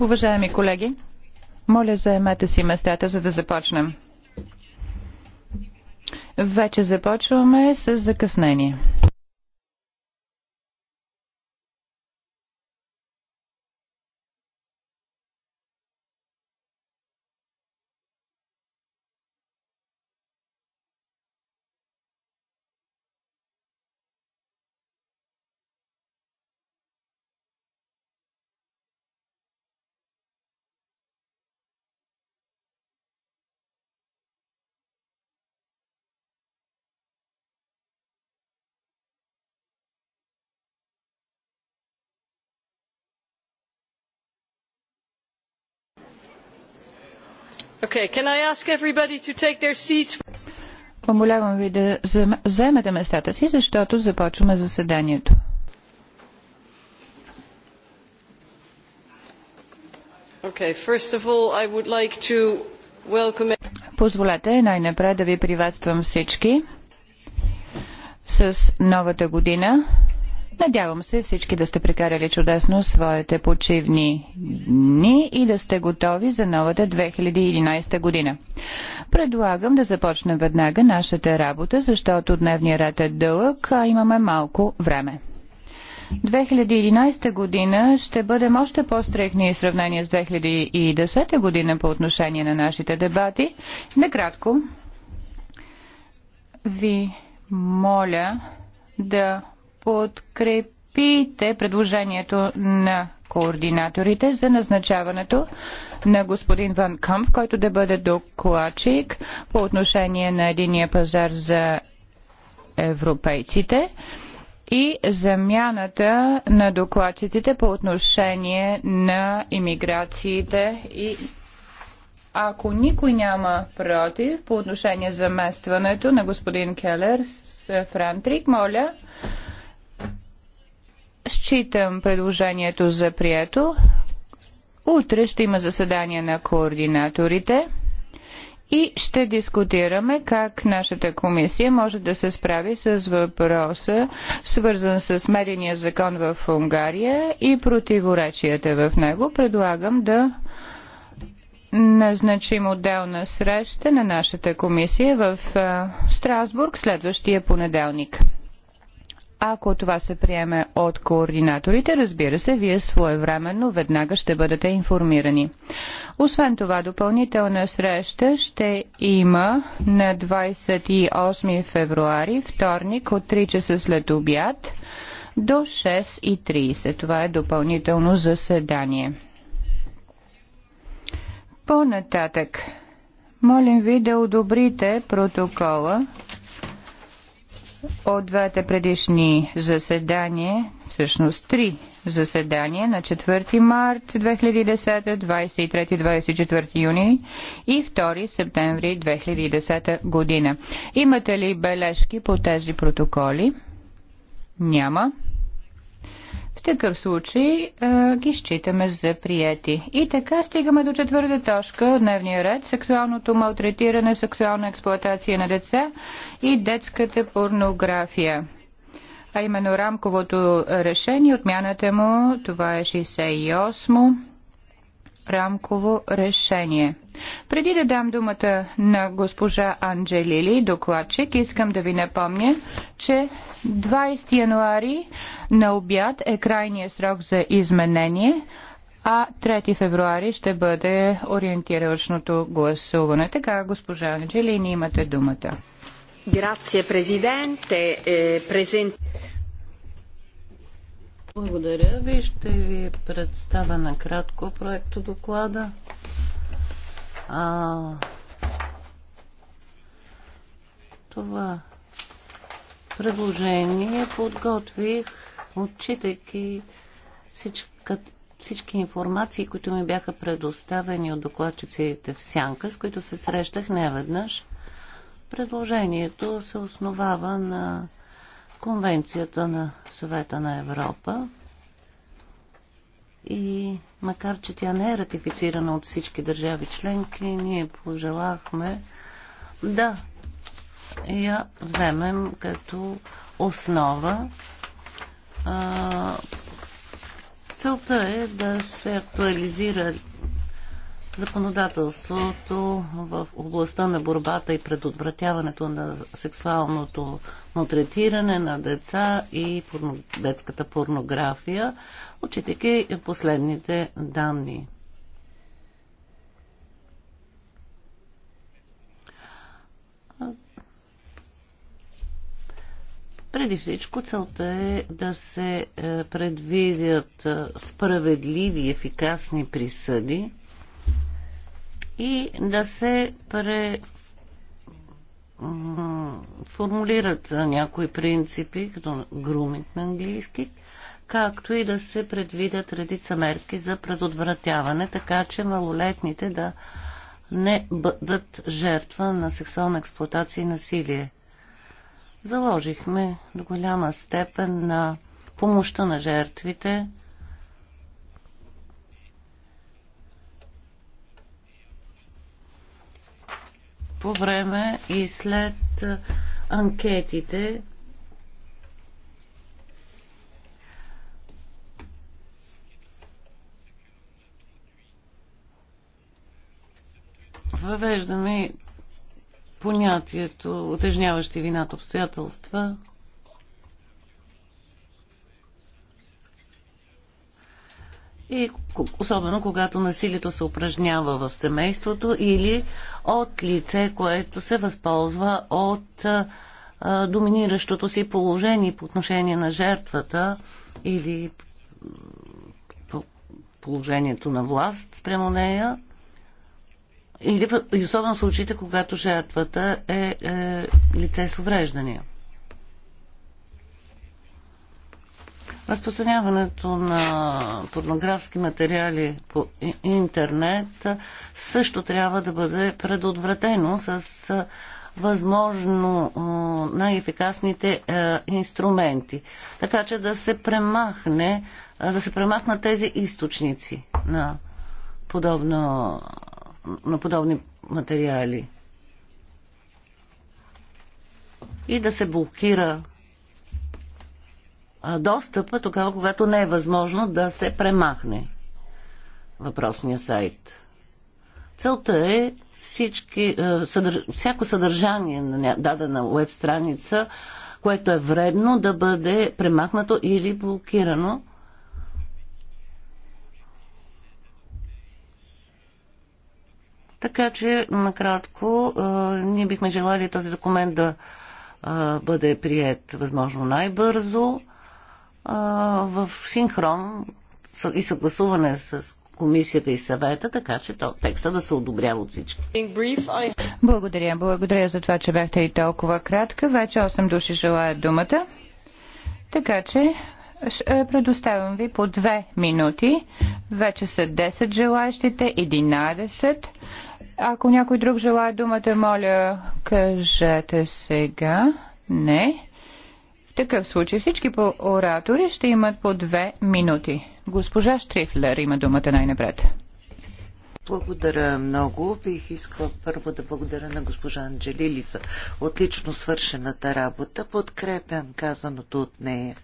Уважаеми колеги, моля заемете си местата, за да започнем. Вече започваме с закъснение. Помолявам ви да заемете местата си, защото започваме заседанието. E- Позволете най-напред да ви приветствам всички с новата година. Надявам се всички да сте прекарали чудесно своите почивни дни и да сте готови за новата 2011 година. Предлагам да започнем веднага нашата работа, защото дневният ред е дълъг, а имаме малко време. 2011 година ще бъдем още по-стрехни в сравнение с 2010 година по отношение на нашите дебати. Накратко ви моля да подкрепите предложението на координаторите за назначаването на господин Ван Къмф, който да бъде докладчик по отношение на единия пазар за европейците и замяната на докладчиците по отношение на иммиграциите и ако никой няма против по отношение заместването на господин Келер с Франтрик, моля Считам предложението за прието. Утре ще има заседание на координаторите и ще дискутираме как нашата комисия може да се справи с въпроса, свързан с медения закон в Унгария и противоречията в него. Предлагам да назначим отделна среща на нашата комисия в Страсбург следващия понеделник. Ако това се приеме от координаторите, разбира се, вие своевременно веднага ще бъдете информирани. Освен това, допълнителна среща ще има на 28 февруари, вторник от 3 часа след обяд до 6.30. Това е допълнително заседание. По-нататък, молим ви да одобрите протокола от двете предишни заседания, всъщност три заседания на 4 март 2010, 23-24 юни и 2 септември 2010 година. Имате ли бележки по тези протоколи? Няма. В такъв случай а, ги считаме за прияти. И така стигаме до четвърта точка от дневния ред. Сексуалното малтретиране, сексуална експлоатация на деца и детската порнография а именно рамковото решение, отмяната му, това е 68 рамково решение. Преди да дам думата на госпожа Анджелили, докладчик, искам да ви напомня, че 20 януари на обяд е крайният срок за изменение, а 3 февруари ще бъде ориентировачното гласуване. Така, госпожа Анджелини, имате думата. Grazie Presidente. Eh, present... Благодаря ви. Ще ви представя накратко проекто доклада. А, това предложение подготвих, отчитайки всичка, всички информации, които ми бяха предоставени от докладчиците в Сянка, с които се срещах неведнъж. Предложението се основава на Конвенцията на съвета на Европа и макар, че тя не е ратифицирана от всички държави членки, ние пожелахме да я вземем като основа. Целта е да се актуализира Законодателството в областта на борбата и предотвратяването на сексуалното малтретиране на деца и порно... детската порнография, отчитайки последните данни. Преди всичко целта е да се е, предвидят е, справедливи и ефикасни присъди – и да се пре формулират някои принципи, като груминг на английски, както и да се предвидят редица мерки за предотвратяване, така че малолетните да не бъдат жертва на сексуална експлуатация и насилие. Заложихме до голяма степен на помощта на жертвите, по време и след анкетите. Въвеждаме понятието отежняващи вината обстоятелства – и особено когато насилието се упражнява в семейството или от лице, което се възползва от а, доминиращото си положение по отношение на жертвата или по положението на власт спрямо нея. Или, и особено в случаите, когато жертвата е, е лице с увреждания. Разпространяването на порнографски материали по интернет също трябва да бъде предотвратено с възможно най-ефикасните инструменти. Така че да се премахне, да се премахнат тези източници на, подобно, на подобни материали. И да се блокира достъпа тогава, когато не е възможно да се премахне въпросния сайт. Целта е всички, съдърж, всяко съдържание на дадена веб страница, което е вредно да бъде премахнато или блокирано. Така че, накратко, ние бихме желали този документ да бъде прият възможно най-бързо в синхрон и съгласуване с комисията и съвета, така че то, текста да се одобрява от всички. Благодаря, благодаря за това, че бяхте и толкова кратка. Вече 8 души желаят думата. Така че е, предоставям ви по 2 минути. Вече са 10 желаящите, 11. Ако някой друг желая думата, моля, кажете сега. Не такъв случай всички по оратори ще имат по две минути. Госпожа Штрифлер има думата най-напред. Благодаря много. Бих искала първо да благодаря на госпожа Анджелили за отлично свършената работа. Подкрепям казаното от нея.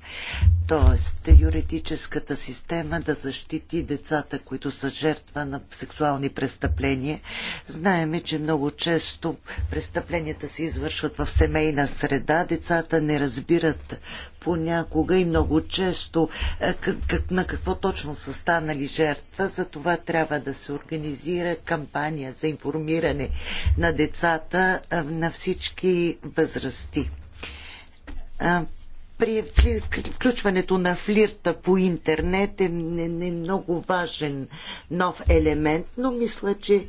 Тоест, юридическата система да защити децата, които са жертва на сексуални престъпления. Знаеме, че много често престъпленията се извършват в семейна среда. Децата не разбират понякога и много често е, на какво точно са станали жертва. За това трябва да се организира кампания за информиране на децата е, на всички възрасти е, при включването на флирта по интернет е много важен нов елемент, но мисля, че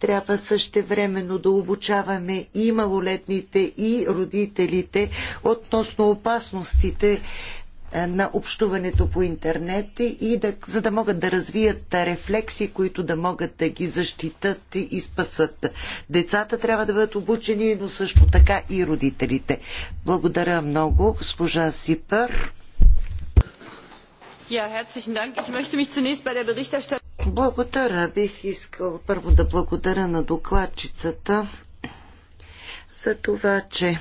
трябва същевременно да обучаваме и малолетните, и родителите относно опасностите е, на общуването по интернет и да, за да могат да развият рефлексии, които да могат да ги защитат и спасат. Децата трябва да бъдат обучени, но също така и родителите. Благодаря много, госпожа Сипър. Благодаря. Бих искал първо да благодаря на докладчицата за това, че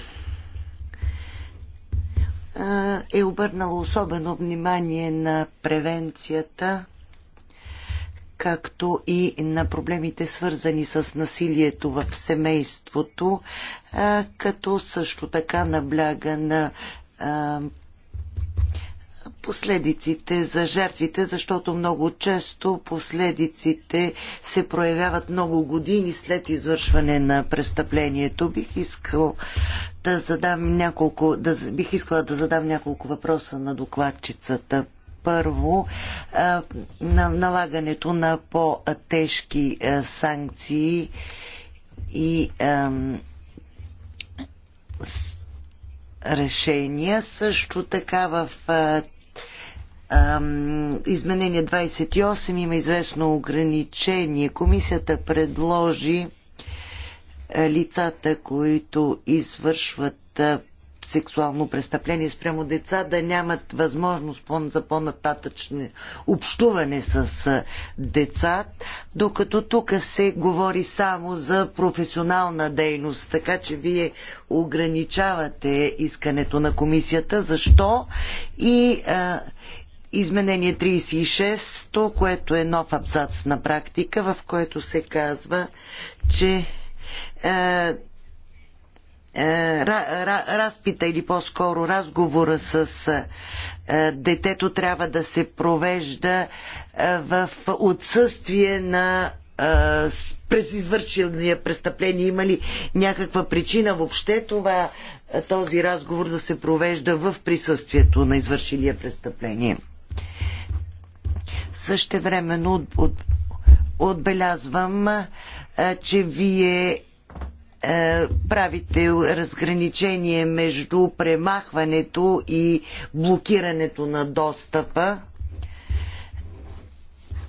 е обърнала особено внимание на превенцията, както и на проблемите свързани с насилието в семейството, като също така набляга на последиците за жертвите, защото много често последиците се проявяват много години след извършване на престъплението. Бих искал да задам няколко, да, бих искала да задам няколко въпроса на докладчицата първо на налагането на по-тежки санкции и решения. Също така в изменение 28 има известно ограничение. Комисията предложи е, лицата, които извършват е, сексуално престъпление спрямо деца, да нямат възможност за по-нататъчно общуване с е, деца, докато тук се говори само за професионална дейност, така че вие ограничавате искането на комисията. Защо? И, а, изменение 36, което е нов абзац на практика, в което се казва, че е, е разпита или по-скоро разговора с е, детето трябва да се провежда е, в отсъствие на през извършилния престъпление. Има ли някаква причина въобще това, този разговор да се провежда в присъствието на извършилия престъпление? Същевременно от, от, отбелязвам, че вие правите разграничение между премахването и блокирането на достъпа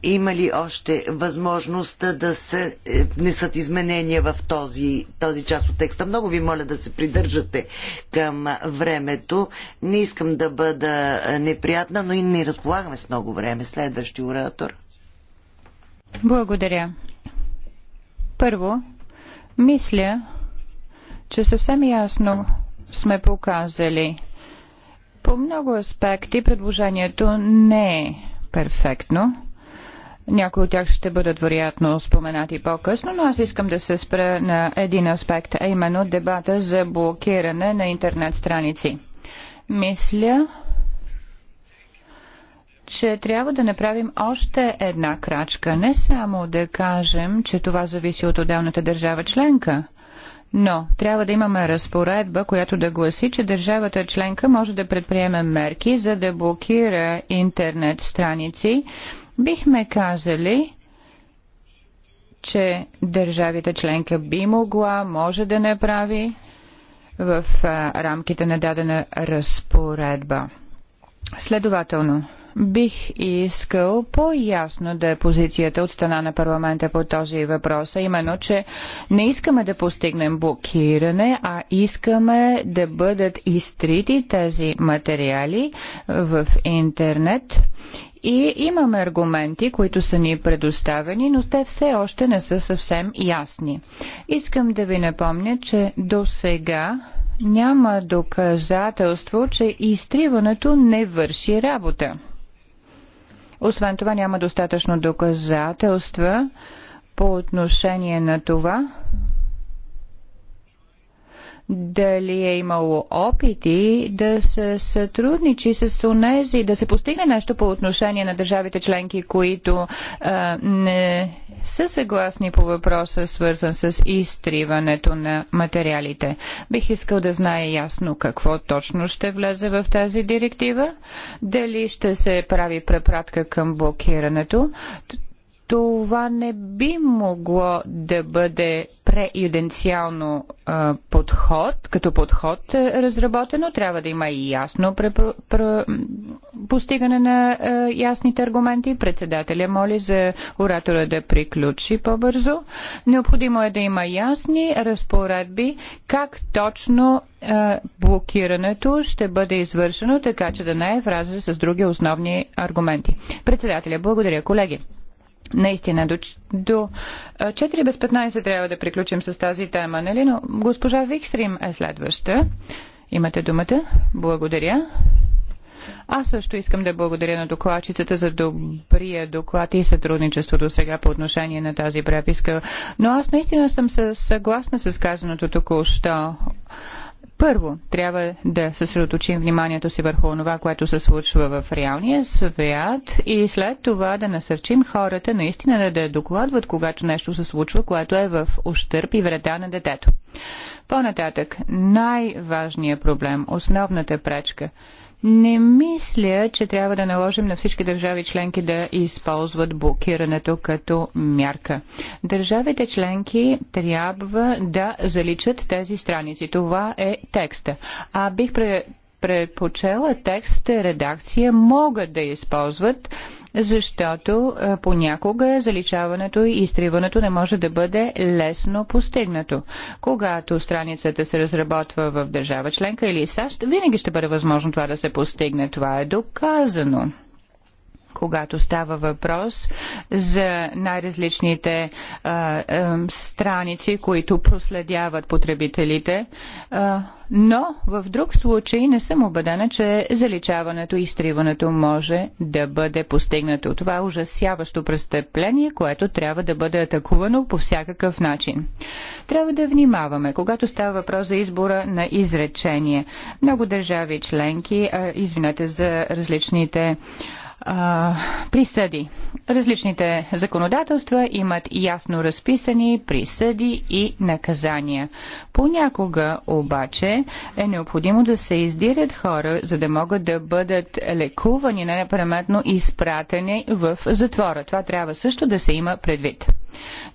има ли още възможност да се е, внесат изменения в този, този част от текста? Много ви моля да се придържате към времето. Не искам да бъда е, неприятна, но и не разполагаме с много време. Следващи оратор. Благодаря. Първо, мисля, че съвсем ясно сме показали. По много аспекти предложението не е перфектно. Някои от тях ще бъдат вероятно споменати по-късно, но аз искам да се спра на един аспект, а именно дебата за блокиране на интернет страници. Мисля, че трябва да направим още една крачка. Не само да кажем, че това зависи от отделната държава членка, но трябва да имаме разпоредба, която да гласи, че държавата членка може да предприеме мерки, за да блокира интернет страници бихме казали, че държавите членка би могла, може да направи в рамките на дадена разпоредба. Следователно, Бих искал по-ясно да е позицията от страна на парламента по този въпрос, а именно, че не искаме да постигнем блокиране, а искаме да бъдат изтрити тези материали в интернет и имаме аргументи, които са ни предоставени, но те все още не са съвсем ясни. Искам да ви напомня, че до сега няма доказателство, че изтриването не върши работа. Освен това няма достатъчно доказателства по отношение на това, дали е имало опити да се сътрудничи с унези, да се постигне нещо по отношение на държавите членки, които а, не са съгласни по въпроса, свързан с изтриването на материалите. Бих искал да знае ясно какво точно ще влезе в тази директива, дали ще се прави препратка към блокирането това не би могло да бъде преюденциално подход, като подход разработено. Трябва да има и ясно пр, постигане на ясните аргументи. Председателя моли за оратора да приключи по-бързо. Необходимо е да има ясни разпоредби как точно блокирането ще бъде извършено, така че да не е в разрез с други основни аргументи. Председателя, благодаря, колеги. Наистина, до, до 4 без 15 трябва да приключим с тази тема, нали? Но госпожа Викстрим е следваща. Имате думата. Благодаря. Аз също искам да благодаря на докладчицата за добрия доклад и сътрудничеството сега по отношение на тази преписка. Но аз наистина съм съгласна с казаното току-що първо, трябва да съсредоточим вниманието си върху това, което се случва в реалния свят и след това да насърчим хората наистина да, да докладват, когато нещо се случва, което е в ущърп и вреда на детето. По-нататък, най-важният проблем, основната пречка – не мисля, че трябва да наложим на всички държави членки да използват блокирането като мярка. Държавите членки трябва да заличат тези страници. Това е текста. А бих предпочела текст редакция могат да използват защото е, понякога заличаването и изтриването не може да бъде лесно постигнато. Когато страницата се разработва в държава членка или САЩ, винаги ще бъде възможно това да се постигне. Това е доказано когато става въпрос за най-различните страници, които проследяват потребителите. А, но в друг случай не съм убедена, че заличаването и изтриването може да бъде постигнато. Това е ужасяващо престъпление, което трябва да бъде атакувано по всякакъв начин. Трябва да внимаваме, когато става въпрос за избора на изречение. Много държави членки, извинете за различните а, присъди. Различните законодателства имат ясно разписани присъди и наказания. Понякога обаче е необходимо да се издирят хора, за да могат да бъдат лекувани, не непременно изпратени в затвора. Това трябва също да се има предвид.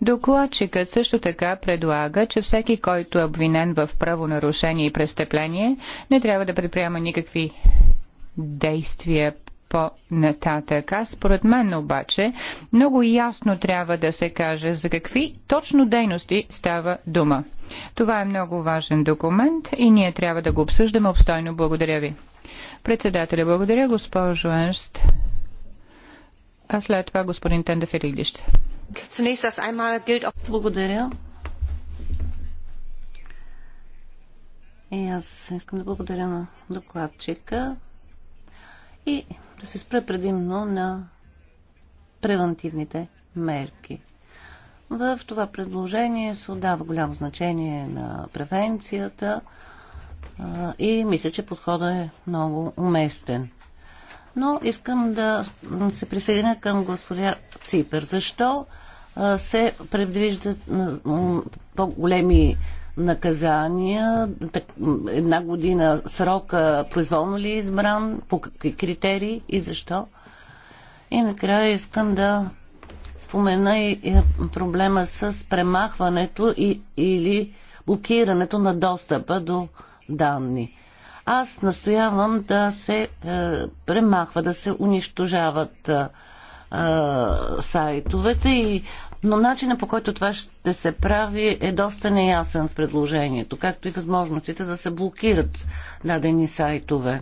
Докладчикът също така предлага, че всеки, който е обвинен в правонарушение и престъпление, не трябва да предприема никакви действия по-нататък. Аз според мен обаче много ясно трябва да се каже за какви точно дейности става дума. Това е много важен документ и ние трябва да го обсъждаме обстойно. Благодаря ви. Председателя, благодаря госпожо Енст. А след това господин Тендев Иглище. Благодаря. И аз искам да благодаря на докладчика и да се спре предимно на превентивните мерки. В това предложение се отдава голямо значение на превенцията и мисля, че подходът е много уместен. Но искам да се присъединя към господя Ципер. Защо се предвиждат по-големи наказания, една година срока, произволно ли е избран, по какви критерии и защо. И накрая искам да спомена и проблема с премахването и, или блокирането на достъпа до данни. Аз настоявам да се е, премахва, да се унищожават е, е сайтовете и но начинът по който това ще се прави е доста неясен в предложението, както и възможностите да се блокират дадени сайтове.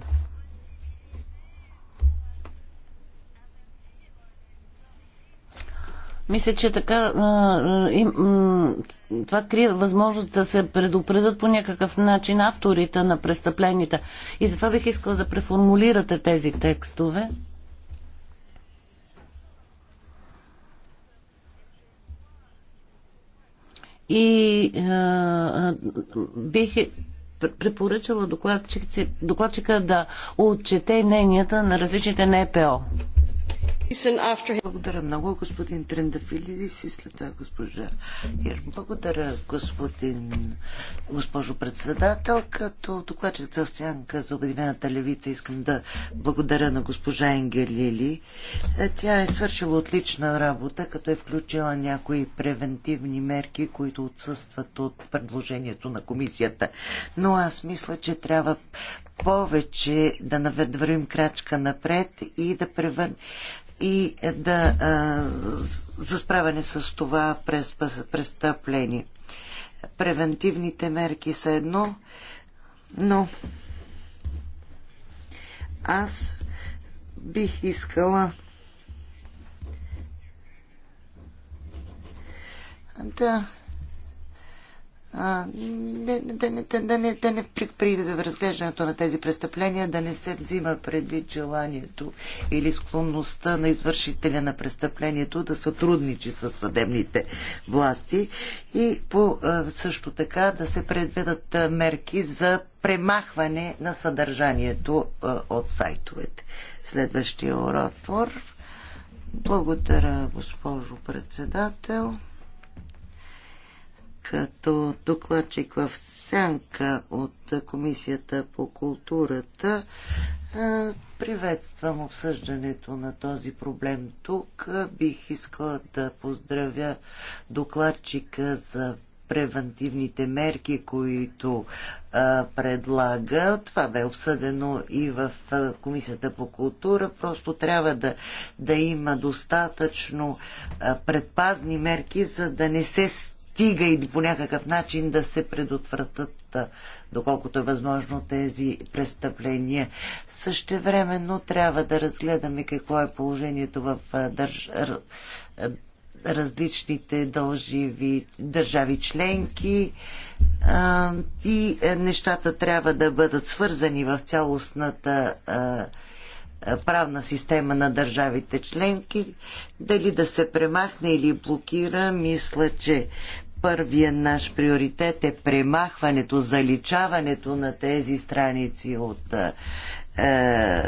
Мисля, че така това крие възможност да се предупредят по някакъв начин авторите на престъпленията. И затова бих искала да преформулирате тези текстове. И а, бих е препоръчала докладчика да отчете мненията на различните НПО. Благодаря много, господин Трендафилидис и след това госпожа Ир. Благодаря, господин, госпожо председател. Като докладчик в сянка за Обединената левица искам да благодаря на госпожа Енгелили. Е, тя е свършила отлична работа, като е включила някои превентивни мерки, които отсъстват от предложението на комисията. Но аз мисля, че трябва повече да наведвърим крачка напред и да превърнем и да, а, за справяне с това през престъпление. Превентивните мерки са едно, но аз бих искала да а, да, да, да, да, не, да не при, при разглеждането на тези престъпления да не се взима предвид желанието или склонността на извършителя на престъплението да сътрудничи с съдебните власти и по, също така да се предведат мерки за премахване на съдържанието от сайтовете. Следващия оратор. Благодаря, госпожо председател като докладчик в сянка от Комисията по културата приветствам обсъждането на този проблем тук. Бих искала да поздравя докладчика за превентивните мерки, които а, предлага. Това бе обсъдено и в а, Комисията по култура. Просто трябва да, да има достатъчно а, предпазни мерки, за да не се стига или по някакъв начин да се предотвратат, доколкото е възможно, тези престъпления. Същевременно трябва да разгледаме какво е положението в държ... различните дълживи държави членки и е, нещата трябва да бъдат свързани в цялостната правна система на държавите членки, дали да се премахне или блокира, мисля, че Първият наш приоритет е премахването, заличаването на тези страници от е, е,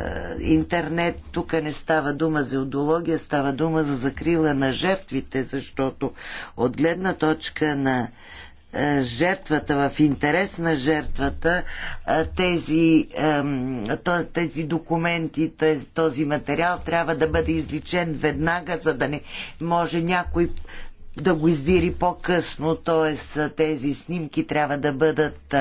интернет. Тук не става дума за идеология, става дума за закрила на жертвите, защото от гледна точка на е, жертвата, в интерес на жертвата, е, тези, тези документи, този, този материал трябва да бъде изличен веднага, за да не може някой да го издири по-късно, т.е. тези снимки трябва да бъдат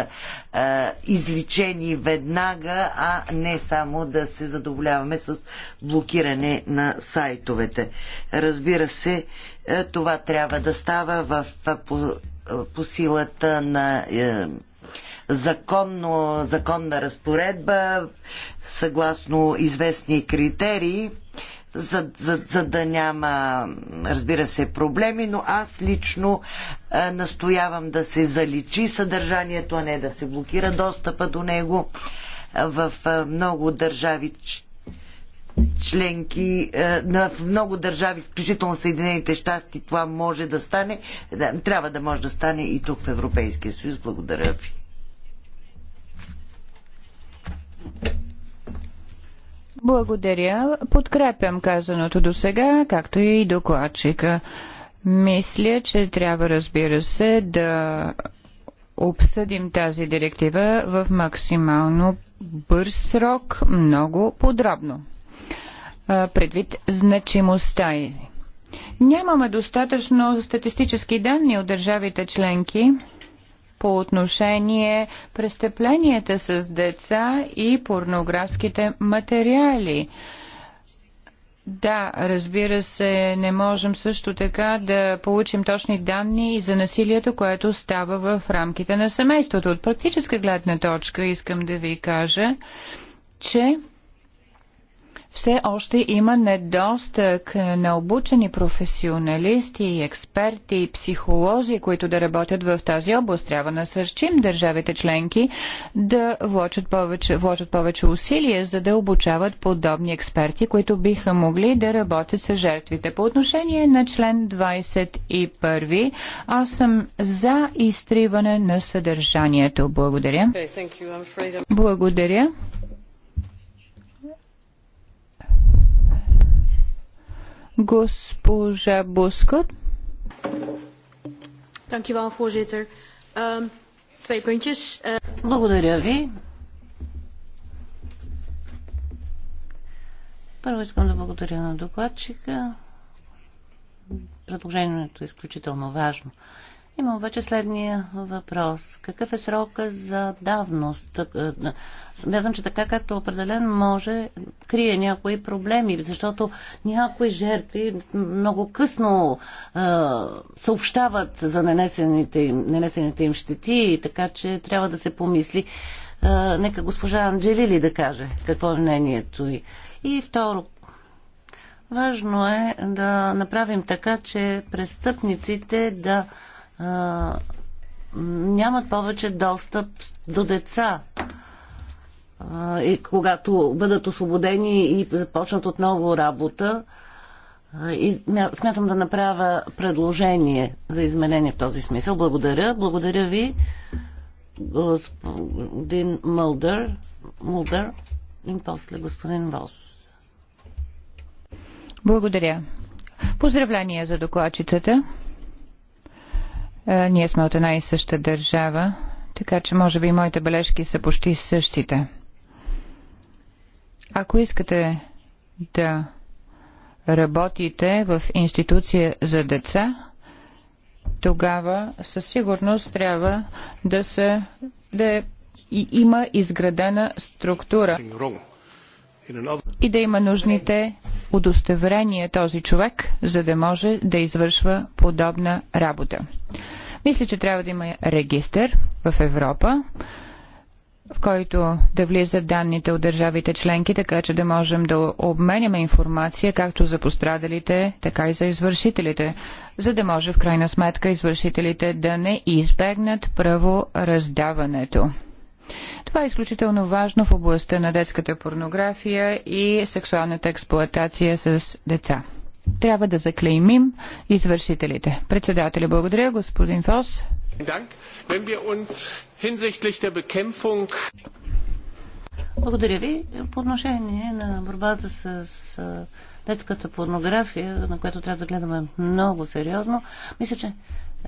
а, изличени веднага, а не само да се задоволяваме с блокиране на сайтовете. Разбира се, това трябва да става в, по, по силата на е, законно, законна разпоредба, съгласно известни критерии за, за, за да няма, разбира се, проблеми, но аз лично а, е, настоявам да се заличи съдържанието, а не да се блокира достъпа до него. В а, е, много държави членки, е, в много държави, включително Съединените щати, това може да стане. Трябва да може да стане и тук в Европейския съюз. Благодаря ви. Благодаря. Подкрепям казаното до сега, както и докладчика. Мисля, че трябва, разбира се, да обсъдим тази директива в максимално бърз срок, много подробно. Предвид значимостта й. Нямаме достатъчно статистически данни от държавите членки, по отношение престъпленията с деца и порнографските материали. Да, разбира се, не можем също така да получим точни данни и за насилието, което става в рамките на семейството. От практическа гледна точка искам да ви кажа, че все още има недостъг на обучени професионалисти, експерти и психолози, които да работят в тази област. Трябва насърчим държавите членки да вложат повече, вложат повече усилия, за да обучават подобни експерти, които биха могли да работят с жертвите. По отношение на член 21, аз съм за изтриване на съдържанието. Благодаря. Okay, Благодаря. Госпожа Бускот. Ehm, ehm, благодаря ви. Първо искам да благодаря на докладчика. Предложението е изключително важно. Има обаче следния въпрос. Какъв е срока за давност? Е, смятам, че така както определен може крие някои проблеми, защото някои жертви много късно е, съобщават за нанесените им, нанесените им щети, така че трябва да се помисли. Е, нека госпожа Анджелили да каже какво е мнението й. И второ, важно е да направим така, че престъпниците да а, нямат повече достъп до деца. А, и когато бъдат освободени и започнат отново работа, и смятам да направя предложение за изменение в този смисъл. Благодаря. Благодаря ви, господин Мълдър. Мълдър и после господин Вос. Благодаря. Поздравления за докладчицата. Е, ние сме от една и съща държава, така че може би моите бележки са почти същите. Ако искате да работите в институция за деца, тогава със сигурност трябва да, се, да е има изградена структура и да има нужните удостоверения този човек, за да може да извършва подобна работа. Мисля, че трябва да има регистър в Европа, в който да влизат данните от държавите членки, така че да можем да обменяме информация както за пострадалите, така и за извършителите, за да може в крайна сметка извършителите да не избегнат правораздаването. Това е изключително важно в областта на детската порнография и сексуалната експлоатация с деца. Трябва да заклеймим извършителите. Председателя, благодаря, господин Фос. Благодаря ви. По отношение на борбата с детската порнография, на която трябва да гледаме много сериозно, мисля, че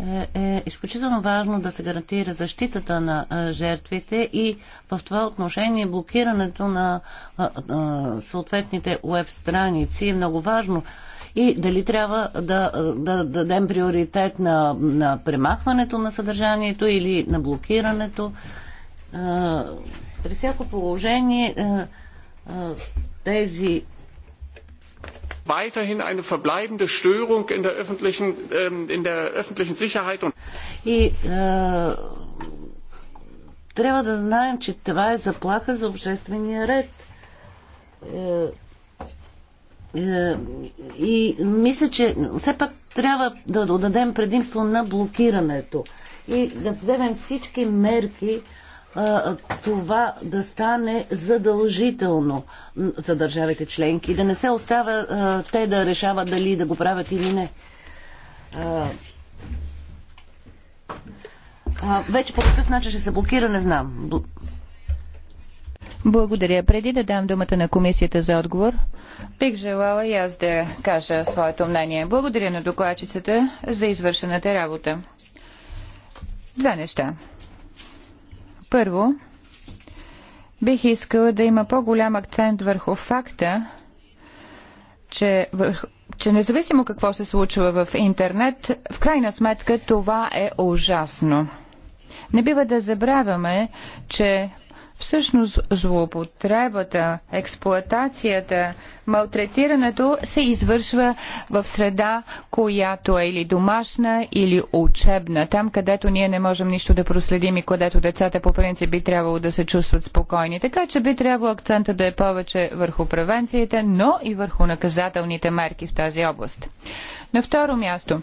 е, е изключително важно да се гарантира защитата на е, жертвите и в това отношение блокирането на е, съответните уеб страници е много важно. И дали трябва да, да, да дадем приоритет на, на премахването на съдържанието или на блокирането. При всяко положение тези weiterhin eine verbleibende Störung in der öffentlichen, ähm, in der öffentlichen Sicherheit und И, äh, трябва да знаем, че това е заплаха за обществения ред. Е, е, и мисля, че все пак трябва да дадем предимство на блокирането и да вземем всички мерки, това да стане задължително за държавите членки, да не се остава а, те да решават дали да го правят или не. А, а, вече по какъв начин ще се блокира, не знам. Благодаря. Преди да дам думата на комисията за отговор, бих желала и аз да кажа своето мнение. Благодаря на докладчицата за извършената работа. Две неща. Първо, бих искала да има по-голям акцент върху факта, че, върху, че независимо какво се случва в интернет, в крайна сметка това е ужасно. Не бива да забравяме, че всъщност злоупотребата, експлоатацията Малтретирането се извършва в среда, която е или домашна, или учебна. Там, където ние не можем нищо да проследим и където децата по принцип би трябвало да се чувстват спокойни. Така че би трябвало акцента да е повече върху превенциите, но и върху наказателните мерки в тази област. На второ място,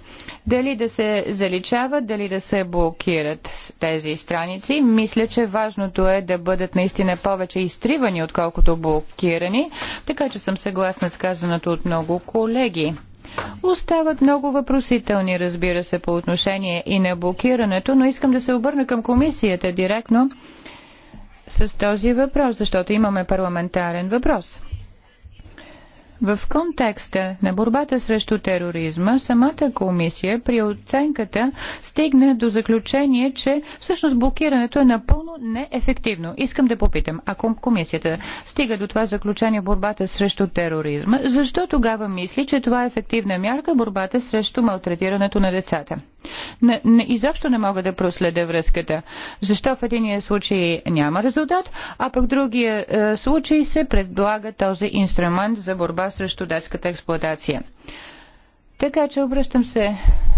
дали да се заличават, дали да се блокират тези страници, мисля, че важното е да бъдат наистина повече изтривани, отколкото блокирани, така че съм се съгласна с казаното от много колеги. Остават много въпросителни, разбира се, по отношение и на блокирането, но искам да се обърна към комисията директно с този въпрос, защото имаме парламентарен въпрос. В контекста на борбата срещу тероризма, самата комисия при оценката стигна до заключение, че всъщност блокирането е напълно неефективно. Искам да попитам, ако комисията стига до това заключение борбата срещу тероризма, защо тогава мисли, че това е ефективна мярка борбата срещу малтретирането на децата? Не, не, изобщо не мога да проследя връзката. Защо в единия случай няма резултат, а пък в другия е, случай се предлага този инструмент за борба срещу детската експлуатация. Така че обръщам се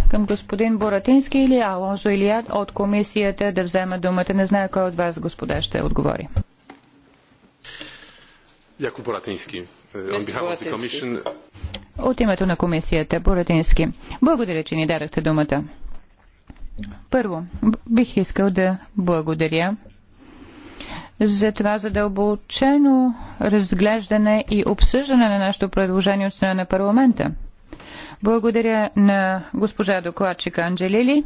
към господин Боратински или Алонзо Илият от комисията да взема думата. Не знае кой от вас, господа, ще отговори. Яков Боратински. E, от името на комисията Боратински. Благодаря, че ни дадахте думата. Първо, бих искал да благодаря за това задълбочено разглеждане и обсъждане на нашето предложение от страна на парламента. Благодаря на госпожа докладчика Анджелили,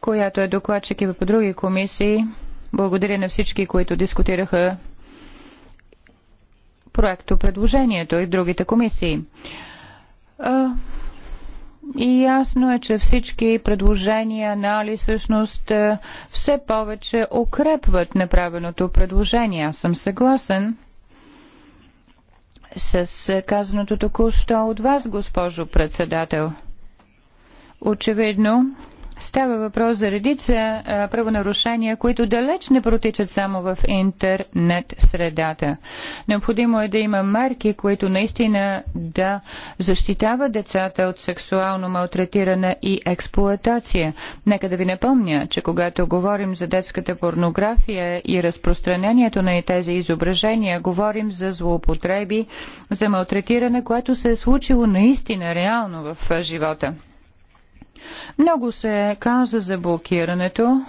която е докладчик и по други комисии. Благодаря на всички, които дискутираха проекто предложението и в другите комисии. И ясно е, че всички предложения, анали всъщност все повече укрепват направеното предложение. Аз съм съгласен с казаното току-що от вас, госпожо председател. Очевидно, Става въпрос за редица правонарушения, които далеч не протичат само в интернет средата. Необходимо е да има мерки, които наистина да защитават децата от сексуално малтретиране и експлоатация. Нека да ви напомня, че когато говорим за детската порнография и разпространението на тези изображения, говорим за злоупотреби, за малтретиране, което се е случило наистина реално в живота. Много се каза за блокирането.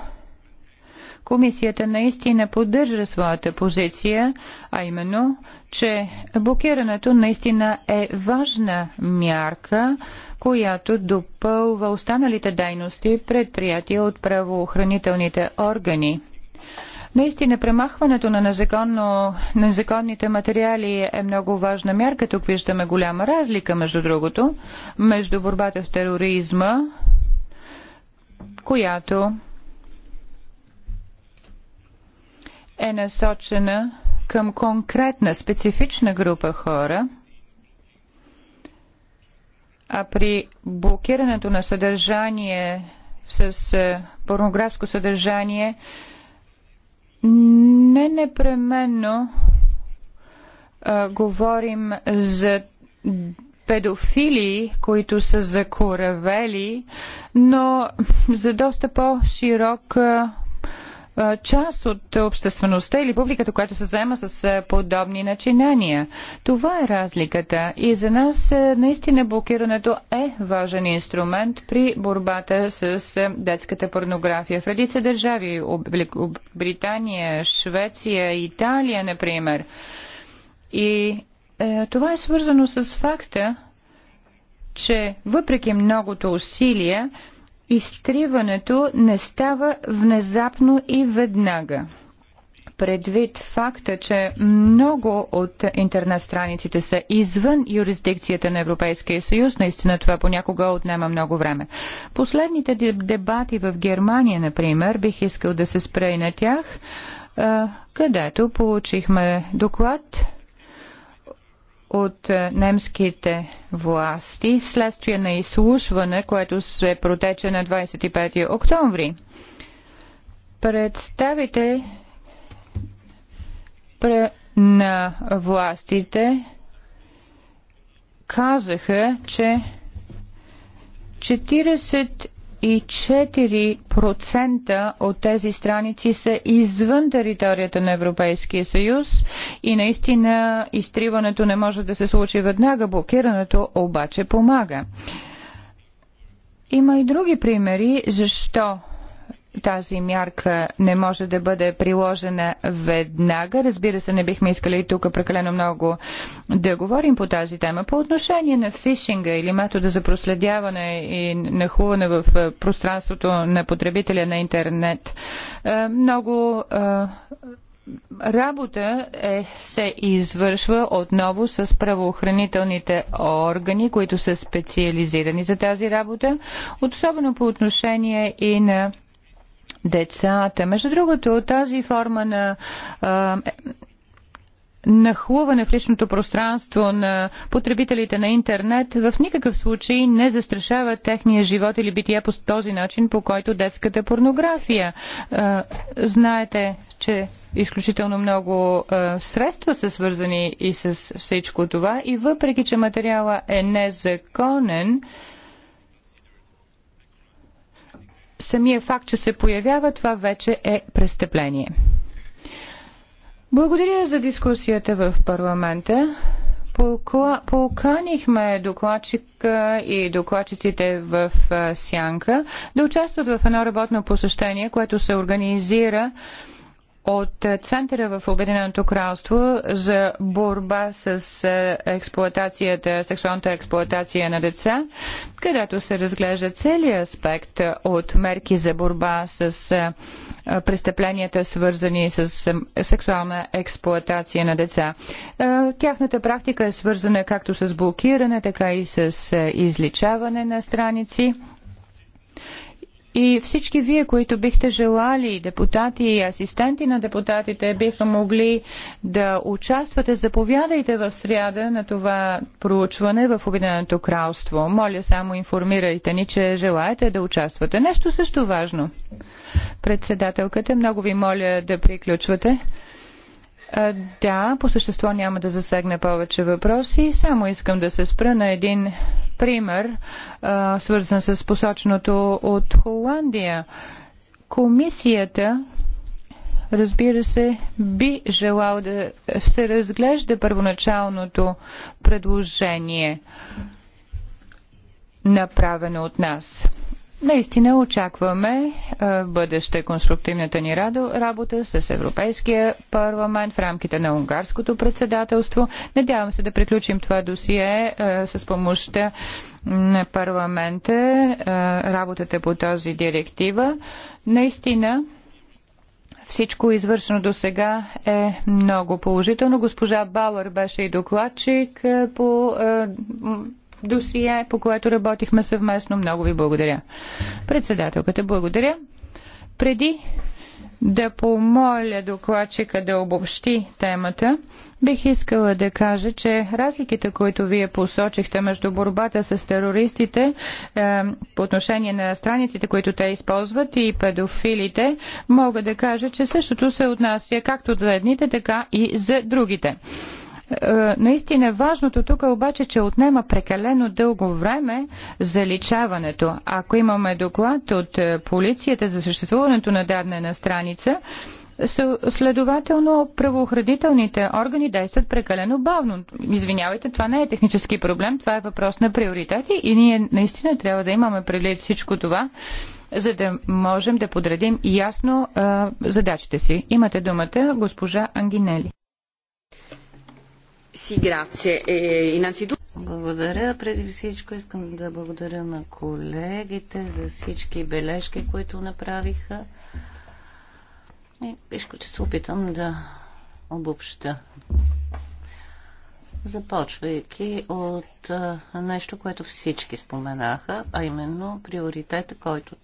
Комисията наистина поддържа своята позиция, а именно, че блокирането наистина е важна мярка, която допълва останалите дейности предприятия от правоохранителните органи. Наистина, премахването на, незаконно, незаконните материали е много важна мярка. Тук виждаме голяма разлика, между другото, между борбата с тероризма, която е насочена към конкретна, специфична група хора, а при блокирането на съдържание с е, порнографско съдържание – не непременно а, говорим за педофили, които са закоравели, но за доста по-широк част от обществеността или публиката, която се заема с подобни начинания. Това е разликата. И за нас наистина блокирането е важен инструмент при борбата с детската порнография. В редица държави, Британия, Швеция, Италия, например. И е, това е свързано с факта, че въпреки многото усилия, изтриването не става внезапно и веднага предвид факта, че много от интернет страниците са извън юрисдикцията на Европейския съюз, наистина това понякога отнема много време. Последните дебати в Германия, например, бих искал да се спре и на тях, където получихме доклад от е, немските власти следствие на изслушване, което се протече на 25 октомври. Представите на властите казаха, че 40 94% от тези страници са извън територията на Европейския съюз и наистина изтриването не може да се случи веднага, блокирането обаче помага. Има и други примери защо тази мярка не може да бъде приложена веднага. Разбира се, не бихме искали и тук прекалено много да говорим по тази тема. По отношение на фишинга или метода за проследяване и нахуване в пространството на потребителя на интернет, много Работа е, се извършва отново с правоохранителните органи, които са специализирани за тази работа, особено по отношение и на децата. Между другото, тази форма на а, е, нахлуване в личното пространство на потребителите на интернет в никакъв случай не застрашава техния живот или бития по този начин, по който детската порнография. А, знаете, че изключително много а, средства са свързани и с всичко това и въпреки, че материала е незаконен, самия факт, че се появява, това вече е престъпление. Благодаря за дискусията в парламента. Поканихме докладчика и докладчиците в Сянка да участват в едно работно посещение, което се организира от Центъра в Обединеното кралство за борба с е, експлуатацията, сексуалната експлуатация на деца, където се разглежда целият аспект от мерки за борба с е, е, престъпленията, свързани с сексуална експлуатация на деца. Тяхната практика е свързана както с блокиране, така и с изличаване на страници и всички вие, които бихте желали, депутати и асистенти на депутатите, биха могли да участвате. Заповядайте в сряда на това проучване в Обединеното кралство. Моля само информирайте ни, че желаете да участвате. Нещо също важно. Председателката, много ви моля да приключвате. Да, по същество няма да засегна повече въпроси. Само искам да се спра на един пример, свързан с посоченото от Холандия. Комисията разбира се, би желал да се разглежда първоначалното предложение, направено от нас. Наистина очакваме в е, бъдеще конструктивната ни работа с Европейския парламент в рамките на унгарското председателство. Надявам се да приключим това досие е, с помощта на парламента, е, работата по този директива. Наистина всичко извършено до сега е много положително. Госпожа Бауър беше и докладчик е, по е, досие, по което работихме съвместно. Много ви благодаря. Председателката, благодаря. Преди да помоля докладчика да обобщи темата, бих искала да кажа, че разликите, които вие посочихте между борбата с терористите е, по отношение на страниците, които те използват и педофилите, мога да кажа, че същото се отнася както за едните, така и за другите. Е, наистина е важното тук е обаче, че отнема прекалено дълго време заличаването. Ако имаме доклад от е, полицията за съществуването на дадена страница, Следователно, правоохранителните органи действат прекалено бавно. Извинявайте, това не е технически проблем, това е въпрос на приоритети и ние наистина трябва да имаме предвид всичко това, за да можем да подредим ясно а, задачите си. Имате думата, госпожа Ангинели. Си, грация. E, благодаря. Преди всичко искам да благодаря на колегите за всички бележки, които направиха. И вижко, че се опитам да обобща. Започвайки от нещо, което всички споменаха, а именно приоритета, който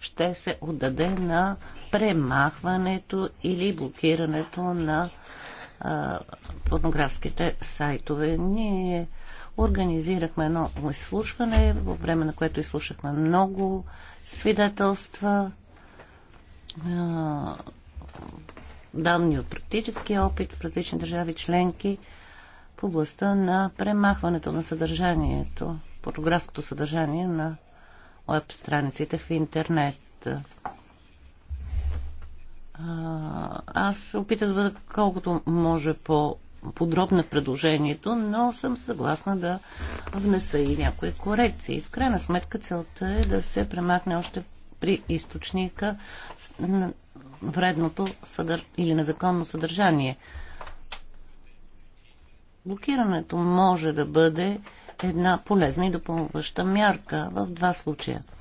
ще се отдаде на премахването или блокирането на порнографските сайтове. Ние организирахме едно изслушване, във време на което изслушахме много свидетелства, данни от практически опит в различни държави членки в областта на премахването на съдържанието, порнографското съдържание на веб страниците в интернет. Аз се опитах да бъда колкото може по подробна в предложението, но съм съгласна да внеса и някои корекции. В крайна сметка целта е да се премахне още при източника на вредното съдър... или незаконно съдържание. Блокирането може да бъде една полезна и допълваща мярка в два случая –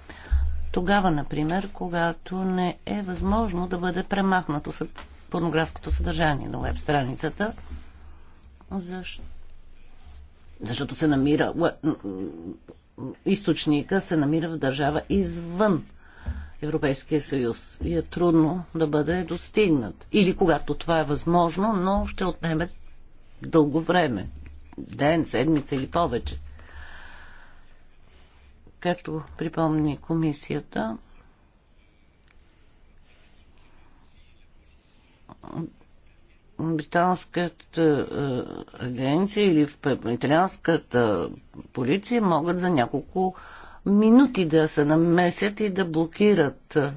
тогава, например, когато не е възможно да бъде премахнато порнографското съдържание на веб страницата, Защо? защото се намира, източника се намира в държава извън Европейския съюз и е трудно да бъде достигнат. Или когато това е възможно, но ще отнеме дълго време. Ден, седмица или повече както припомни комисията, британската е, агенция или е, италианската полиция могат за няколко минути да се намесят и да блокират е,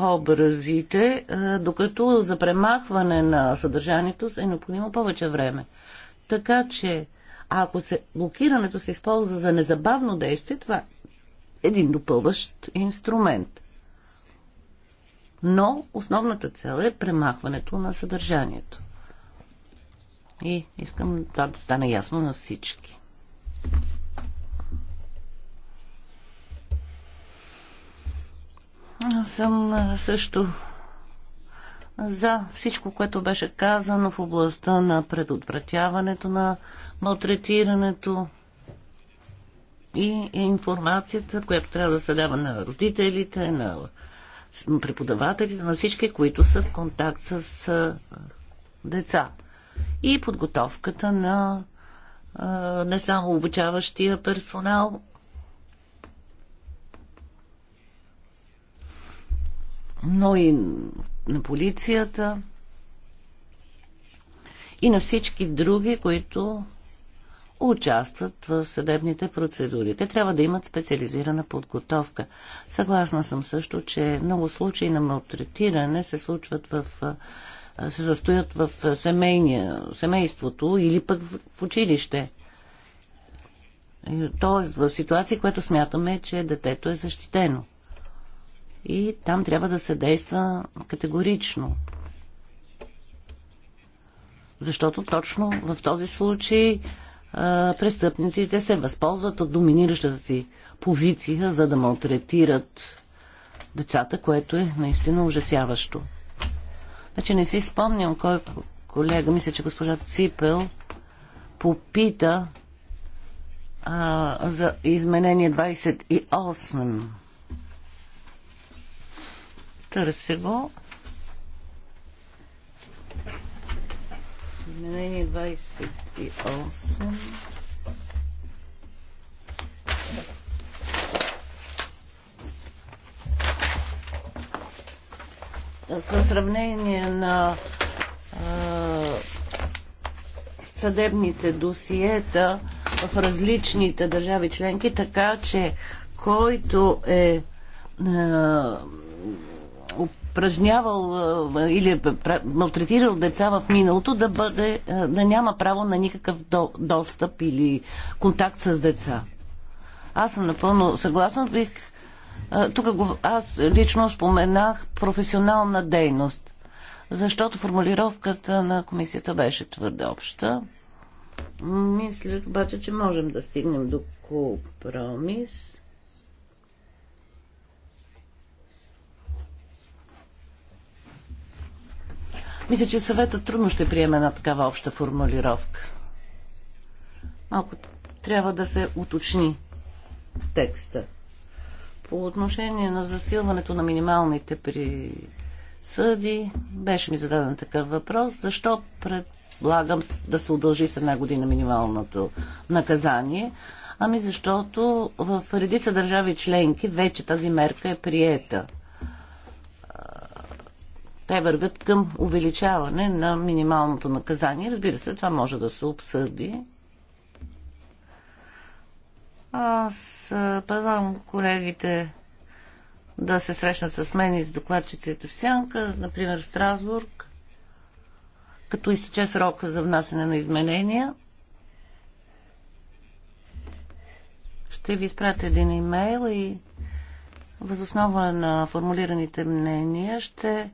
образите, докато за премахване на съдържанието е необходимо повече време. Така че а ако се, блокирането се използва за незабавно действие, това е един допълващ инструмент. Но основната цел е премахването на съдържанието. И искам това да стане ясно на всички. Аз съм също за всичко, което беше казано в областта на предотвратяването на малтретирането и информацията, която трябва да се дава на родителите, на преподавателите, на всички, които са в контакт с деца. И подготовката на не само обучаващия персонал, но и на полицията и на всички други, които участват в съдебните процедури. Те трябва да имат специализирана подготовка. Съгласна съм също, че много случаи на малтретиране се случват в се застоят в семейния, семейството или пък в училище. Тоест в ситуация, която смятаме, че детето е защитено. И там трябва да се действа категорично. Защото точно в този случай престъпниците се възползват от доминиращата си позиция, за да малтретират децата, което е наистина ужасяващо. Значи не си спомням кой колега, мисля, че госпожа Ципел попита а, за изменение 28. Търся го. Изменение 28. За сравнение на а, съдебните досиета в различните държави членки, така че който е а, упражнявал или е, малтретирал деца в миналото, да, бъде, да няма право на никакъв достъп или контакт с деца. Аз съм напълно съгласна. Бих, тук го, аз лично споменах професионална дейност, защото формулировката на комисията беше твърде обща. Мисля обаче, че можем да стигнем до компромис. Мисля, че съветът трудно ще приеме една такава обща формулировка. Малко трябва да се уточни текста. По отношение на засилването на минималните присъди, беше ми зададен такъв въпрос. Защо предлагам да се удължи с една година минималното наказание? Ами защото в редица държави членки вече тази мерка е приета – те вървят към увеличаване на минималното наказание. Разбира се, това може да се обсъди. Аз предлагам колегите да се срещнат с мен и с докладчиците в Сянка, например в Страсбург, като изтече срока за внасене на изменения. Ще ви изпратя един имейл и възоснова на формулираните мнения ще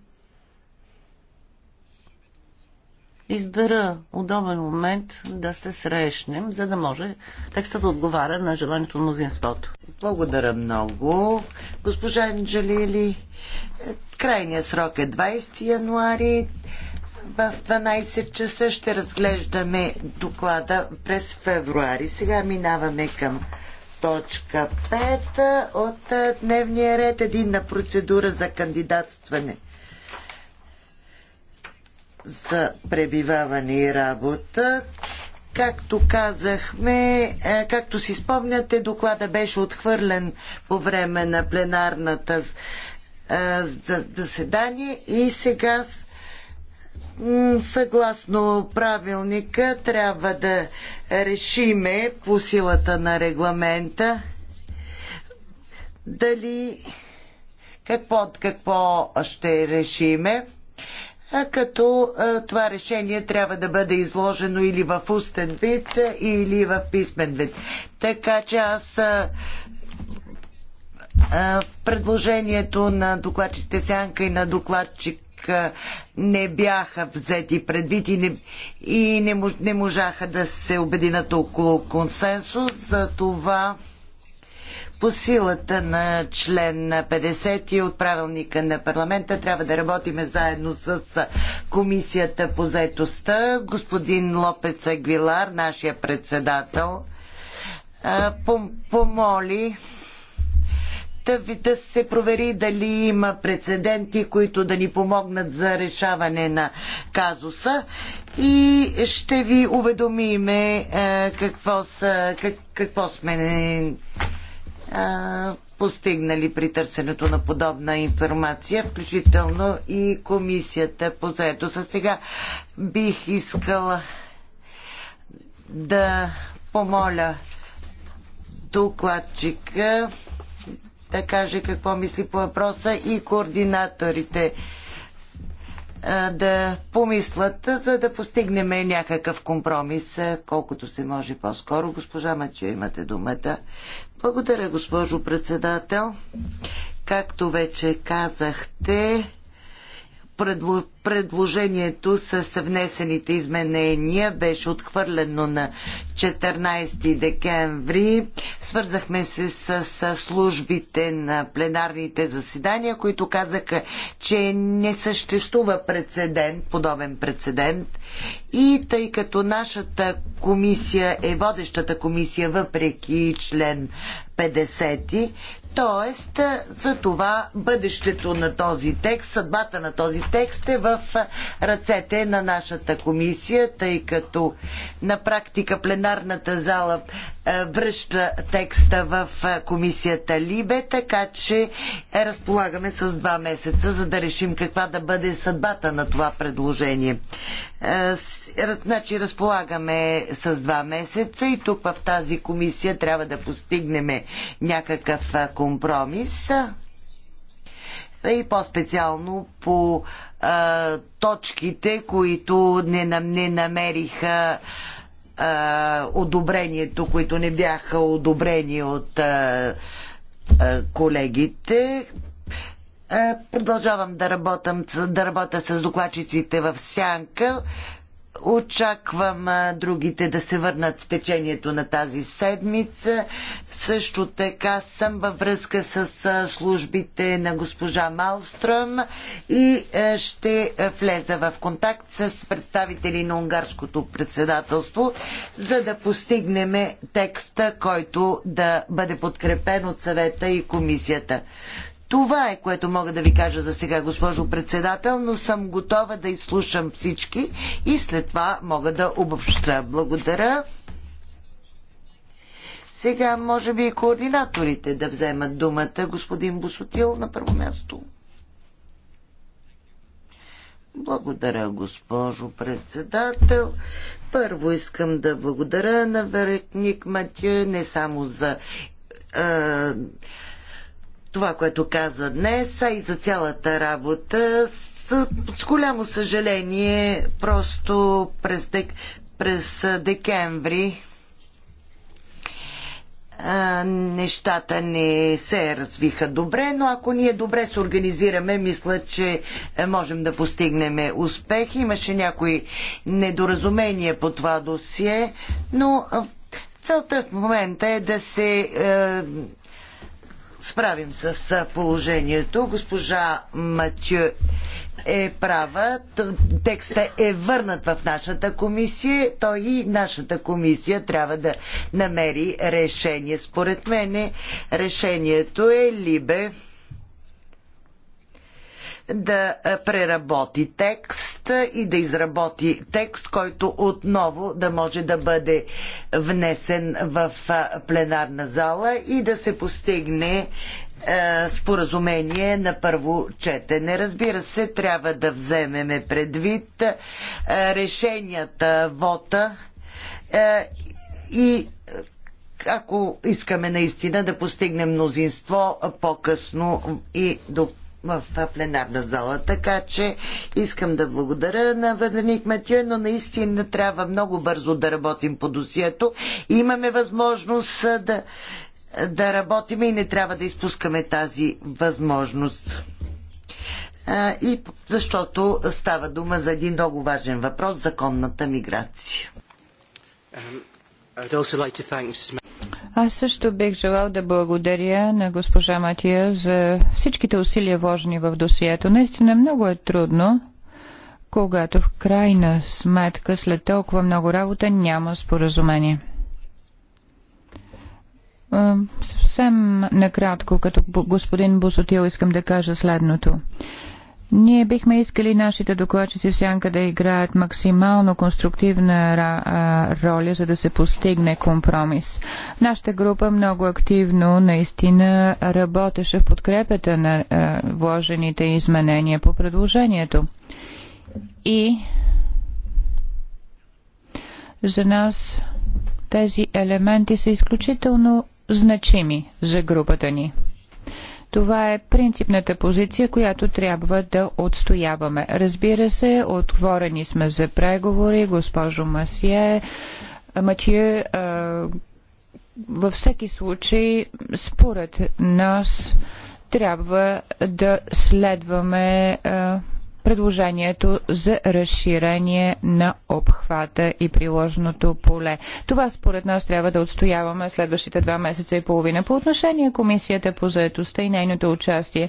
избера удобен момент да се срещнем, за да може текстът да отговаря на желанието на мнозинството. Благодаря много. Госпожа Анджелили, е, крайният срок е 20 януари. В 12 часа ще разглеждаме доклада през февруари. Сега минаваме към точка 5 от е, дневния ред. един на процедура за кандидатстване за пребиваване и работа. Както казахме, е, както си спомняте, доклада беше отхвърлен по време на пленарната е, заседание и сега съгласно правилника трябва да решиме по силата на регламента дали какво, какво ще решиме като това решение трябва да бъде изложено или в устен вид, или в писмен вид. Така че аз предложението на докладчите Сянка и на докладчик не бяха взети предвид и, не, и не, мож, не можаха да се обединат около консенсус. За това по силата на член 50 от правилника на парламента трябва да работиме заедно с комисията по заетостта. Господин Лопец Агвилар, нашия председател, помоли да се провери дали има прецеденти, които да ни помогнат за решаване на казуса и ще ви уведомиме какво, са, какво сме постигнали при търсенето на подобна информация, включително и комисията по заедост. Сега бих искала да помоля докладчика да каже какво мисли по въпроса и координаторите да помислят, за да постигнем някакъв компромис, колкото се може по-скоро. Госпожа Матио, имате думата. Благодаря, госпожо председател. Както вече казахте, предложението с внесените изменения беше отхвърлено на 14 декември. Свързахме се с, с службите на пленарните заседания, които казаха, че не съществува прецедент, подобен прецедент. И тъй като нашата комисия е водещата комисия, въпреки член 50, Тоест, за това бъдещето на този текст, съдбата на този текст е в ръцете на нашата комисия, тъй като на практика пленарната зала връща текста в комисията Либе, така че е, разполагаме с два месеца, за да решим каква да бъде съдбата на това предложение значи разполагаме с два месеца и тук в тази комисия трябва да постигнем някакъв компромис и по-специално по а, точките, които не, не намериха а, одобрението, които не бяха одобрени от а, а, колегите. Продължавам да, работам, да работя с докладчиците в Сянка Очаквам другите да се върнат в течението на тази седмица. Също така съм във връзка с службите на госпожа Малстром, и ще влеза в контакт с представители на унгарското председателство, за да постигнем текста, който да бъде подкрепен от съвета и комисията. Това е което мога да ви кажа за сега, госпожо председател, но съм готова да изслушам всички и след това мога да обобща. Благодаря. Сега може би и координаторите да вземат думата. Господин Босотил на първо място. Благодаря, госпожо председател. Първо искам да благодаря на Веретник Матю не само за е, това, което каза днес, а и за цялата работа. С, с голямо съжаление, просто през, дек, през декември а, нещата не се развиха добре, но ако ние добре се организираме, мисля, че е, можем да постигнем успех. Имаше някои недоразумения по това досие, но целта в момента е да се. Е, справим с положението. Госпожа Матю е права. Текста е върнат в нашата комисия. Той и нашата комисия трябва да намери решение. Според мен решението е либе да е, преработи текст и да изработи текст, който отново да може да бъде внесен в е, пленарна зала и да се постигне е, споразумение на първо четене. Разбира се, трябва да вземеме предвид решенията, вота и ако искаме наистина да постигнем мнозинство по-късно и до в пленарна зала. Така че искам да благодаря на Веденик Матио, но наистина трябва много бързо да работим по досието. Имаме възможност да, да работим и не трябва да изпускаме тази възможност. А, и защото става дума за един много важен въпрос законната миграция. Um, аз също бих желал да благодаря на госпожа Матия за всичките усилия вложени в досието. Наистина много е трудно, когато в крайна сметка след толкова много работа няма споразумение. Съвсем накратко, като господин Босотил, искам да кажа следното. Ние бихме искали нашите докладчици в сянка да играят максимално конструктивна роля, за да се постигне компромис. Нашата група много активно наистина работеше в подкрепата на вложените изменения по предложението. И за нас тези елементи са изключително значими за групата ни. Това е принципната позиция, която трябва да отстояваме. Разбира се, отворени сме за преговори, госпожо Масие, Матие, във всеки случай, според нас, трябва да следваме предложението за разширение на обхвата и приложеното поле. Това според нас трябва да отстояваме следващите два месеца и половина. По отношение комисията по заедостта и нейното участие,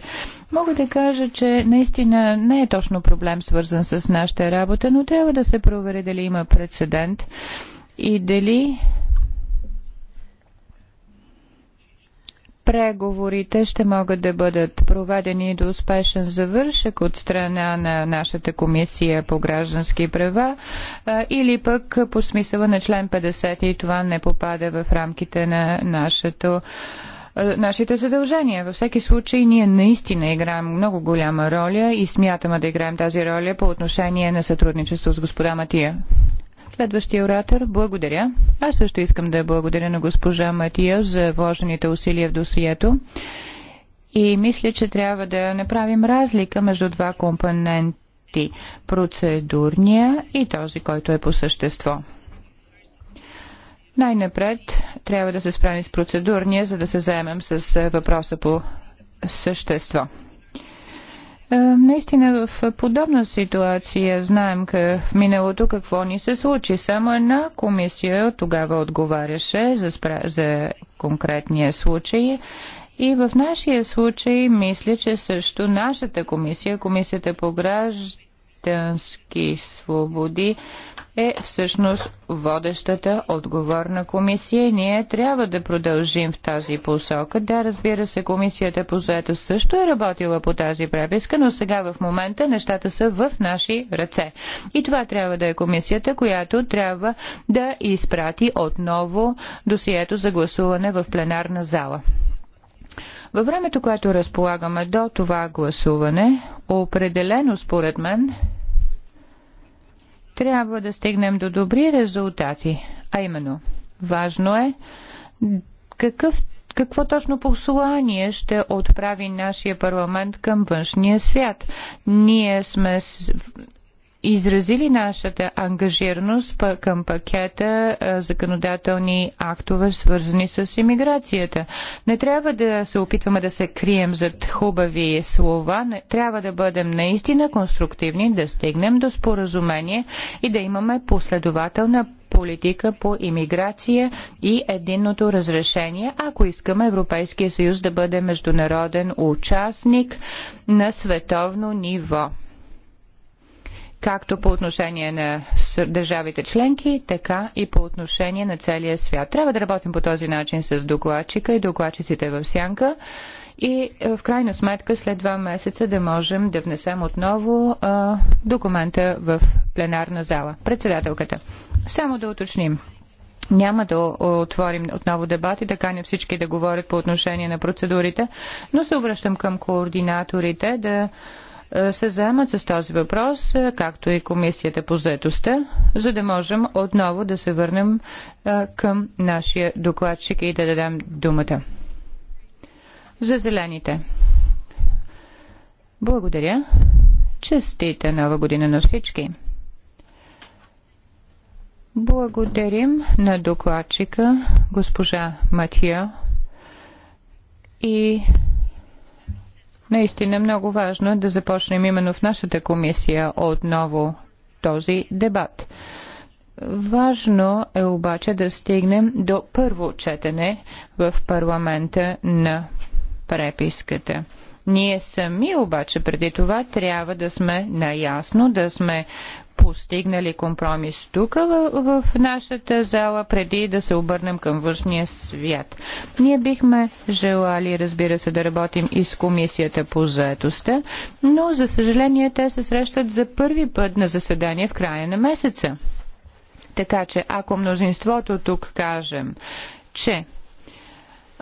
мога да кажа, че наистина не е точно проблем свързан с нашата работа, но трябва да се провери дали има прецедент и дали преговорите ще могат да бъдат проведени до успешен завършък от страна на нашата комисия по граждански права или пък по смисъла на член 50 и това не попада в рамките на нашето нашите задължения. Във всеки случай ние наистина играем много голяма роля и смятаме да играем тази роля по отношение на сътрудничество с господа Матия. Следващия оратор, благодаря. Аз също искам да благодаря на госпожа Матия за вложените усилия в досието. И мисля, че трябва да направим разлика между два компоненти процедурния и този, който е по същество. Най-напред трябва да се справим с процедурния, за да се заемем с въпроса по същество. Е, наистина в подобна ситуация знаем в миналото какво ни се случи. Само една комисия тогава отговаряше за, спра... за конкретния случай и в нашия случай мисля, че също нашата комисия, комисията по граждански свободи, е всъщност водещата отговорна комисия и ние трябва да продължим в тази посока. Да, разбира се, комисията по заето също е работила по тази преписка, но сега в момента нещата са в наши ръце. И това трябва да е комисията, която трябва да изпрати отново досието за гласуване в пленарна зала. Във времето, което разполагаме до това гласуване, определено според мен трябва да стигнем до добри резултати. А именно, важно е какъв, какво точно послание ще отправи нашия парламент към външния свят. Ние сме изразили нашата ангажираност към пакета законодателни актове, свързани с иммиграцията. Не трябва да се опитваме да се крием зад хубави слова, не, трябва да бъдем наистина конструктивни, да стигнем до споразумение и да имаме последователна политика по имиграция и единното разрешение, ако искаме Европейския съюз да бъде международен участник на световно ниво както по отношение на държавите членки, така и по отношение на целия свят. Трябва да работим по този начин с докладчика и докладчиците в сянка и е, в крайна сметка след два месеца да можем да внесем отново а, документа в пленарна зала. Председателката, само да уточним. Няма да отворим отново дебати, така не всички да говорят по отношение на процедурите, но се обръщам към координаторите да се заемат с този въпрос, е, както и комисията по заетостта, за да можем отново да се върнем е, към нашия докладчик и да дадем думата. За зелените. Благодаря. Честита нова година на всички. Благодарим на докладчика госпожа Матия и Наистина много важно е да започнем именно в нашата комисия отново този дебат. Важно е обаче да стигнем до първо четене в парламента на преписката. Ние сами обаче преди това трябва да сме наясно, да сме постигнали компромис тук в, в нашата зала, преди да се обърнем към външния свят. Ние бихме желали, разбира се, да работим и с комисията по заетостта, но за съжаление те се срещат за първи път на заседание в края на месеца. Така че, ако мнозинството тук кажем, че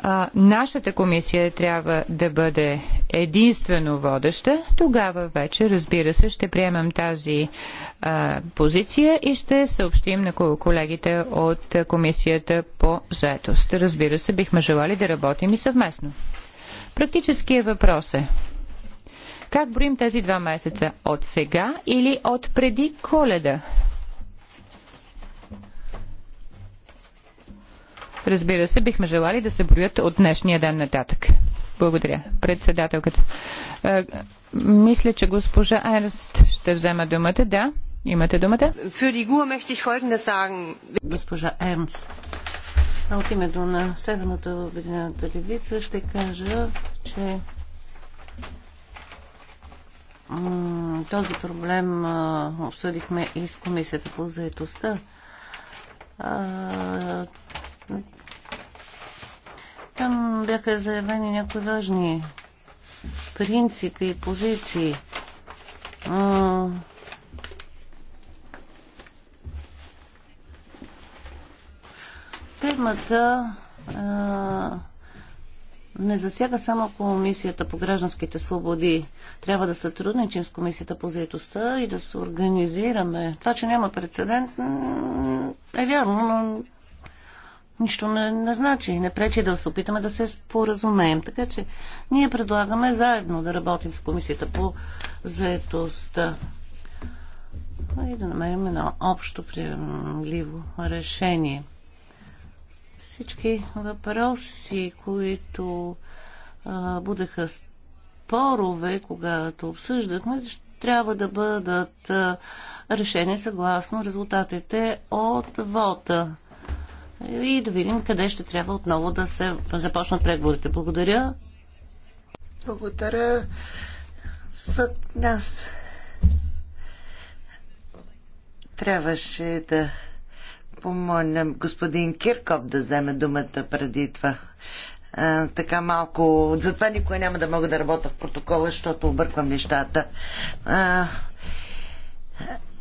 а, нашата комисия трябва да бъде единствено водеща, тогава вече, разбира се, ще приемам тази а, позиция и ще съобщим на колегите от комисията по заетост. Разбира се, бихме желали да работим и съвместно. Практическият въпрос е как броим тези два месеца? От сега или от преди коледа? Разбира се, бихме желали да се броят от днешния ден нататък. Благодаря. Председателката. Е, мисля, че госпожа Ерст ще взема думата. Да, имате думата. E госпожа Ернст. От името на седмата обединената левица ще кажа, че този проблем обсъдихме и с Комисията по заедостта. Там бяха заявени някои важни принципи и позиции. Темата а... не засяга само Комисията по гражданските свободи. Трябва да сътрудничим с Комисията по заедостта и да се организираме. Това, че няма прецедент, е вярно, но нищо не, не значи. Не пречи да се опитаме да се споразумеем. Така че ние предлагаме заедно да работим с комисията по заетостта и да намерим едно общо приемливо решение. Всички въпроси, които а, будеха спорове, когато обсъждахме, трябва да бъдат а, решени съгласно резултатите от вота и да видим къде ще трябва отново да се започнат преговорите. Благодаря. Благодаря за нас. Трябваше да помолям господин Киркоп да вземе думата преди това. А, така малко. Затова никой няма да мога да работя в протокола, защото обърквам нещата. А,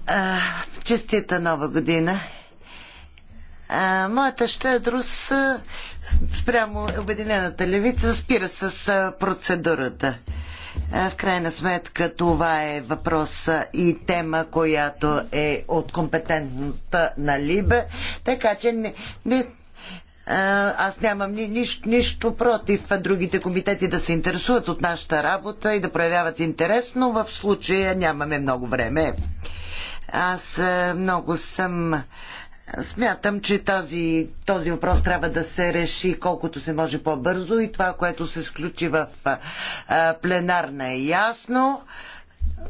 а, честита нова година! А, моята щедрост спрямо Обединената левица спира с процедурата. В крайна сметка това е въпрос и тема, която е от компетентността на Либе, така че не, не, аз нямам ни, нищо, нищо против другите комитети да се интересуват от нашата работа и да проявяват интерес, но в случая нямаме много време. Аз много съм Смятам, че този, този въпрос трябва да се реши колкото се може по-бързо и това, което се сключи в а, пленарна е ясно.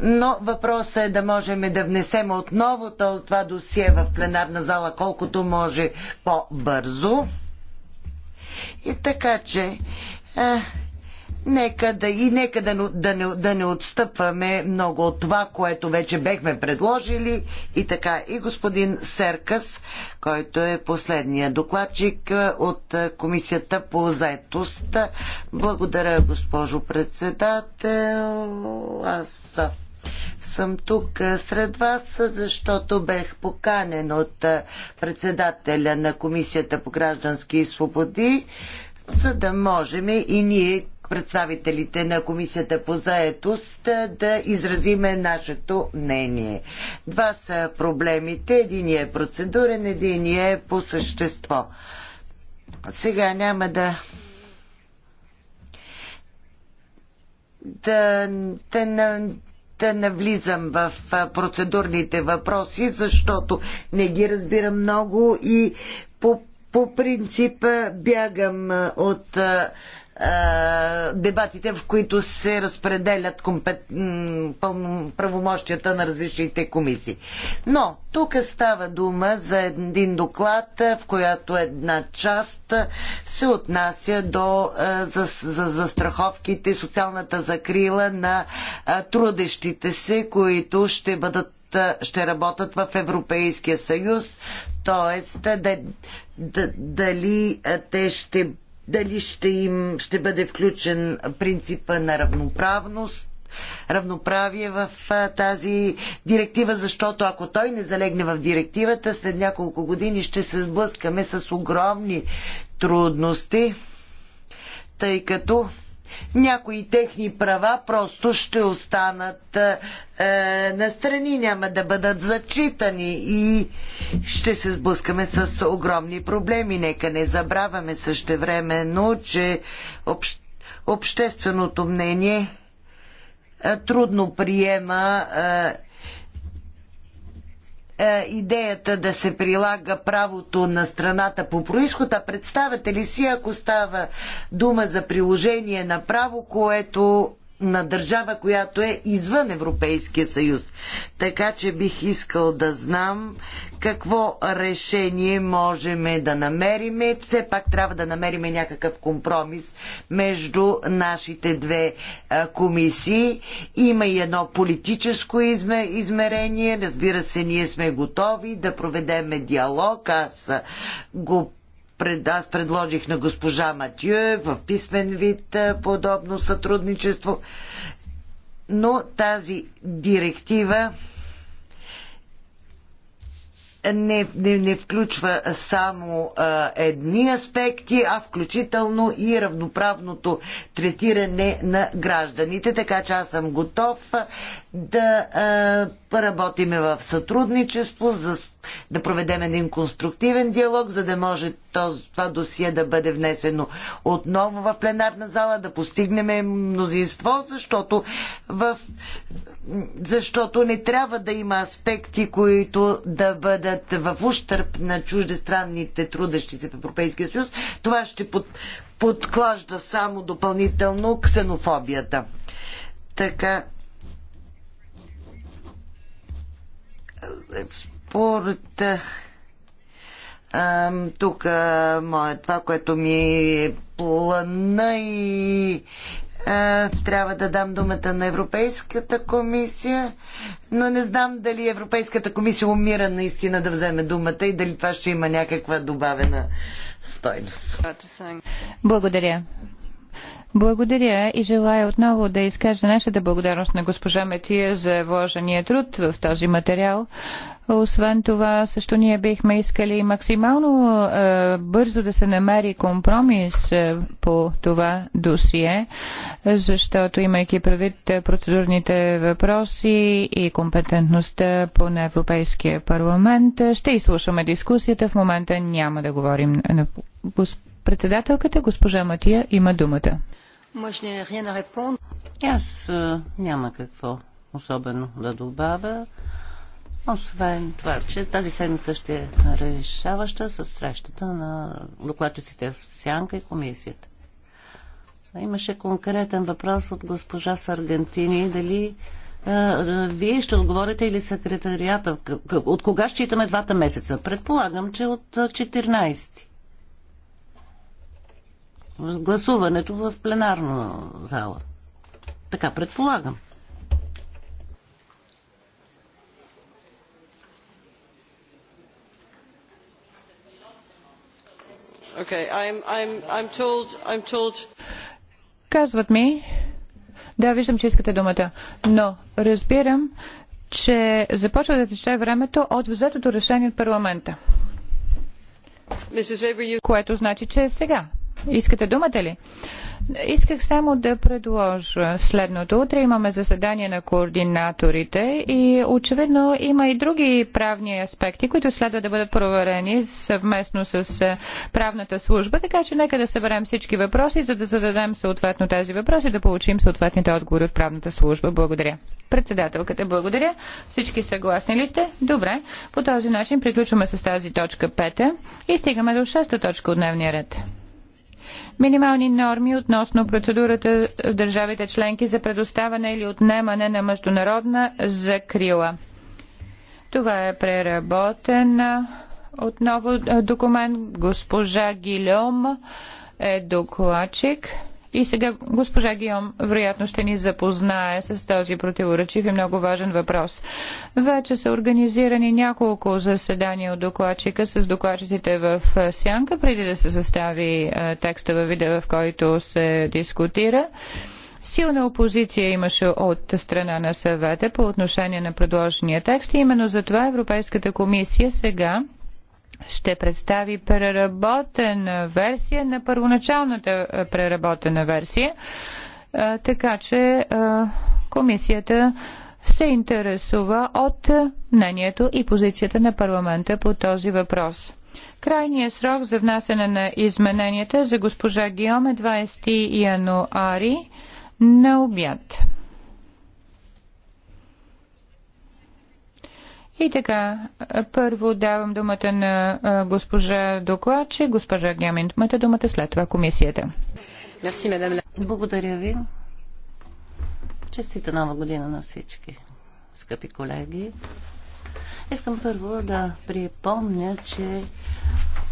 Но въпросът е да можем да внесем отново това досие в пленарна зала колкото може по-бързо. И така че. Нека да, и нека да, да, не, да не отстъпваме много от това, което вече бехме предложили и така. И господин Серкас, който е последния докладчик е, от е, Комисията по заетост. Благодаря, госпожо председател. Аз съм тук е, сред вас, защото бех поканен от председателя на Комисията по граждански свободи, за да можем и ние представителите на Комисията по заетост да изразиме нашето мнение. Два са проблемите. Единият е процедурен, единият е по същество. Сега няма да да, да, да навлизам в процедурните въпроси, защото не ги разбирам много и по, по принцип бягам от дебатите, в които се разпределят компет... правомощията на различните комисии. Но тук става дума за един доклад, в която една част се отнася до застраховките, за, за социалната закрила на трудещите се, които ще бъдат ще работят в Европейския съюз, т.е. дали те ще дали ще, им, ще бъде включен принципа на равноправност равноправие в тази директива, защото ако той не залегне в директивата, след няколко години ще се сблъскаме с огромни трудности, тъй като някои техни права просто ще останат е, е, настрани, няма да бъдат зачитани и ще се сблъскаме с огромни проблеми. Нека не забравяме същевременно, че общ, общественото мнение е, трудно приема е, е, идеята да се прилага правото на страната по происход, а представете ли си, ако става дума за приложение на право, което на държава, която е извън Европейския съюз. Така че бих искал да знам какво решение можем да намериме. Все пак трябва да намерим някакъв компромис между нашите две комисии. Има и едно политическо измерение. Разбира се, ние сме готови да проведем диалог. Аз го пред, аз предложих на госпожа Матюе в писмен вид подобно сътрудничество, но тази директива не, не, не включва само а, едни аспекти, а включително и равноправното третиране на гражданите. Така че аз съм готов да а, работиме в сътрудничество, за, да проведем един конструктивен диалог, за да може този, това досие да бъде внесено отново в пленарна зала, да постигнем мнозинство, защото в защото не трябва да има аспекти, които да бъдат в ущърп на чуждестранните трудещи се в Европейския съюз. Това ще под, подклажда само допълнително ксенофобията. Така. Според тук това, което ми е плана и трябва да дам думата на Европейската комисия, но не знам дали Европейската комисия умира наистина да вземе думата и дали това ще има някаква добавена стойност. Благодаря. Благодаря и желая отново да изкажа нашата благодарност на госпожа Метия за вложения труд в този материал. Освен това, също ние бихме искали максимално е, бързо да се намери компромис е, по това досие, защото имайки предвид процедурните въпроси и компетентността по на Европейския парламент, ще изслушаме дискусията. В момента няма да говорим. Председателката, госпожа Матия, има думата. Аз е, няма какво особено да добавя. Освен това, че тази седмица ще е решаваща с срещата на докладчиците в Сянка и комисията. Имаше конкретен въпрос от госпожа Саргантини. Дали вие ще отговорите или секретарията? От кога считаме двата месеца? Предполагам, че от 14. Гласуването в пленарна зала. Така предполагам. Okay, I'm, I'm, I'm told, I'm told... Казват ми, да, виждам, че искате думата, но разбирам, че започва да тече времето от взетото решение от парламента. Което значи, че е сега. Искате думата ли? Uh, Исках само да предложа следното. Утре имаме заседание на координаторите и очевидно има и други правни аспекти, които следва да бъдат проверени съвместно с е, правната служба, така че нека да съберем всички въпроси, за да зададем съответно тези въпроси, да получим съответните отговори от правната служба. Благодаря. Председателката, благодаря. Всички съгласни ли сте? Добре. По този начин приключваме с тази точка 5 и стигаме до 6 точка от дневния ред минимални норми относно процедурата в държавите членки за предоставане или отнемане на международна закрила. Това е преработен отново документ. Госпожа Гилем е докладчик. И сега госпожа Гиом вероятно ще ни запознае с този противоречив и много важен въпрос. Вече са организирани няколко заседания от докладчика с докладчиците в Сянка, преди да се състави текста във вида, в който се дискутира. Силна опозиция имаше от страна на съвета по отношение на предложения текст и именно затова Европейската комисия сега ще представи преработена версия на първоначалната е, преработена версия, е, така че е, комисията се интересува от мнението и позицията на парламента по този въпрос. Крайният срок за внасяне на измененията за госпожа Гиом е 20 януари на обяд. И така, първо давам думата на госпожа докладче, госпожа Гямин. Имате думата след това комисията. Благодаря ви. Честита нова година на всички, скъпи колеги. Искам първо да припомня, че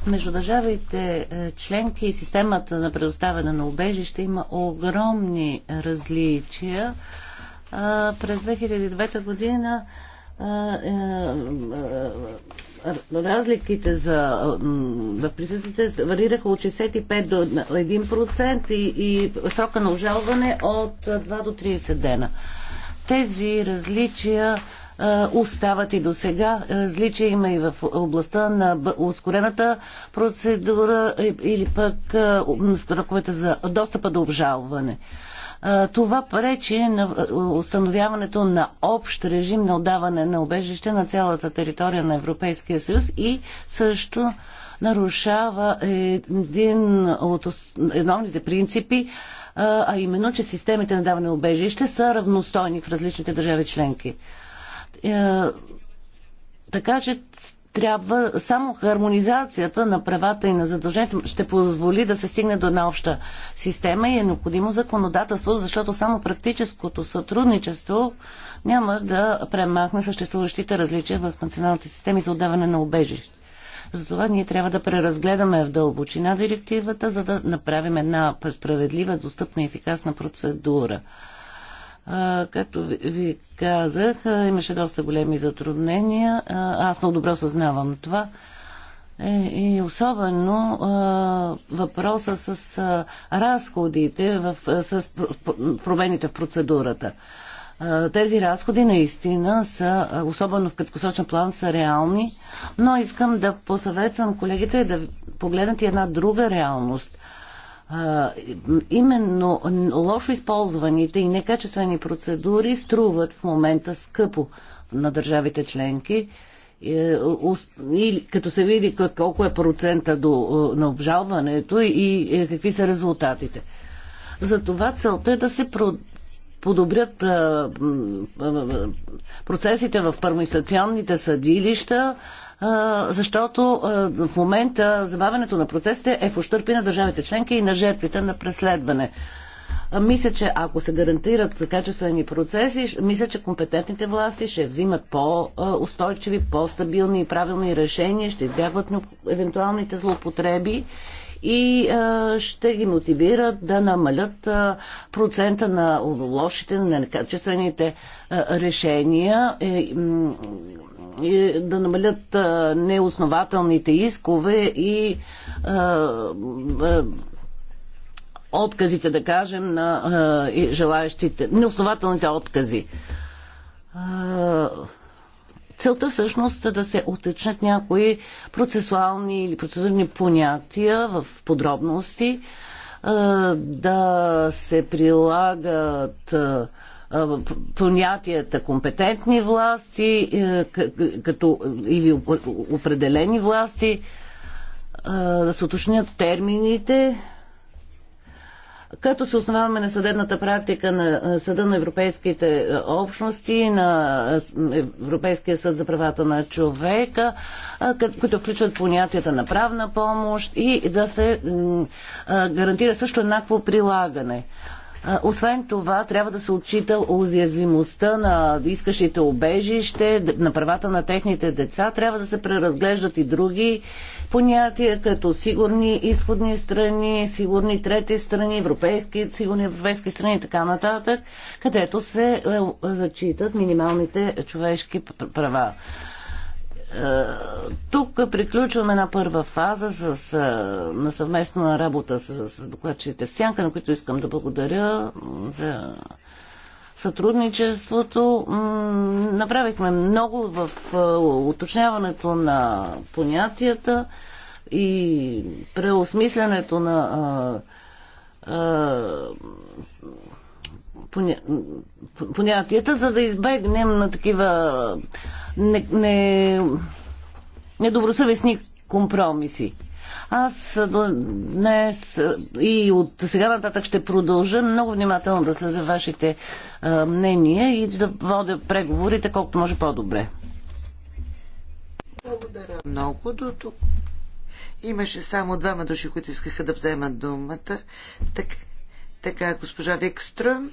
между държавите е, членки и системата на предоставяне на убежище има огромни различия. През 2009 година е, е, разликите за, присъдите варираха от 65 до 1% и, и срока на обжалване от 2 до 30 дена. Тези различия е, остават и до сега. Различия има и в областта на ускорената процедура или пък строковете за достъпа до обжалване това пречи на установяването на общ режим на отдаване на обежище на цялата територия на Европейския съюз и също нарушава един от основните принципи, а именно, че системите на даване на обежище са равностойни в различните държави членки. Е, така че трябва само хармонизацията на правата и на задълженията ще позволи да се стигне до една обща система и е необходимо законодателство, защото само практическото сътрудничество няма да премахне съществуващите различия в националните системи за отдаване на убежище. Затова ние трябва да преразгледаме в дълбочина директивата, за да направим една справедлива, достъпна и ефикасна процедура. А, както ви, ви казах, а, имаше доста големи затруднения. А, аз много добро съзнавам това. Е, и особено а, въпроса с а, разходите, в, а, с промените в процедурата. А, тези разходи наистина са, особено в краткосрочен план, са реални, но искам да посъветвам колегите да погледнат и една друга реалност – именно лошо използваните и некачествени процедури струват в момента скъпо на държавите членки. Е, и като се види колко е процента до, е, на обжалването и е, какви са резултатите. Затова целта е да се подобрят процесите в първоинстанционните съдилища, защото в момента забавянето на процесите е в ощърпи на държавите членки и на жертвите на преследване. Мисля, че ако се гарантират качествени процеси, мисля, че компетентните власти ще взимат по-устойчиви, по-стабилни и правилни решения, ще избягват евентуалните злоупотреби и а, ще ги мотивират да намалят а, процента на лошите, на некачествените а, решения. Е, е, да намалят неоснователните искове и отказите, да кажем, на желаящите, неоснователните откази. Целта всъщност е да се отечнат някои процесуални или процедурни понятия в подробности, да се прилагат понятията компетентни власти е, като, или определени власти, да се уточнят термините, като се основаваме на съдебната практика на Съда на Европейските общности, на Европейския съд за правата на човека, които включват понятията на правна помощ и да се гарантира също еднакво прилагане. Освен това, трябва да се отчита уязвимостта на искащите обежище, на правата на техните деца. Трябва да се преразглеждат и други понятия, като сигурни изходни страни, сигурни трети страни, европейски, сигурни европейски страни и така нататък, където се е, зачитат минималните човешки права. Е, тук приключваме на първа фаза с, е, на съвместна работа с, с докладчите в Сянка, на които искам да благодаря за сътрудничеството. Направихме много в е, уточняването на понятията и преосмислянето на а, а, понятията, за да избегнем на такива не, не, недобросъвестни компромиси. Аз до днес и от сега нататък ще продължа много внимателно да следя вашите а, мнения и да водя преговорите колкото може по-добре. Благодаря много до тук. Имаше само двама души, които искаха да вземат думата. Так, така, госпожа Викстръм.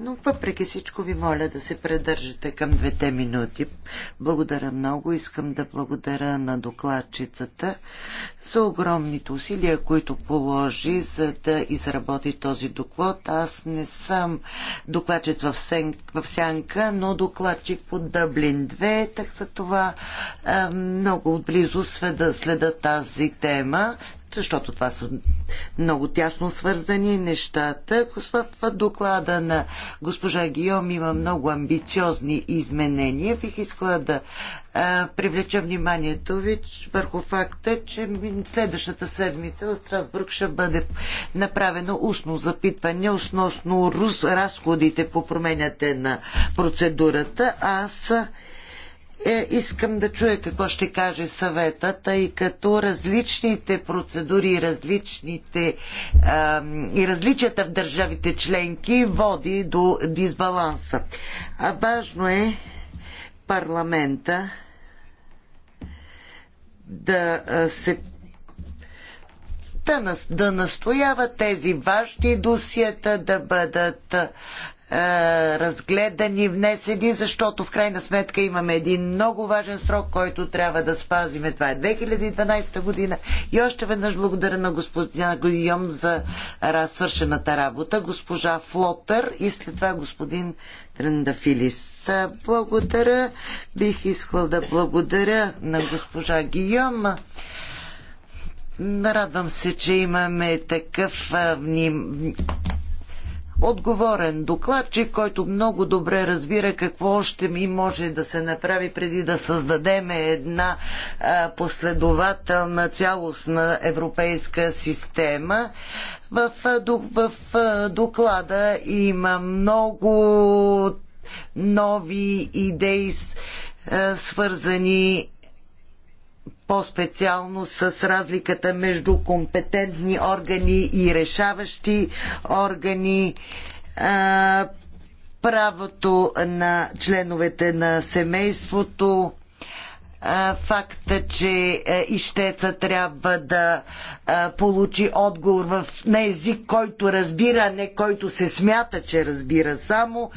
Но въпреки всичко ви моля да се предържате към двете минути. Благодаря много. Искам да благодаря на докладчицата за огромните усилия, които положи, за да изработи този доклад. Аз не съм докладчик в, сянка, но докладчик по Дъблин 2, так за това много отблизо следа тази тема защото това са много тясно свързани нещата. В доклада на госпожа Гиом има много амбициозни изменения. Бих искала да а, привлеча вниманието ви върху факта, че следващата седмица в Страсбург ще бъде направено устно запитване относно разходите по променяте на процедурата. Аз е, искам да чуя какво ще каже съвета, тъй като различните процедури различните, и различията в държавите членки води до дисбаланса. А важно е парламента да се да настоява тези важни досиета да бъдат е, разгледани, внесени, защото в крайна сметка имаме един много важен срок, който трябва да спазиме. Това е 2012 година. И още веднъж благодаря на господина Гойом за свършената работа, госпожа Флотър и след това господин Трендафилис. Благодаря. Бих искал да благодаря на госпожа Гийом. Радвам се, че имаме такъв вним отговорен докладчик, който много добре разбира какво още ми може да се направи преди да създадем една последователна цялостна европейска система. В, в, в доклада има много нови идеи, свързани по-специално с разликата между компетентни органи и решаващи органи, правото на членовете на семейството, факта, че ищеца трябва да получи отговор в, на език, който разбира, а не който се смята, че разбира само,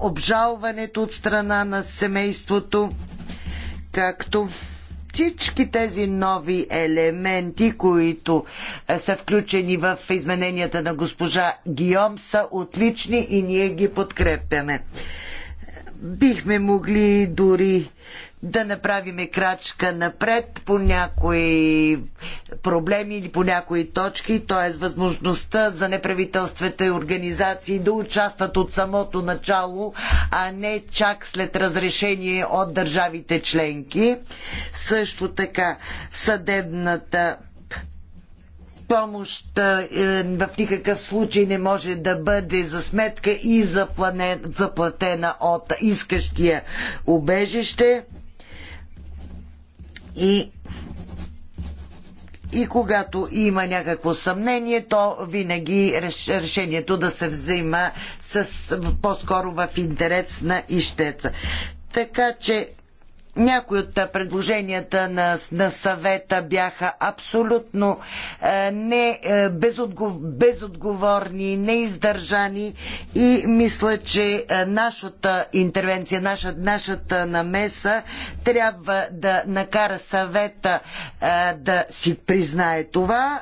обжалването от страна на семейството, както всички тези нови елементи, които е, са включени в измененията на госпожа Гиом, са отлични и ние ги подкрепяме. Бихме могли дори да направим крачка напред по някои проблеми или по някои точки, т.е. възможността за неправителствените организации да участват от самото начало, а не чак след разрешение от държавите членки. Също така съдебната помощ е, в никакъв случай не може да бъде за сметка и заплатена от искащия убежище. И и когато има някакво съмнение, то винаги решението да се взема с, по-скоро в интерес на ищеца. Така че някои от предложенията на, на съвета бяха абсолютно е, не, е, безотгов, безотговорни, неиздържани и мисля, че е, нашата интервенция, наша, нашата намеса трябва да накара съвета е, да си признае това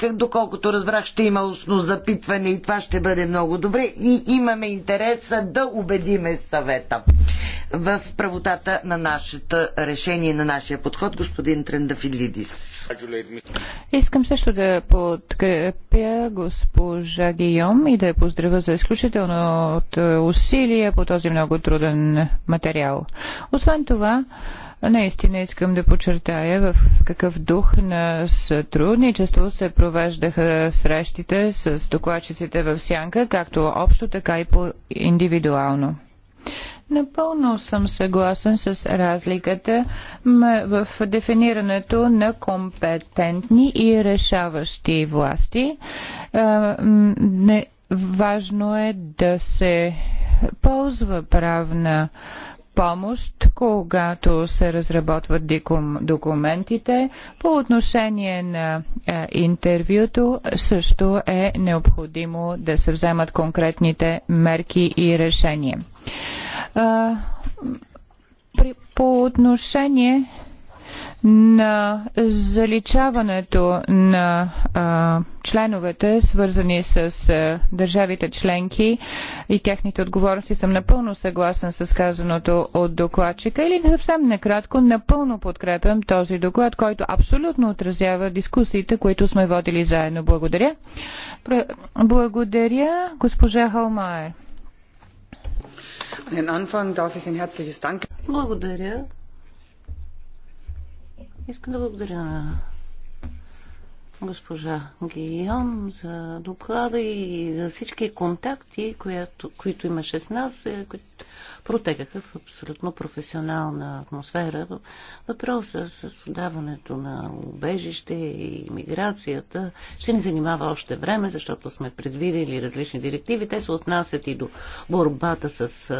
е, доколкото разбрах, ще има устно запитване и това ще бъде много добре. И имаме интереса да убедиме съвета в правотата на нашето решение, на нашия подход, господин Трендафилидис. Искам също да подкрепя госпожа Гийом и да я поздравя за изключително от е, усилия по този много труден материал. Освен това, Наистина искам да подчертая в какъв дух на сътрудничество се провеждаха срещите с докладчиците в Сянка, както общо, така и по индивидуално. Напълно съм съгласен с разликата в дефинирането на компетентни и решаващи власти. Важно е да се ползва правна помощ, когато се разработват документите. По отношение на интервюто също е необходимо да се вземат конкретните мерки и решения. А, при, по отношение на заличаването на а, членовете, свързани с а, държавите членки и техните отговорности, съм напълно съгласен с казаното от докладчика или съвсем накратко, напълно подкрепям този доклад, който абсолютно отразява дискусиите, които сме водили заедно. Благодаря. Благодаря, госпожа Холмайер. Благодаря. Искам да благодаря на госпожа Гион за доклада и за всички контакти, която, които имаше с нас, е, които протекаха в абсолютно професионална атмосфера. Въпроса с отдаването на убежище и миграцията ще ни занимава още време, защото сме предвидели различни директиви. Те се отнасят и до борбата с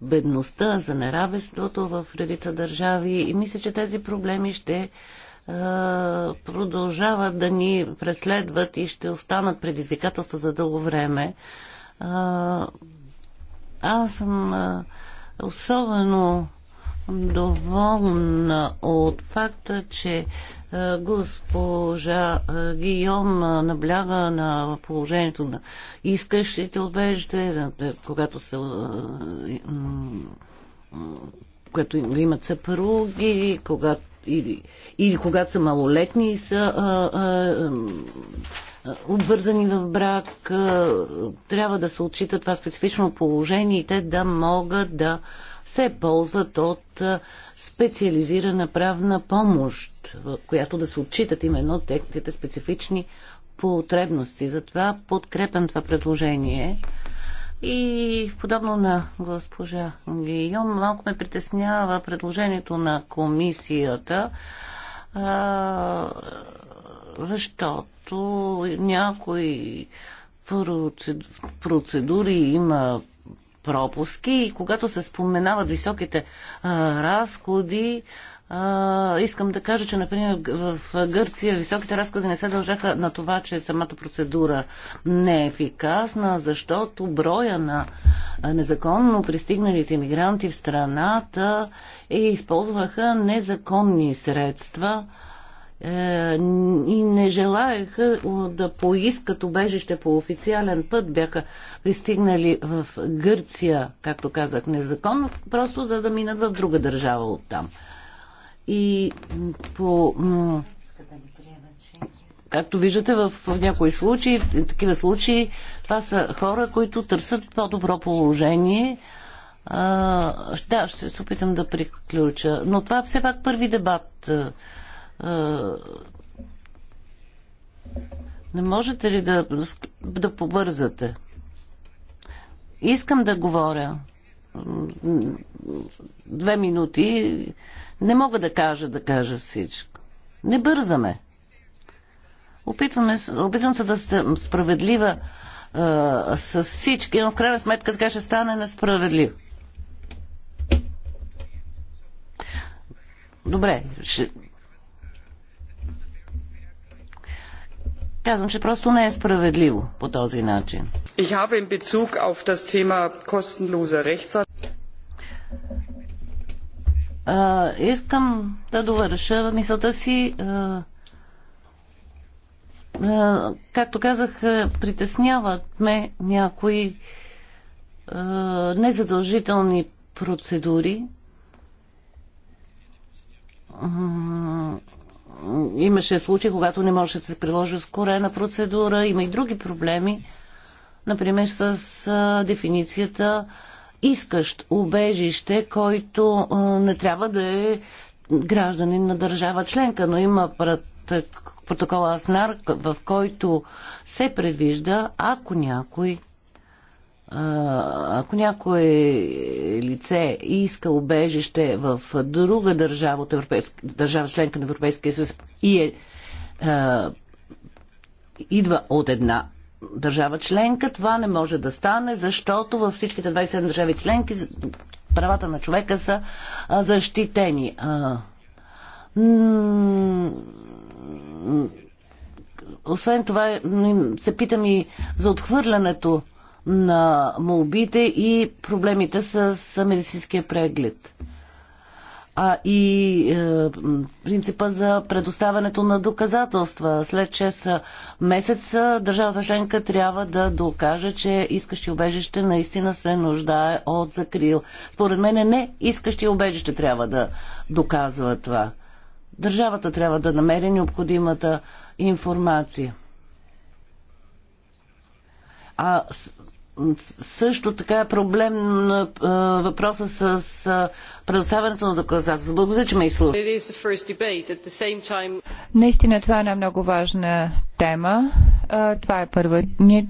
бедността, за неравенството в редица държави и мисля, че тези проблеми ще продължават да ни преследват и ще останат предизвикателства за дълго време. Аз съм особено доволна от факта, че госпожа Гийом набляга на положението на искащите отбежите, когато се когато имат съпруги, когато или или когато са малолетни и са а, а, обвързани в брак, а, трябва да се отчита това специфично положение и те да могат да се ползват от специализирана правна помощ, в която да се отчитат именно техните специфични потребности. Затова подкрепям това предложение. И подобно на госпожа Гийом, малко ме притеснява предложението на комисията а, защото някои процедури има пропуски и когато се споменават високите а, разходи, а, искам да кажа, че, например, в Гърция високите разходи не се дължаха на това, че самата процедура не е ефикасна, защото броя на незаконно пристигналите мигранти в страната е, използваха незаконни средства е, и не желаяха да поискат убежище по официален път. Бяха пристигнали в Гърция, както казах, незаконно, просто за да минат в друга държава оттам. там. И по... Както виждате в, в някои случаи, в такива случаи, това са хора, които търсят по-добро положение. А, да, ще се опитам да приключа. Но това е все пак първи дебат. А, не можете ли да, да побързате? Искам да говоря две минути не мога да кажа, да кажа всичко. Не бързаме. Опитваме, опитвам се да съм справедлива а, с всички, но в крайна сметка така ще стане несправедлив. Добре, ще... Казвам, че просто не е справедливо по този начин. Ich habe in Bezug auf das Thema kostenloser а, искам да довърша мисълта си. А, а, както казах, притесняват ме някои а, незадължителни процедури. Имаше случаи, когато не може да се приложи ускорена процедура. Има и други проблеми. Например, с а, дефиницията а, искащ убежище, който не трябва да е гражданин на държава членка, но има протокола АСНАР, в който се предвижда, ако някой ако някое лице иска убежище в друга държава от държава членка на Европейския съюз и е, е идва от една държава членка. Това не може да стане, защото във всичките 27 държави членки правата на човека са защитени. Освен това, се питам и за отхвърлянето на молбите и проблемите с медицинския преглед а и е, принципа за предоставянето на доказателства. След 6 месеца държавата членка трябва да докаже, че искащи обежище наистина се нуждае от закрил. Според мен не искащи обежище трябва да доказва това. Държавата трябва да намери необходимата информация. А също така е проблем на въпроса с предоставянето на доказателства. Благодаря, че ме изслуша. Наистина това е една много важна тема. това е първият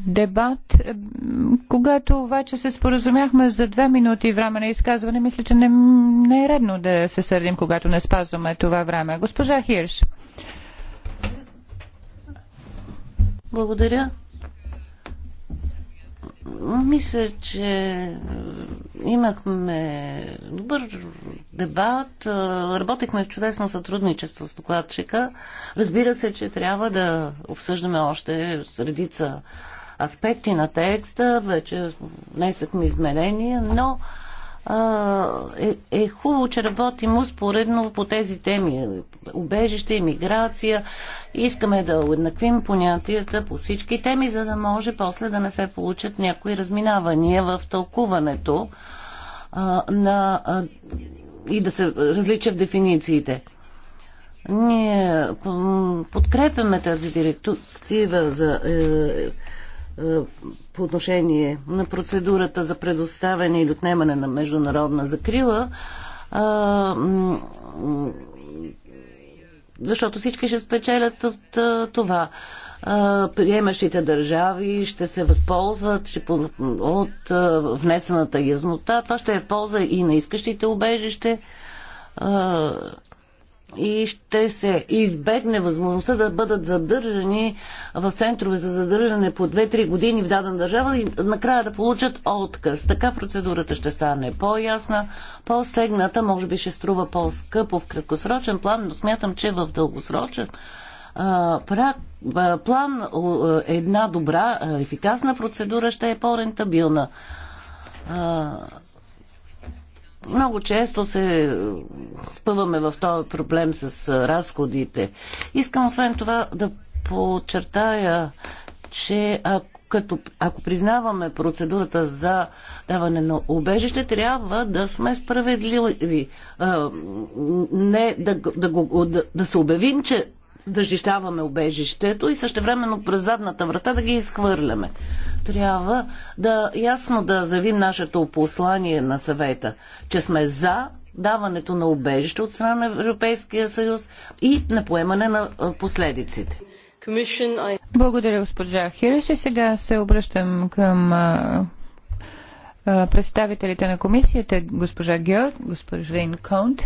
дебат. Е, когато обаче се споразумяхме за две минути време на изказване, мисля, че не, не е редно да се сърдим, когато не спазваме това време. Госпожа Хирш. Благодаря. Мисля, че имахме добър дебат, работехме в чудесно сътрудничество с докладчика. Разбира се, че трябва да обсъждаме още средица аспекти на текста, вече внесахме изменения, но е, е хубаво, че работим успоредно по тези теми. Убежище, иммиграция. Искаме да уеднаквим понятията по всички теми, за да може после да не се получат някои разминавания в тълкуването а, на, а, и да се различа в дефинициите. Ние подкрепяме тази директива за. Е, е, по отношение на процедурата за предоставяне или отнемане на международна закрила, е, защото всички ще спечелят от е, това. Приемащите държави ще се възползват ще, от внесената яснота. Това ще е в полза и на искащите убежище и ще се избегне възможността да бъдат задържани в центрове за задържане по 2-3 години в дадена държава и накрая да получат отказ. Така процедурата ще стане по-ясна, по-стегната, може би ще струва по-скъпо в краткосрочен план, но смятам, че в дългосрочен план една добра, ефикасна процедура ще е по-рентабилна. Много често се спъваме в този проблем с разходите. Искам освен това да подчертая, че ако, като, ако признаваме процедурата за даване на убежище, трябва да сме справедливи. А, не да, да, го, да, да се обявим, че защищаваме обежището и същевременно през задната врата да ги изхвърляме. Трябва да ясно да заявим нашето послание на съвета, че сме за даването на убежище от страна на Европейския съюз и на поемане на последиците. Благодаря, госпожа Хиреш. И сега се обръщам към представителите на комисията, госпожа Георг, господин Конт.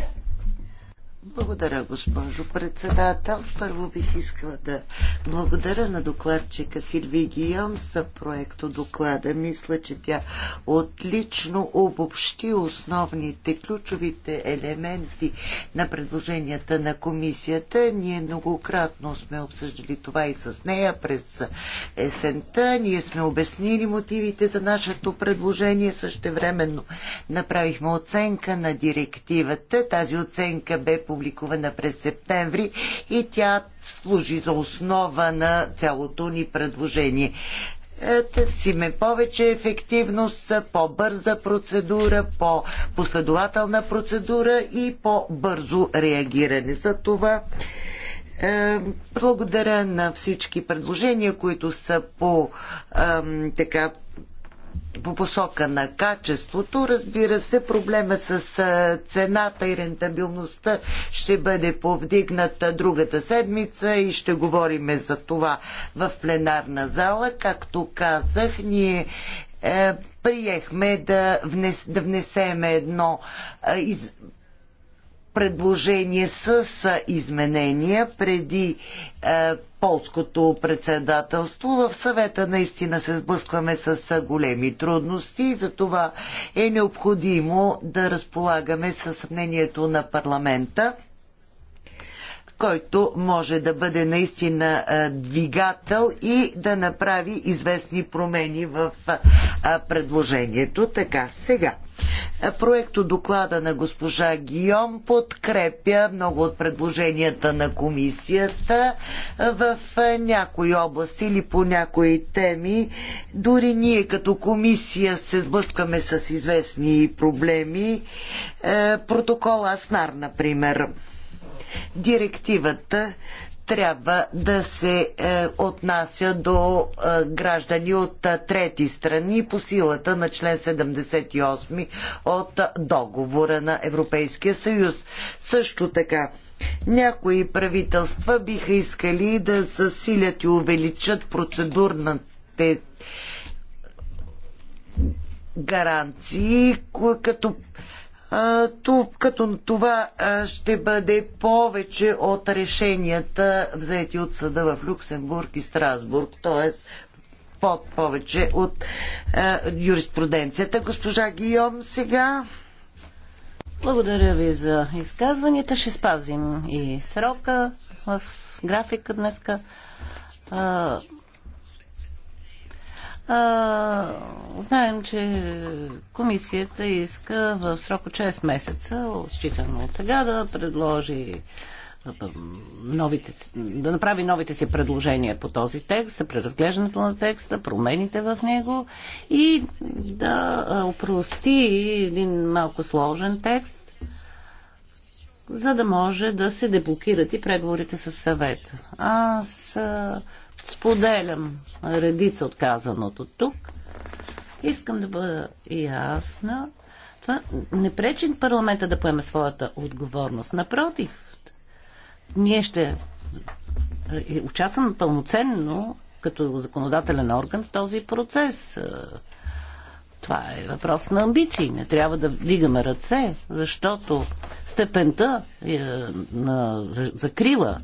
Благодаря, госпожо председател. Първо бих искала да благодаря на докладчика Силви Гийом за проекто доклада. Мисля, че тя отлично обобщи основните, ключовите елементи на предложенията на комисията. Ние многократно сме обсъждали това и с нея през есента. Ние сме обяснили мотивите за нашето предложение. Същевременно направихме оценка на директивата. Тази оценка бе публикувана публикувана през септември и тя служи за основа на цялото ни предложение. Е, търсиме повече ефективност, по-бърза процедура, по-последователна процедура и по-бързо реагиране. За това е, благодаря на всички предложения, които са по, така, по посока на качеството. Разбира се, проблема с цената и рентабилността ще бъде повдигната другата седмица и ще говорим за това в пленарна зала. Както казах, ние е, приехме да, внес, да внесеме едно е, предложение с изменения преди е, полското председателство. В съвета наистина се сблъскваме с големи трудности и за това е необходимо да разполагаме с мнението на парламента който може да бъде наистина двигател и да направи известни промени в предложението. Така, сега. Проекто доклада на госпожа Гион подкрепя много от предложенията на комисията в някои области или по някои теми. Дори ние като комисия се сблъскваме с известни проблеми. Протокол Аснар, например директивата трябва да се е, отнася до е, граждани от е, трети страни по силата на член 78 от е, договора на Европейския съюз. Също така, някои правителства биха искали да засилят и увеличат процедурните гаранции, като като това ще бъде повече от решенията взети от съда в Люксембург и Страсбург, т.е. под повече от юриспруденцията. Госпожа Гийом сега. Благодаря ви за изказванията. Ще спазим и срока в графика днеска. А, знаем, че комисията иска в срок от 6 месеца, считано от сега, да предложи новите, да направи новите си предложения по този текст, за преразглеждането на текста, промените в него и да опрости един малко сложен текст, за да може да се деблокират и преговорите с съвет. Аз Споделям редица отказаното тук. Искам да бъда ясна. Това не пречи парламента да поеме своята отговорност. Напротив, ние ще е, участваме пълноценно като законодателен орган в този процес. Това е въпрос на амбиции. Не трябва да вдигаме ръце, защото степента е, на закрила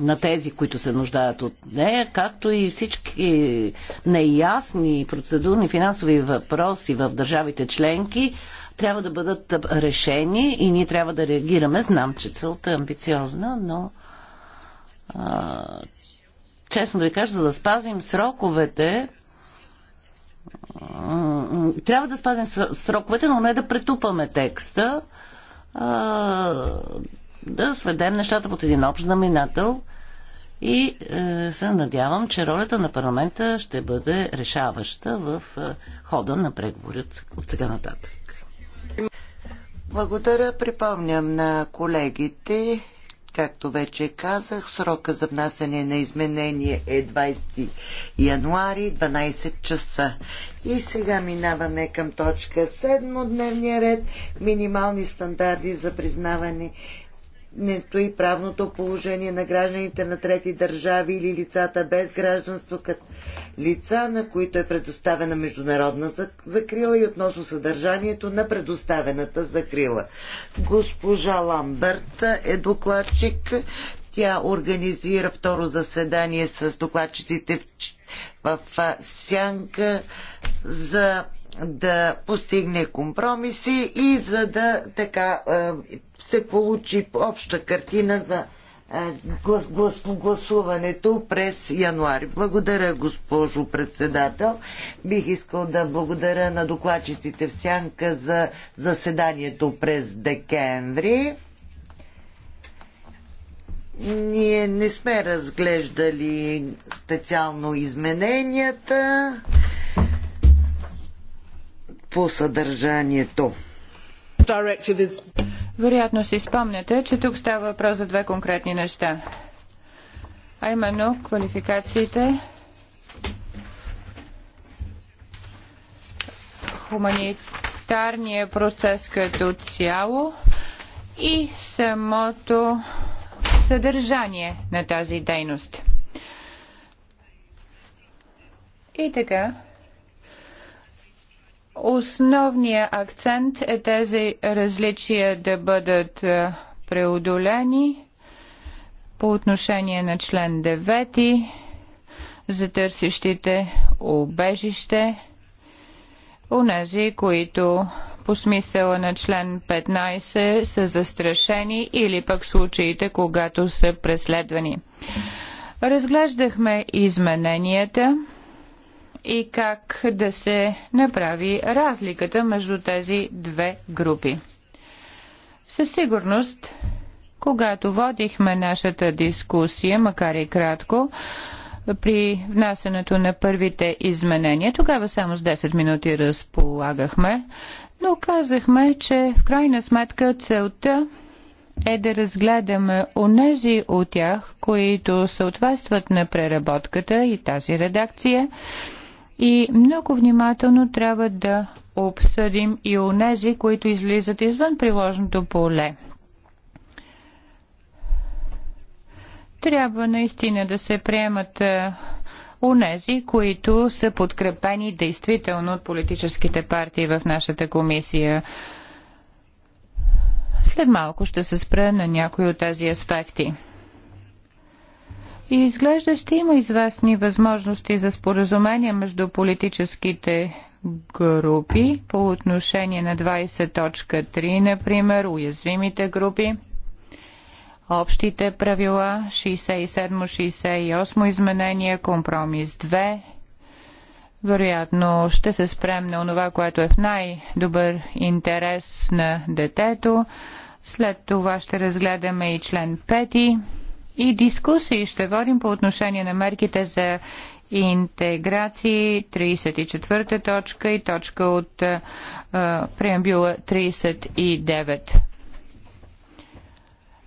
на тези, които се нуждаят от нея, както и всички неясни процедурни финансови въпроси в държавите членки трябва да бъдат решени и ние трябва да реагираме. Знам, че целта е амбициозна, но а, честно да ви кажа, за да спазим сроковете, трябва да спазим сроковете, но не да претупаме текста. А, да сведем нещата под един общ знаменател и е, се надявам, че ролята на парламента ще бъде решаваща в е, хода на преговори от, от сега нататък. Благодаря. Припомням на колегите, както вече казах, срока за внасяне на изменение е 20 януари, 12 часа. И сега минаваме към точка 7 от дневния ред. Минимални стандарти за признаване и правното положение на гражданите на трети държави или лицата без гражданство, като лица, на които е предоставена международна закрила и относно съдържанието на предоставената закрила. Госпожа Ламберт е докладчик. Тя организира второ заседание с докладчиците в Сянка за да постигне компромиси и за да така се получи обща картина за глас, глас, гласуването през януари. Благодаря, госпожо председател. Бих искал да благодаря на докладчиците в Сянка за заседанието през декември. Ние не сме разглеждали специално измененията по съдържанието. Вероятно си спомняте, че тук става въпрос за две конкретни неща. А именно квалификациите, хуманитарния процес като цяло и самото съдържание на тази дейност. И така, Основният акцент е тези различия да бъдат е, преодолени по отношение на член 9 за търсещите убежище, унези, които по смисъла на член 15 са застрашени или пък случаите, когато са преследвани. Разглеждахме измененията и как да се направи разликата между тези две групи. Със сигурност, когато водихме нашата дискусия, макар и кратко, при внасянето на първите изменения, тогава само с 10 минути разполагахме, но казахме, че в крайна сметка целта е да разгледаме онези от тях, които съответстват на преработката и тази редакция, и много внимателно трябва да обсъдим и онези, които излизат извън приложното поле. Трябва наистина да се приемат е, онези, които са подкрепени действително от политическите партии в нашата комисия. След малко ще се спра на някои от тези аспекти. И изглежда ще има известни възможности за споразумение между политическите групи по отношение на 20.3, например, уязвимите групи, общите правила 67-68 изменение, компромис 2. Вероятно ще се спрем на това, което е в най-добър интерес на детето. След това ще разгледаме и член 5 и дискусии ще водим по отношение на мерките за интеграции 34 точка и точка от е, преамбюла 39.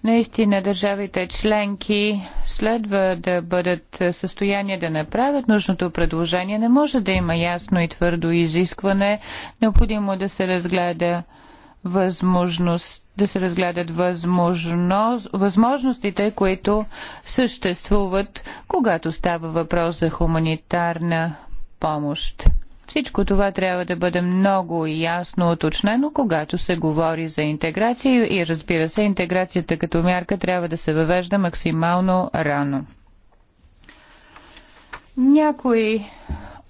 Наистина държавите членки следва да бъдат в състояние да направят нужното предложение. Не може да има ясно и твърдо изискване. Необходимо да се разгледа възможност, да се разгледат възможност, възможностите, които съществуват, когато става въпрос за хуманитарна помощ. Всичко това трябва да бъде много ясно уточнено, когато се говори за интеграция и разбира се, интеграцията като мярка трябва да се въвежда максимално рано. Някои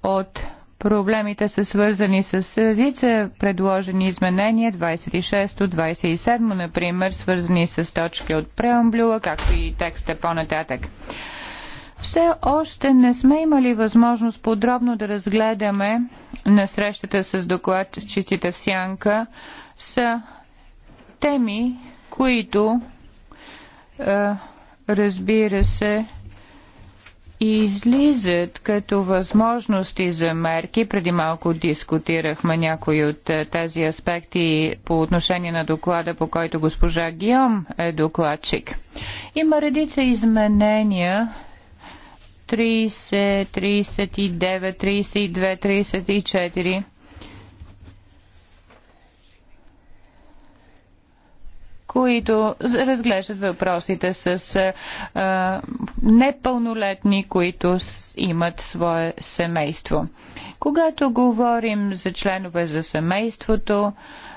от Проблемите са свързани с редица предложени изменения 26-27, например, свързани с точки от преамблюла, както и текста по-нататък. Все още не сме имали възможност подробно да разгледаме на срещата с чистите в Сянка са теми, които, е, разбира се, излизат като възможности за мерки. Преди малко дискутирахме някои от е, тези аспекти по отношение на доклада, по който госпожа Гиом е докладчик. Има редица изменения 30, 39, 32, 34 които разглеждат въпросите с а, непълнолетни, които имат свое семейство. Когато говорим за членове за семейството,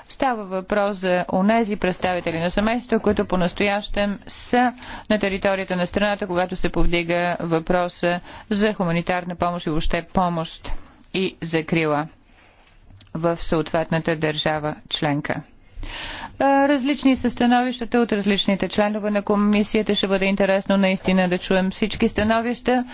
става въпрос за онези представители на семейство, които по-настоящем са на територията на страната, когато се повдига въпроса за хуманитарна помощ и въобще помощ и закрила в съответната държава членка. Различни са становищата от различните членове на комисията. Ще бъде интересно наистина да чуем всички становища.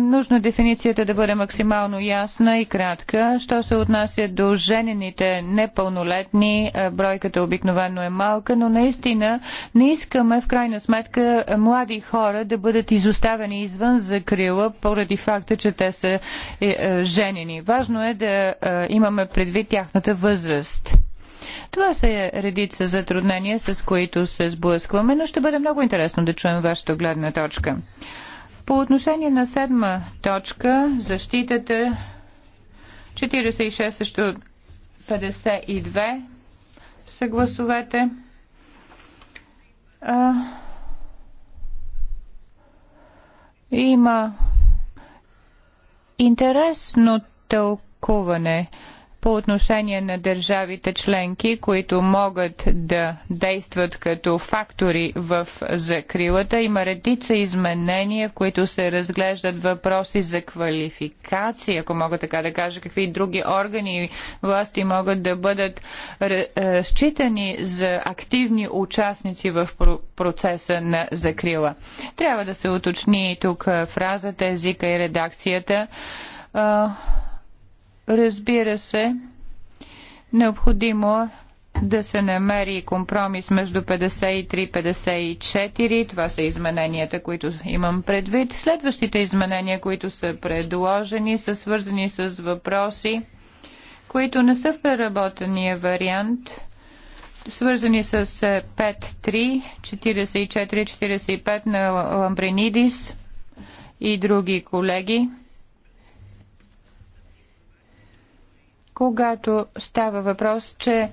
Нужно е дефиницията да бъде максимално ясна и кратка. Що се отнася до женените непълнолетни, бройката обикновено е малка, но наистина не искаме в крайна сметка млади хора да бъдат изоставени извън закрила поради факта, че те са е, е, женени. Важно е да имаме предвид тяхната възраст. Това са редица затруднения, с които се сблъскваме, но ще бъде много интересно да чуем вашата гледна точка. По отношение на седма точка, защитата 46 също 52 са гласовете. А, има интересно тълкуване по отношение на държавите членки, които могат да действат като фактори в закрилата. Има редица изменения, в които се разглеждат въпроси за квалификация, ако мога така да кажа, какви други органи и власти могат да бъдат е, е, считани за активни участници в процеса на закрила. Трябва да се уточни тук фразата, езика и редакцията е, Разбира се, необходимо да се намери компромис между 53 и 54. Това са измененията, които имам предвид. Следващите изменения, които са предложени, са свързани с въпроси, които не са в преработения вариант, свързани с 5-3, 44-45 на Ламбренидис и други колеги. когато става въпрос, че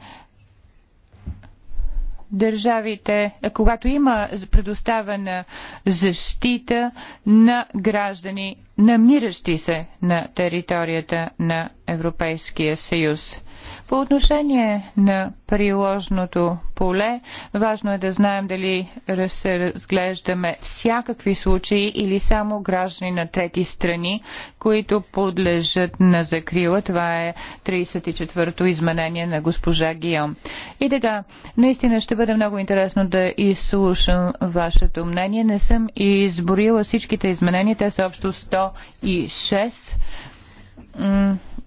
държавите, когато има предоставена защита на граждани, намиращи се на територията на Европейския съюз. По отношение на приложното поле, важно е да знаем дали се разглеждаме всякакви случаи или само граждани на трети страни, които подлежат на закрила. Това е 34-то изменение на госпожа Гион. И така, наистина ще бъде много интересно да изслушам вашето мнение. Не съм изборила всичките изменения, те са общо 106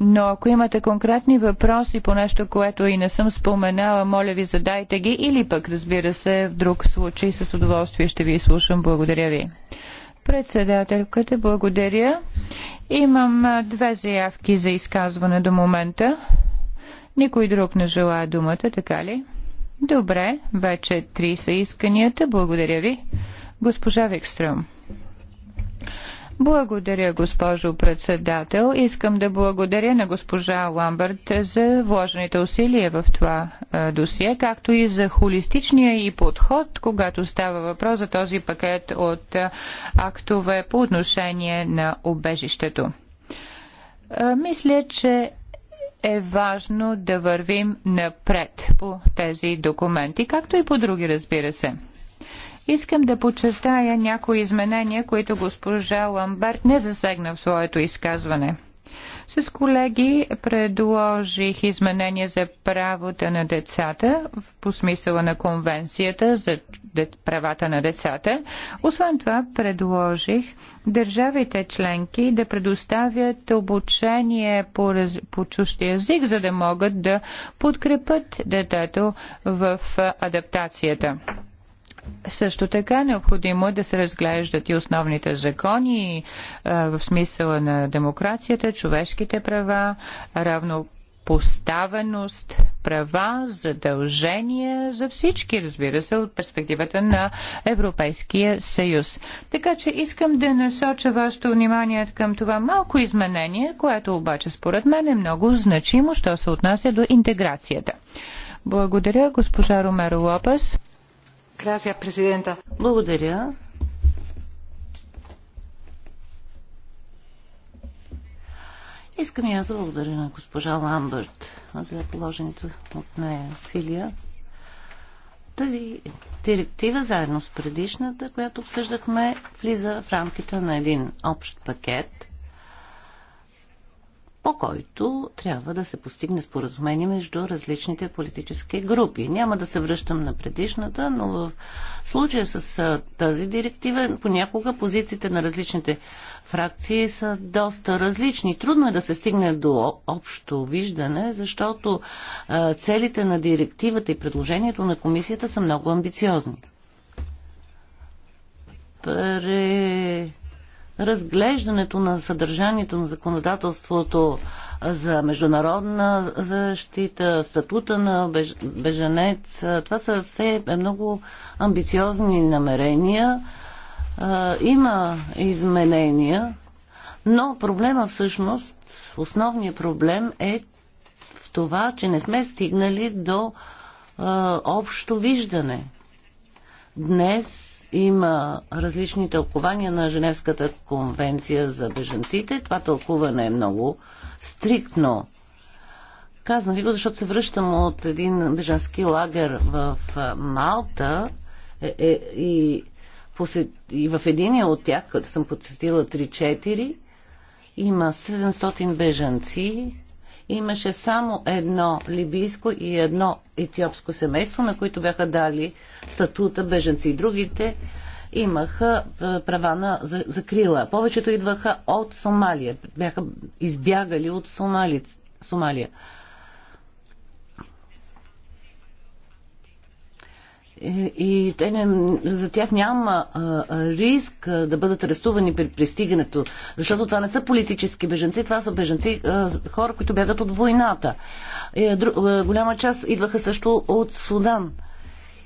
но ако имате конкретни въпроси по нещо, което и не съм споменала, моля ви задайте ги или пък, разбира се, в друг случай с удоволствие ще ви слушам. Благодаря ви. Председателката, благодаря. Имам две заявки за изказване до момента. Никой друг не желая думата, така ли? Добре, вече три са исканията. Благодаря ви. Госпожа Викстрем. Благодаря, госпожо председател. Искам да благодаря на госпожа Ламбърт за вложените усилия в това досие, както и за холистичния и подход, когато става въпрос за този пакет от актове по отношение на обежището. Мисля, че е важно да вървим напред по тези документи, както и по други, разбира се. Искам да подчертая някои изменения, които госпожа Ламберт не засегна в своето изказване. С колеги предложих изменения за правото на децата по смисъла на конвенцията за правата на децата. Освен това предложих държавите членки да предоставят обучение по, раз... по чужд язик, за да могат да подкрепят детето в адаптацията. Също така необходимо е да се разглеждат и основните закони е, в смисъла на демокрацията, човешките права, равнопоставеност, права, задължения за всички, разбира се, от перспективата на Европейския съюз. Така че искам да насоча вашето внимание към това малко изменение, което обаче според мен е много значимо, що се отнася до интеграцията. Благодаря, госпожа Ромеро Лопес. Gracias, Благодаря. Искам и аз да благодаря на госпожа Ламбърт за положените от нея усилия. Тази директива, заедно с предишната, която обсъждахме, влиза в рамките на един общ пакет – по който трябва да се постигне споразумение между различните политически групи. Няма да се връщам на предишната, но в случая с тази директива понякога позициите на различните фракции са доста различни. Трудно е да се стигне до общо виждане, защото целите на директивата и предложението на комисията са много амбициозни. Пре разглеждането на съдържанието на законодателството за международна защита, статута на беж... беженец. Това са все много амбициозни намерения. Има изменения, но проблема всъщност, основният проблем е в това, че не сме стигнали до общо виждане. Днес има различни тълкования на Женевската конвенция за беженците. Това тълкуване е много стриктно. Казвам ви го, защото се връщам от един беженски лагер в Малта е, е, и, посет... и в единия от тях, като съм посетила 3-4, има 700 беженци, имаше само едно либийско и едно етиопско семейство, на които бяха дали статута беженци. Другите имаха е, права на закрила. Повечето идваха от Сомалия. Бяха избягали от Сомали... Сомалия. и те не, за тях няма а, риск а, да бъдат арестувани при пристигането, защото това не са политически беженци, това са беженци, а, хора, които бягат от войната. И, е, друг, а, голяма част идваха също от Судан.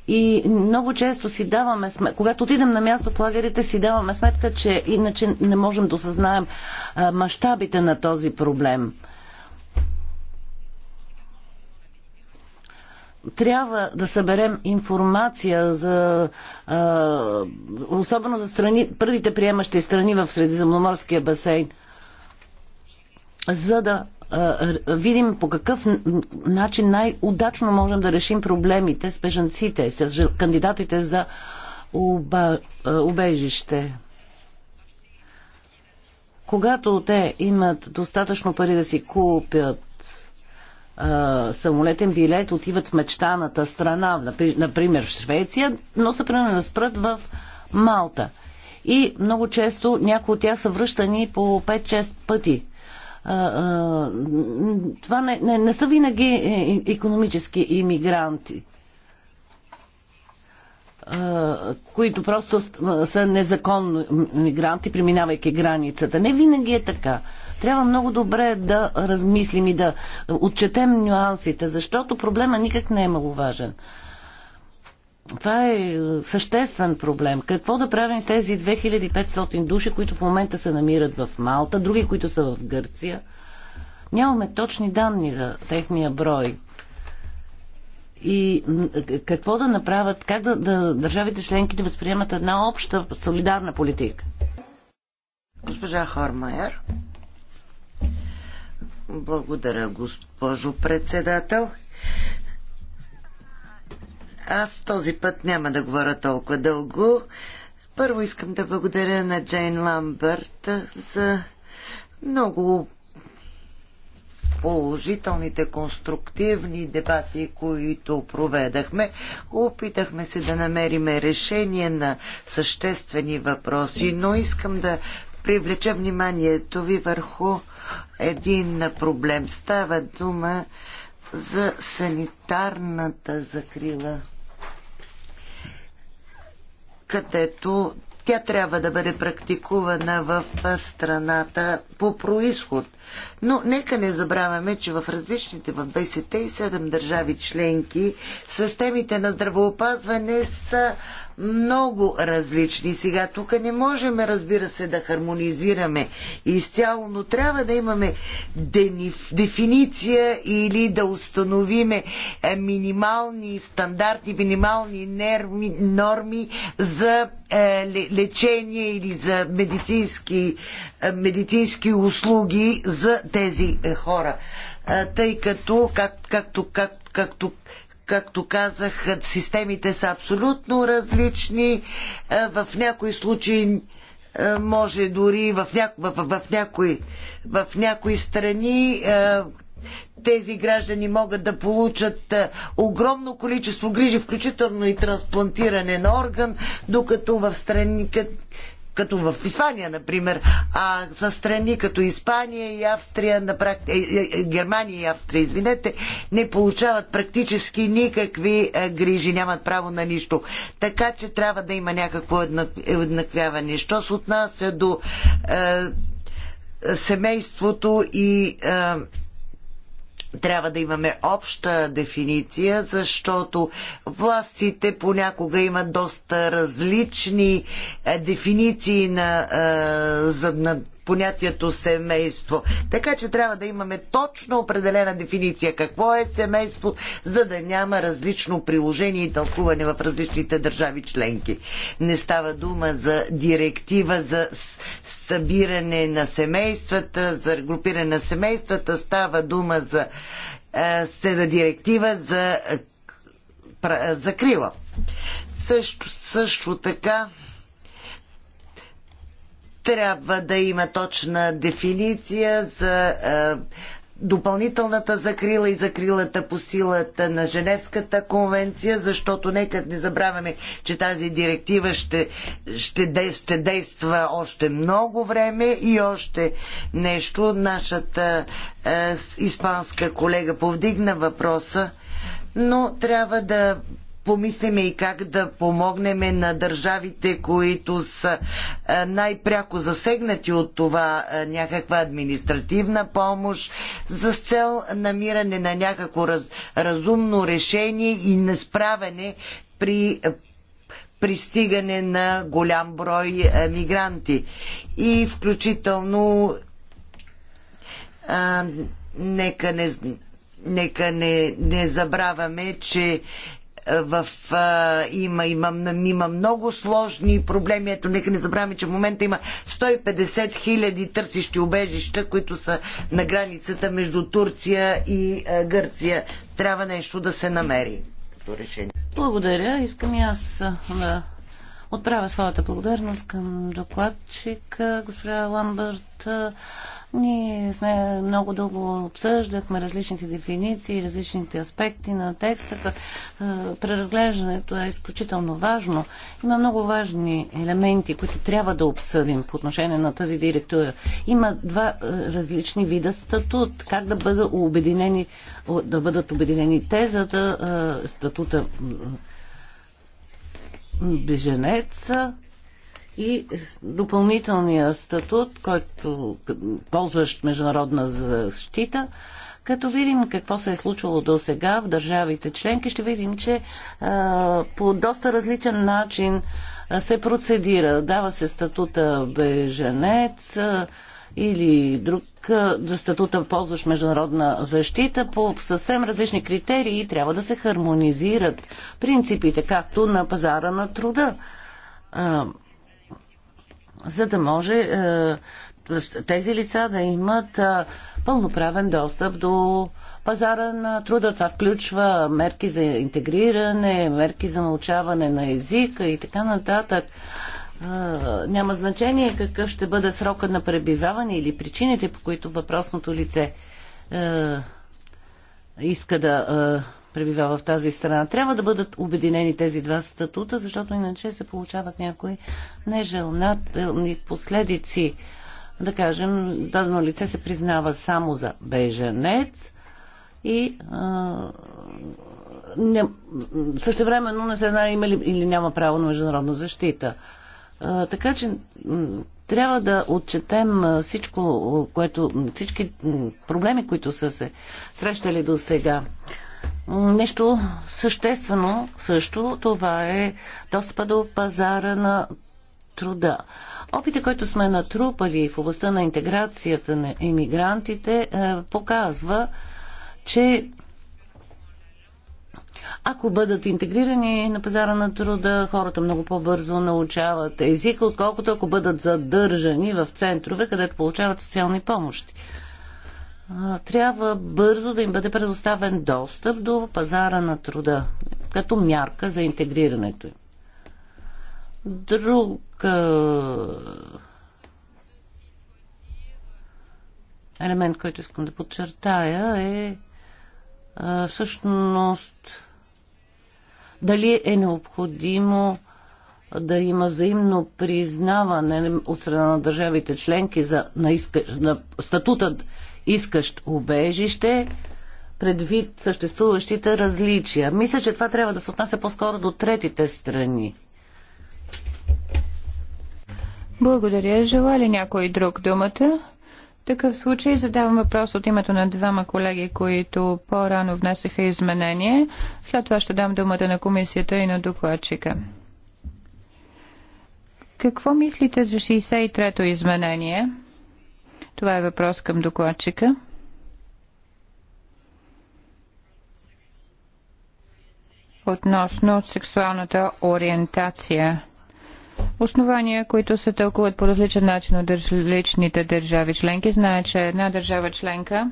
И много често си даваме сметка, когато отидем на място в лагерите, си даваме сметка, че иначе не можем да осъзнаем мащабите на този проблем. трябва да съберем информация за а, особено за страни, първите приемащи страни в Средиземноморския басейн, за да а, видим по какъв начин най-удачно можем да решим проблемите с бежанците, с кандидатите за уба, а, убежище. Когато те имат достатъчно пари да си купят самолетен билет отиват в мечтаната страна, например в Швеция, но са примерно да спрат в Малта. И много често някои от тях са връщани по 5-6 пъти. А, а, това не, не, не са винаги економически е, иммигранти които просто са незаконно мигранти, преминавайки границата. Не винаги е така. Трябва много добре да размислим и да отчетем нюансите, защото проблема никак не е маловажен. Това е, е съществен проблем. Какво да правим с тези 2500 души, които в момента се намират в Малта, други, които са в Гърция? Нямаме точни данни за техния брой и какво да направят, как да, да държавите членки да възприемат една обща солидарна политика. Госпожа Хормайер. Благодаря, госпожо председател. Аз този път няма да говоря толкова дълго. Първо искам да благодаря на Джейн Ламбърт за много положителните, конструктивни дебати, които проведахме. Опитахме се да намериме решение на съществени въпроси, но искам да привлеча вниманието ви върху един проблем. Става дума за санитарната закрила, където тя трябва да бъде практикувана в страната по происход. Но нека не забравяме, че в различните, в 27 държави членки, системите на здравоопазване са много различни. Сега тук не можем, разбира се, да хармонизираме изцяло, но трябва да имаме дефиниция или да установиме е, минимални стандарти, минимални норми, норми за е, лечение или за медицински, е, медицински услуги за тези хора. Тъй като, как, както, как, както както казах, системите са абсолютно различни. Е, в някои случаи е, може дори в, няко, в, в, в, някои, в някои страни е, тези граждани могат да получат огромно количество грижи, включително и трансплантиране на орган, докато в страни, като в Испания, например, а са страни като Испания и Австрия, на практи... Е, е, е, Германия и Австрия, извинете, не получават практически никакви грижи, нямат право на нищо. Така че трябва да има някакво еднаквяване. Що се отнася до е, семейството и е, трябва да имаме обща дефиниция, защото властите понякога имат доста различни е, дефиниции на, е, на понятието семейство. Така че трябва да имаме точно определена дефиниция какво е семейство, за да няма различно приложение и тълкуване в различните държави членки. Не става дума за директива за събиране на семействата, за групиране на семействата, става дума за е, на директива за е, е, закрила. Също, също така трябва да има точна дефиниция за е, допълнителната закрила и закрилата по силата на Женевската конвенция, защото нека не забравяме, че тази директива ще, ще, ще действа още много време и още нещо. Нашата е, испанска колега повдигна въпроса, но трябва да помислиме и как да помогнем на държавите, които са е, най-пряко засегнати от това е, някаква административна помощ за цел намиране на някакво раз, разумно решение и несправяне при е, пристигане на голям брой мигранти. И включително а, нека не, нека не, не забравяме, че в, а, има, има, има много сложни проблеми. Ето, нека не забравяме, че в момента има 150 хиляди търсещи убежища, които са на границата между Турция и а, Гърция. Трябва нещо да се намери като решение. Благодаря. Искам и аз да отправя своята благодарност към докладчика, госпожа Ламбърт. Ние сме много дълго обсъждахме различните дефиниции, различните аспекти на текста. Е, преразглеждането е изключително важно. Има много важни елементи, които трябва да обсъдим по отношение на тази директора. Има два е, различни вида статут. Как да бъдат обединени, да бъдат обединени те, за да е, статута беженеца и допълнителния статут, който ползващ международна защита. Като видим какво се е случило до сега в държавите членки, ще видим, че а, по доста различен начин а, се процедира. Дава се статута беженец а, или друг за статута ползващ международна защита по съвсем различни критерии и трябва да се хармонизират принципите, както на пазара на труда за да може е, тези лица да имат е, пълноправен достъп до пазара на труда. Това включва мерки за интегриране, мерки за научаване на езика и така нататък. Е, няма значение какъв ще бъде срока на пребиваване или причините, по които въпросното лице иска да пребивава в тази страна. Трябва да бъдат обединени тези два статута, защото иначе се получават някои нежелнателни последици. Да кажем, дадено лице се признава само за беженец и а, не, но не се знае има ли или няма право на международна защита. А, така че трябва да отчетем всичко, което, всички проблеми, които са се срещали до сега. Нещо съществено също това е достъпа до пазара на труда. Опита, който сме натрупали в областта на интеграцията на иммигрантите, е, показва, че ако бъдат интегрирани на пазара на труда, хората много по-бързо научават езика, отколкото ако бъдат задържани в центрове, където получават социални помощи трябва бързо да им бъде предоставен достъп до пазара на труда, като мярка за интегрирането им. Друг елемент, който искам да подчертая е всъщност дали е необходимо да има взаимно признаване от страна на държавите членки за, на, иска, на статута искащ убежище, предвид съществуващите различия. Мисля, че това трябва да се отнася по-скоро до третите страни. Благодаря. Желая ли някой друг думата? В такъв случай задавам въпрос от името на двама колеги, които по-рано внесеха изменение. След това ще дам думата на комисията и на докладчика. Какво мислите за 63-то изменение? Това е въпрос към докладчика. Относно сексуалната ориентация. Основания, които се тълкуват по различен начин от различните държави членки. Знае, че една държава членка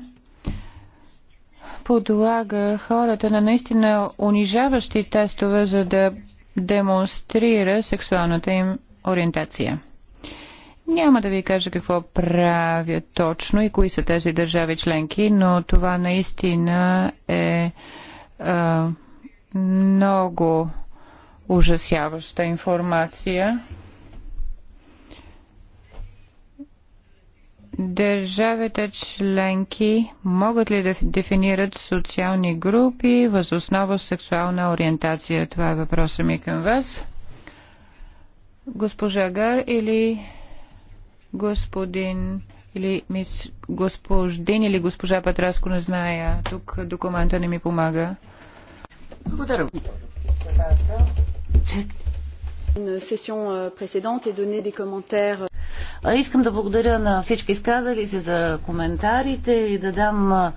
подлага хората на наистина унижаващи тестове, за да демонстрира сексуалната им ориентация. Няма да ви кажа какво правя точно и кои са тези държави членки, но това наистина е а, много ужасяваща информация. Държавите членки могат ли да дефинират социални групи въз основа сексуална ориентация? Това е въпросът ми към вас. Госпожа Гар или господин или мис, господин или госпожа Патраско не зная. Тук документа не ми помага. Благодаря, председател. Е искам да благодаря на всички изказали се за коментарите и да дам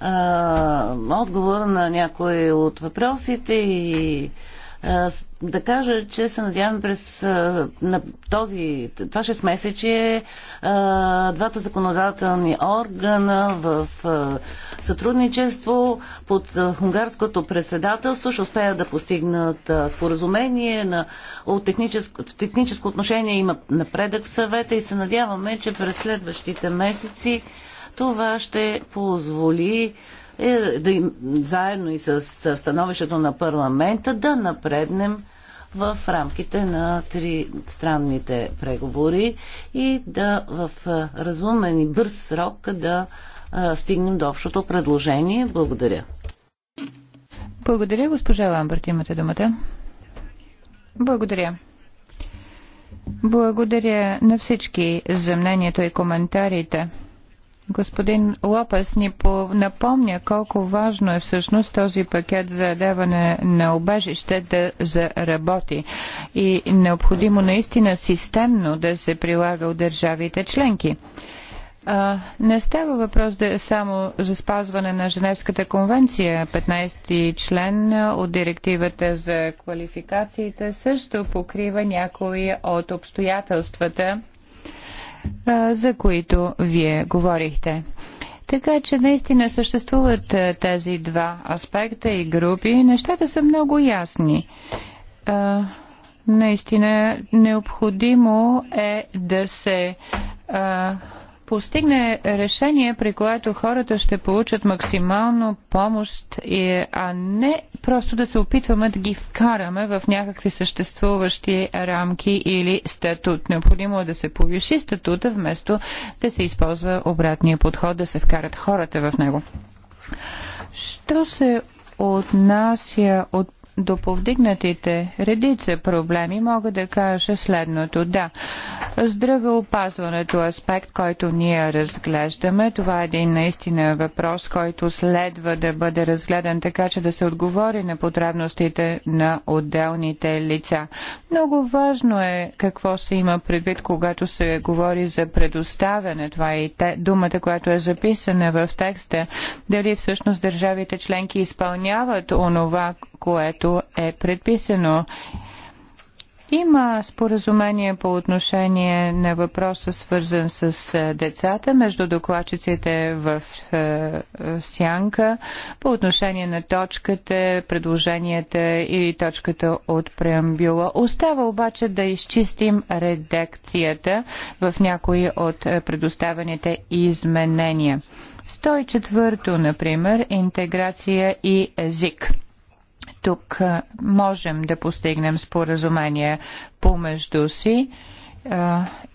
а, отговор на някои от въпросите и да кажа, че се надявам през на този, това 6 месече двата законодателни органа в сътрудничество под хунгарското председателство ще успеят да постигнат споразумение на, от техническо, в техническо отношение има напредък в съвета и се надяваме, че през следващите месеци това ще позволи е, да им, заедно и с, с становището на парламента да напреднем в рамките на три странните преговори и да в разумен и бърз срок да а, стигнем до общото предложение. Благодаря. Благодаря, госпожа Ламбърт. Имате думата. Благодаря. Благодаря на всички за мнението и коментарите. Господин Лопес ни напомня колко важно е всъщност този пакет за даване на обежище да заработи и необходимо наистина системно да се прилага от държавите членки. А, не става въпрос да е само за спазване на Женевската конвенция, 15 член от директивата за квалификациите също покрива някои от обстоятелствата, за които вие говорихте. Така че наистина съществуват тези два аспекта и групи. Нещата са много ясни. Наистина необходимо е да се постигне решение, при което хората ще получат максимално помощ, а не просто да се опитваме да ги вкараме в някакви съществуващи рамки или статут. Необходимо е да се повиши статута, вместо да се използва обратния подход, да се вкарат хората в него. Що се отнася от до повдигнатите редица проблеми, мога да кажа следното. Да, здравеопазването е аспект, който ние разглеждаме, това е един наистина въпрос, който следва да бъде разгледан така, че да се отговори на потребностите на отделните лица. Много важно е какво се има предвид, когато се говори за предоставяне. Това е и те, думата, която е записана в текста. Дали всъщност държавите членки изпълняват онова, което което е предписано. Има споразумение по отношение на въпроса, свързан с е, децата, между докладчиците в е, е, Сянка, по отношение на точката, предложенията и точката от преамбюла. Остава обаче да изчистим редакцията в някои от предоставените изменения. 104, например, интеграция и език тук можем да постигнем споразумение помежду си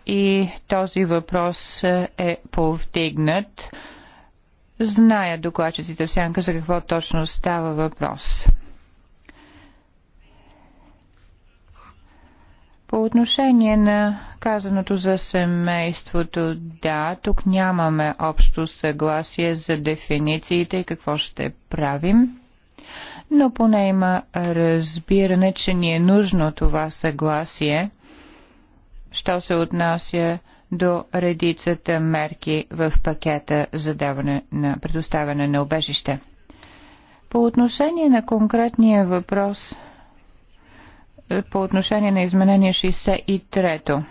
и този въпрос е повдигнат. Зная докладчиците в сянка за какво точно става въпрос. По отношение на казаното за семейството, да, тук нямаме общо съгласие за дефинициите и какво ще правим но поне има разбиране, че ни е нужно това съгласие, що се отнася до редицата мерки в пакета за даване на предоставяне на обежище. По отношение на конкретния въпрос, е, по отношение на изменение 63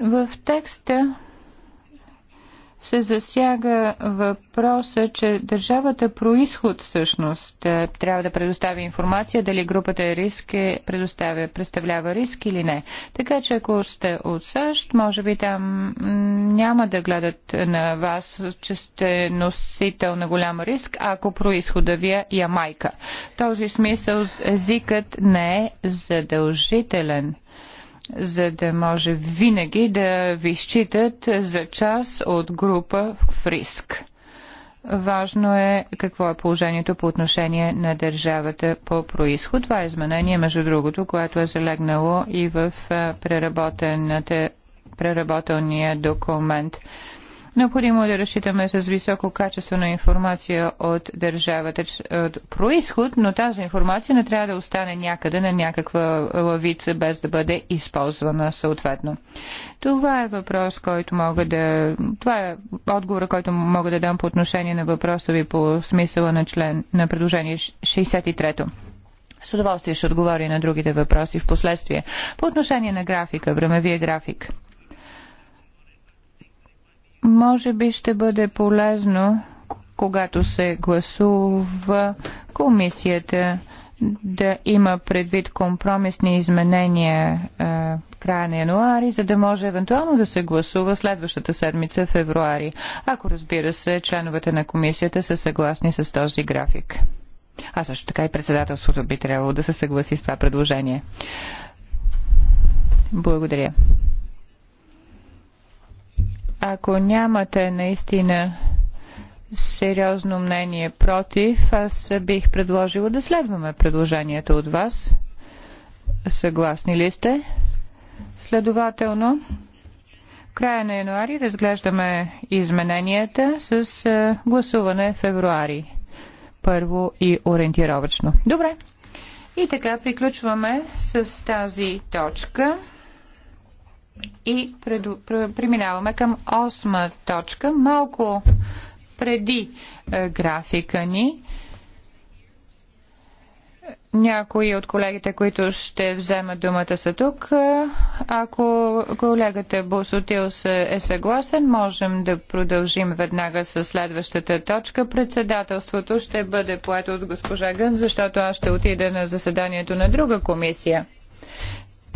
в текста се засяга въпроса, че държавата происход всъщност е, трябва да предоставя информация дали групата е риск, е, предоставя, представлява риск или не. Така че ако сте от САЩ, може би там няма да гледат на вас, че сте носител на голям риск, ако происхода ви е Ямайка. В този смисъл езикът не е задължителен за да може винаги да ви считат за част от група в риск. Важно е какво е положението по отношение на държавата по происход. Това е изменение, между другото, което е залегнало и в преработения документ. Необходимо е да разчитаме с високо качествена информация от държавата от происход, но тази информация не трябва да остане някъде на някаква лавица, без да бъде използвана съответно. Това е въпрос, който мога да... Това е отговора, който мога да дам по отношение на въпроса ви по смисъла на член на предложение 63-то. С удоволствие ще отговоря на другите въпроси в последствие. По отношение на графика, времевия график. Може би ще бъде полезно, когато се гласува комисията да има предвид компромисни изменения е, края на януари, за да може евентуално да се гласува следващата седмица февруари, ако разбира се членовете на комисията са съгласни с този график. А също така и председателството би трябвало да се съгласи с това предложение. Благодаря. Ако нямате наистина сериозно мнение против, аз бих предложила да следваме предложението от вас. Съгласни ли сте? Следователно, в края на януари разглеждаме измененията с е, гласуване в февруари. Първо и ориентировачно. Добре. И така приключваме с тази точка. И преду, преминаваме към осма точка. Малко преди е, графика ни. Някои от колегите, които ще вземат думата са тук. Е, ако колегата Босотил е съгласен, можем да продължим веднага с следващата точка. Председателството ще бъде поето от госпожа Гън, защото аз ще отида на заседанието на друга комисия.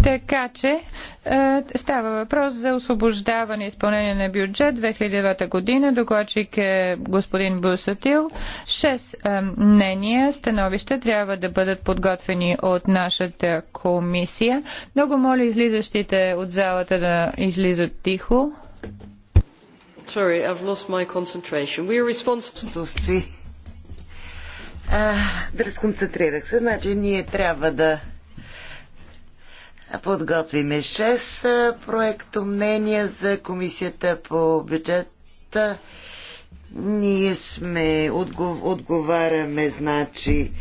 Така че е, става въпрос за освобождаване и изпълнение на бюджет 2009 година. Докладчик е господин Бусатил. Шест е, мнения, становища трябва да бъдат подготвени от нашата комисия. Много моля излизащите от залата да излизат тихо. Sorry, I've lost my concentration. We are responsible. да разконцентрирах се. Значи ние трябва да подготвиме 6 проекто мнения за комисията по бюджета. Ние сме, отговаряме, значи,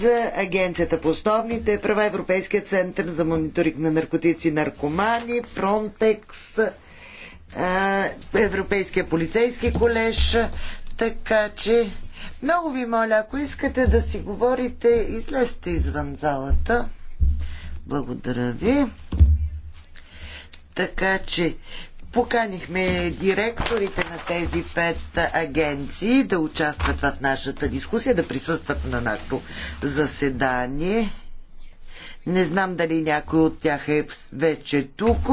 за Агенцията по основните права, Европейския център за мониторинг на наркотици и наркомани, Фронтекс, Европейския полицейски колеж. Така че, много ви моля, ако искате да си говорите, излезте извън залата. Благодаря ви. Така че поканихме директорите на тези пет агенции да участват в нашата дискусия, да присъстват на нашето заседание. Не знам дали някой от тях е вече тук,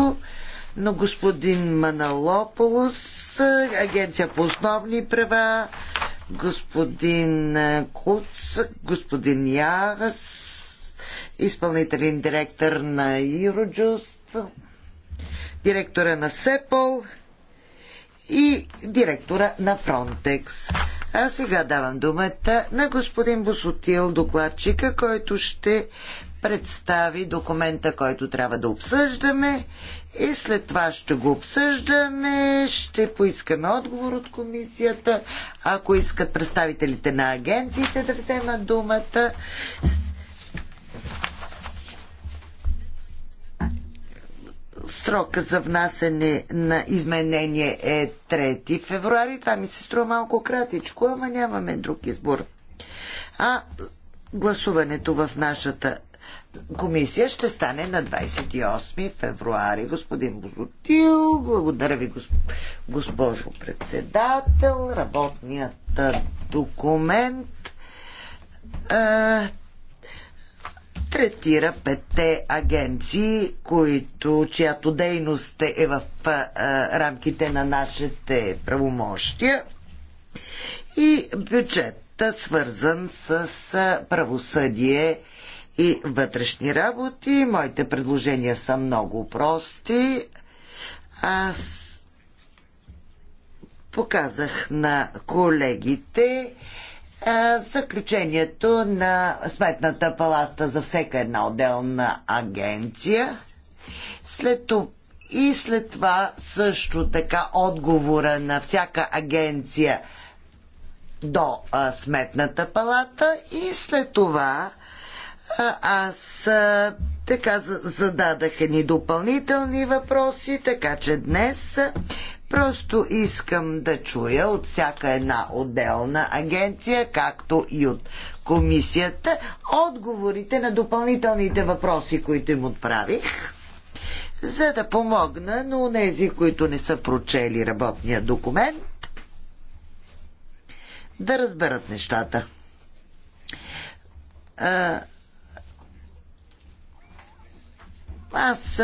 но господин Маналополос, Агенция по основни права, господин Куц, господин Ярас, изпълнителен директор на Eurojust, директора на СЕПОЛ и директора на Фронтекс. А сега давам думата на господин Босотил, докладчика, който ще представи документа, който трябва да обсъждаме и след това ще го обсъждаме, ще поискаме отговор от комисията, ако искат представителите на агенциите да вземат думата срока за внасене на изменение е 3 февруари. Това ми се струва малко кратичко, ама нямаме друг избор. А гласуването в нашата комисия ще стане на 28 февруари. Господин Бозотил, благодаря ви, госпожо председател. Работният документ третира петте агенции, които, чиято дейност е в а, рамките на нашите правомощия и бюджета, свързан с а, правосъдие и вътрешни работи. Моите предложения са много прости. Аз показах на колегите заключението на Сметната палата за всяка една отделна агенция. След това и след това също така отговора на всяка агенция до а, Сметната палата и след това а, аз а, така зададах ни допълнителни въпроси, така че днес Просто искам да чуя от всяка една отделна агенция, както и от комисията, отговорите на допълнителните въпроси, които им отправих, за да помогна на тези, които не са прочели работния документ, да разберат нещата. аз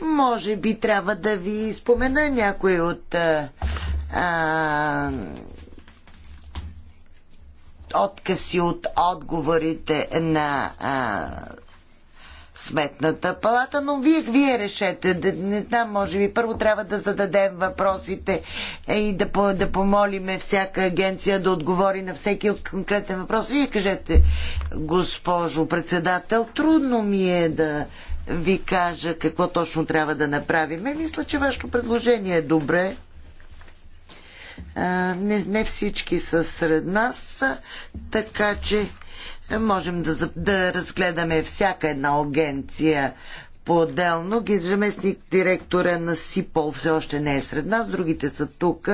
може би трябва да ви спомена някой от а, а, откази от отговорите на а, Сметната палата, но вие, вие решете. Да, не знам, може би първо трябва да зададем въпросите и да, да помолиме всяка агенция да отговори на всеки конкретен въпрос. Вие кажете, госпожо председател, трудно ми е да ви кажа какво точно трябва да направим. Е, мисля, че вашето предложение е добре. Не, не всички са сред нас, така че можем да, да разгледаме всяка една агенция по-отделно. Заместник директора на СИПОЛ все още не е сред нас, другите са тук,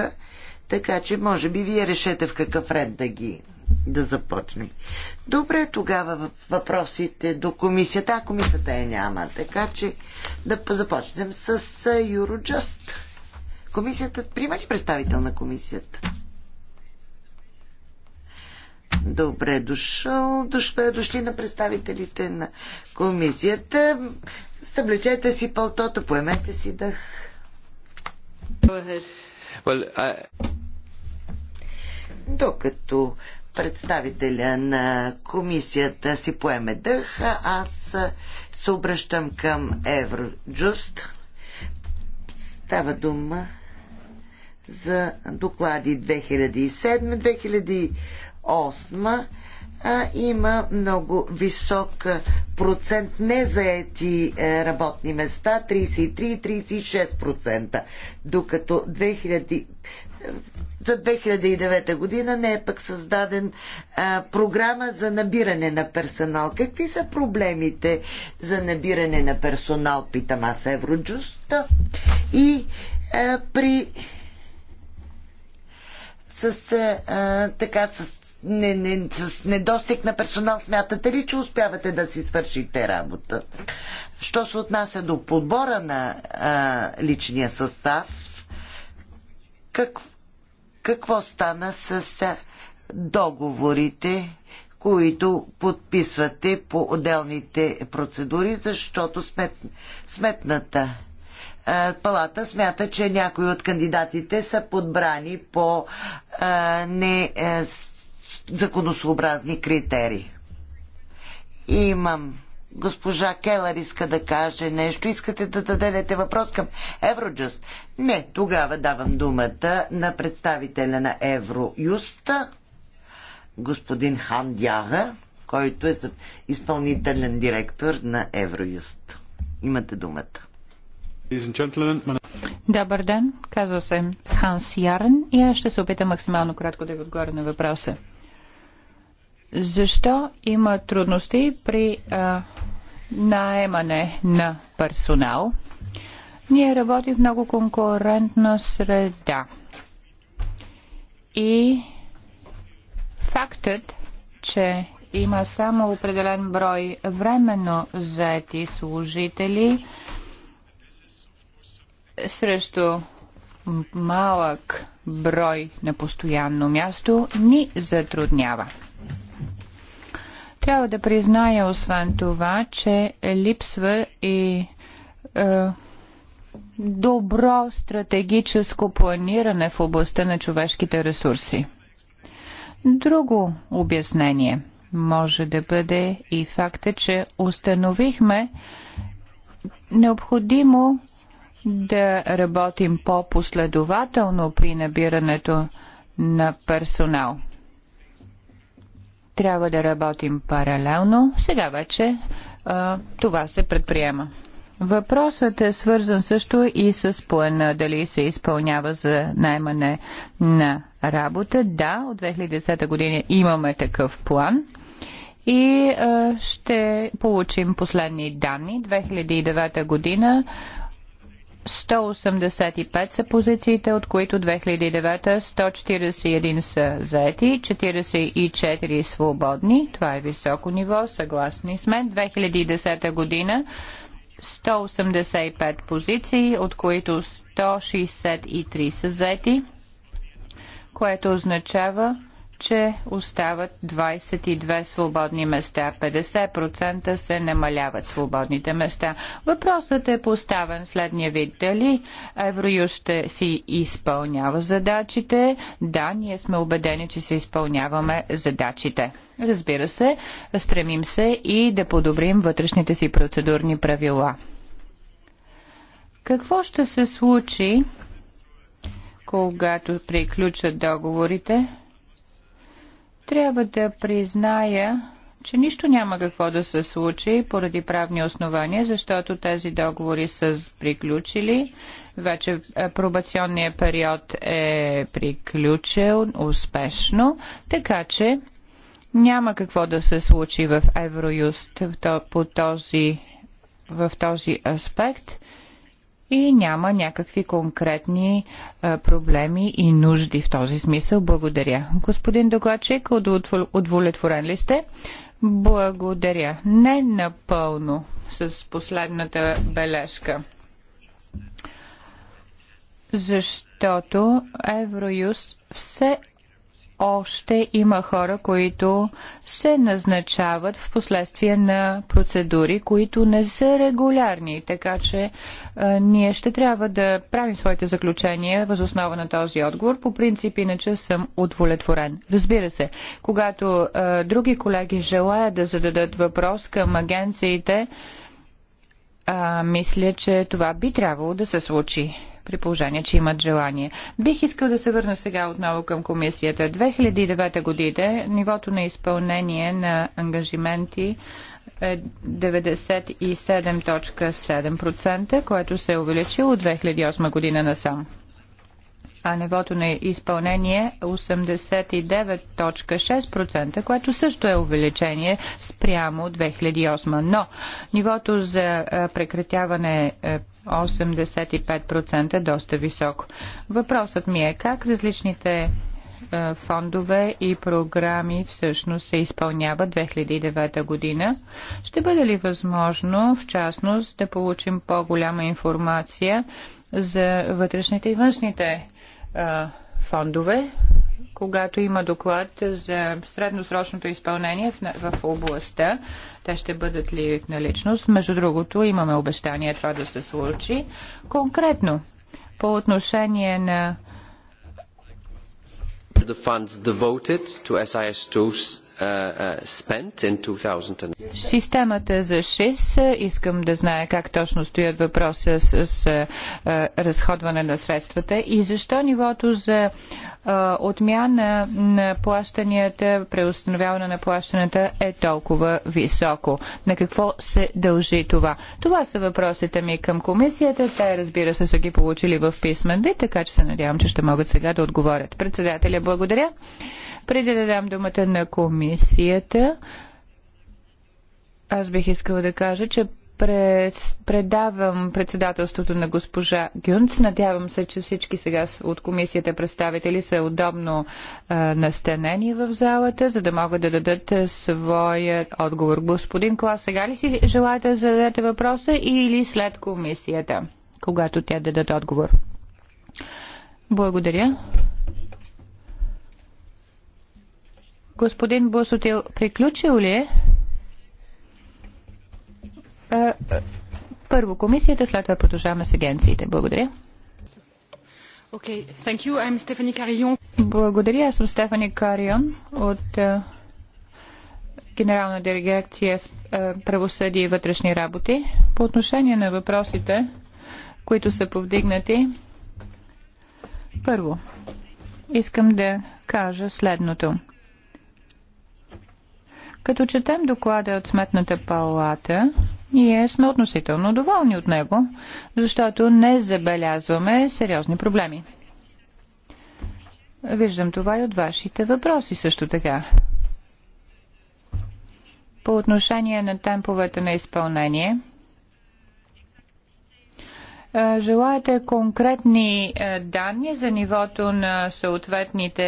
така че може би вие решете в какъв ред да ги да започнем. Добре, тогава въпросите до комисията. А комисията е няма. Така че да започнем с Юроджаст. Комисията, прима ли представител на комисията? Добре дошъл. Добре дошли на представителите на комисията. Съблечете си пълтото, поемете си дъх. Well, I... Докато представителя на комисията си поеме дъх, аз се обръщам към Евроджуст. Става дума за доклади 2007-2008 има много висок процент незаети е, работни места 33-36%, докато 2000, за 2009 година не е пък създаден а, програма за набиране на персонал. Какви са проблемите за набиране на персонал, питам аз Евроджуста. И а, при с, а, така, с, не, не, с недостиг на персонал смятате ли, че успявате да си свършите работа? Що се отнася до подбора на а, личния състав, какво какво стана с договорите, които подписвате по отделните процедури, защото смет, сметната палата смята, че някои от кандидатите са подбрани по а, не а, законосообразни критерии. Имам госпожа Келър иска да каже нещо. Искате да дадете въпрос към Евроджуст? Не, тогава давам думата на представителя на Евроюст, господин Хан Дяга, който е изпълнителен директор на Евроюст. Имате думата. Добър ден, казва се Ханс Ярен и аз ще се опитам максимално кратко да ви отговоря на въпроса. Защо има трудности при а, наемане на персонал? Ние работим в много конкурентна среда. И фактът, че има само определен брой временно заети служители срещу малък брой на постоянно място, ни затруднява. Трябва да призная освен това, че липсва и е, добро стратегическо планиране в областта на човешките ресурси. Друго обяснение може да бъде и факта, че установихме необходимо да работим по-последователно при набирането на персонал – трябва да работим паралелно. Сега вече а, това се предприема. Въпросът е свързан също и с плана дали се изпълнява за наймане на работа. Да, от 2010 година имаме такъв план и а, ще получим последни данни. 2009 година 185 са позициите, от които 2009 141 са заети, 44 свободни. Това е високо ниво, съгласни сме. 2010 година 185 позиции, от които 163 са заети, което означава че остават 22 свободни места. 50% се намаляват свободните места. Въпросът е поставен следния вид. Дали Евроюз ще си изпълнява задачите? Да, ние сме убедени, че се изпълняваме задачите. Разбира се, стремим се и да подобрим вътрешните си процедурни правила. Какво ще се случи, когато приключат договорите? Трябва да призная, че нищо няма какво да се случи поради правни основания, защото тези договори са приключили. Вече е, пробационният период е приключил успешно, така че няма какво да се случи в Евроюст по този, в този аспект и няма някакви конкретни е, проблеми и нужди в този смисъл. Благодаря. Господин докладчик, удовлетворен ли сте? Благодаря. Не напълно с последната бележка. Защото Евроюст все още има хора, които се назначават в последствие на процедури, които не са регулярни. Така че а, е, ние ще трябва да правим своите заключения въз основа на този отговор. По принцип, иначе съм удовлетворен. Разбира се, когато а, е, други колеги желаят да зададат въпрос към агенциите, а, мисля, че това би трябвало да се случи при положение, че имат желание. Бих искал да се върна сега отново към комисията. 2009 година нивото на изпълнение на ангажименти е 97.7%, което се е увеличило от 2008 година насам а нивото на изпълнение 89.6%, е което също е увеличение спрямо 2008. Но нивото за е, прекратяване е 85% е доста високо. Въпросът ми е как различните е, фондове и програми всъщност се изпълняват 2009 година. Ще бъде ли възможно, в частност, да получим по-голяма информация за вътрешните и външните фондове, когато има доклад за средносрочното изпълнение в, в областта. Те ще бъдат ли наличност? Между другото, имаме обещание това да се случи. Конкретно, по отношение на the funds devoted to SIS2 Uh, uh, Системата за ШИС, искам да знае как точно стоят въпроса с, с е, е, разходване на средствата и защо нивото за е, отмяна на плащанията, преустановяване на плащанията е толкова високо. На какво се дължи това? Това са въпросите ми към комисията. Те, разбира се, са ги получили в писмен вид, така че се надявам, че ще могат сега да отговорят. Председателя, благодаря. Преди да дам думата на комисията, аз бих искала да кажа, че пред, предавам председателството на госпожа Гюнц. Надявам се, че всички сега от комисията представители са удобно а, настанени в залата, за да могат да дадат своя отговор. Господин Клас, сега ли си желаете да зададете въпроса или след комисията, когато тя дадат отговор? Благодаря. Господин Босотил, приключил ли е? Първо комисията, след това продължаваме с агенциите. Благодаря. Okay, thank you. I'm Stephanie Carillon. Благодаря, аз съм Стефани Карион от Генерална дирекция е, правосъдие и вътрешни работи. По отношение на въпросите, които са повдигнати, първо, искам да кажа следното. Като четем доклада от Сметната палата, ние сме относително доволни от него, защото не забелязваме сериозни проблеми. Виждам това и от вашите въпроси също така. По отношение на темповете на изпълнение – е, желаете конкретни е, данни за нивото на съответните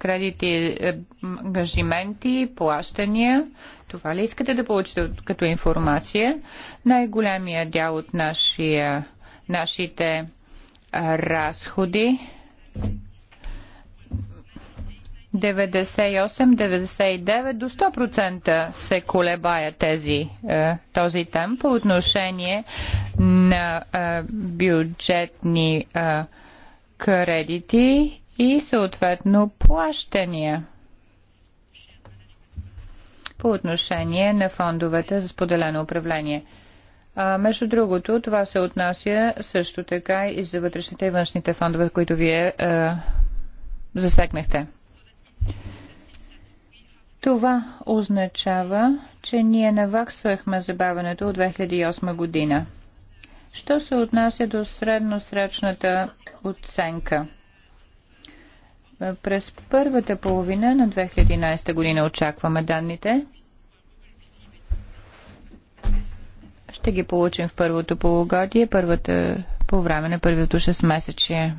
кредити, е, ангажименти, плащания. Това ли искате да получите като информация? Най-големия дял от нашия, нашите разходи 98-99 до 100% се колебая тези, е, този темп по отношение на е, бюджетни е, кредити и съответно плащания по отношение на фондовете за споделено управление. А, между другото, това се отнася също така и за вътрешните и външните фондове, които вие а, засегнахте. Това означава, че ние наваксвахме забавянето от 2008 година. Що се отнася до средносрочната оценка? През първата половина на 2011 година очакваме данните. Ще ги получим в първото полугодие, първата, по време на първото 6 месече.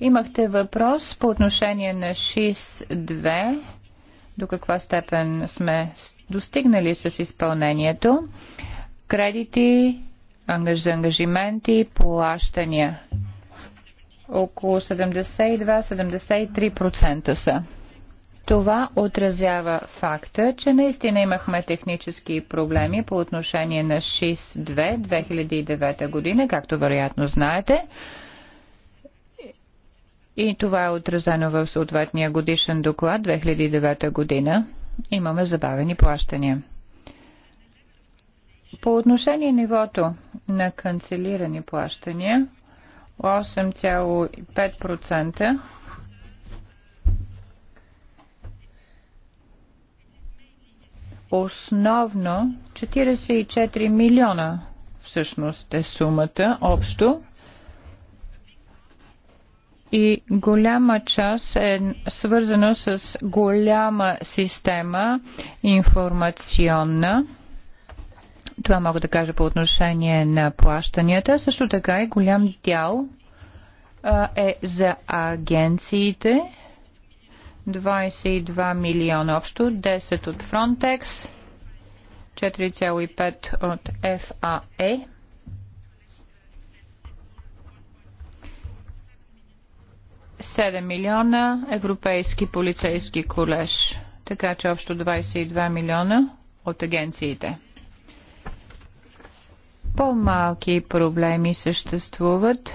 Имахте въпрос по отношение на 6.2. 2 До каква степен сме достигнали с изпълнението? Кредити, ангаж, ангажименти, плащания. Около 72-73% са. Това отразява факта, че наистина имахме технически проблеми по отношение на шис 2009 година, както вероятно знаете. И това е отразено в съответния годишен доклад 2009 година. Имаме забавени плащания. По отношение нивото на канцелирани плащания 8,5% основно 44 милиона всъщност е сумата общо и голяма част е свързано с голяма система информационна. Това мога да кажа по отношение на плащанията. Също така и голям дял а, е за агенциите. 22 милиона общо, 10 от Frontex, 4,5 от FAE 7 милиона Европейски полицейски колеж. Така че общо 22 милиона от агенциите. По-малки проблеми съществуват.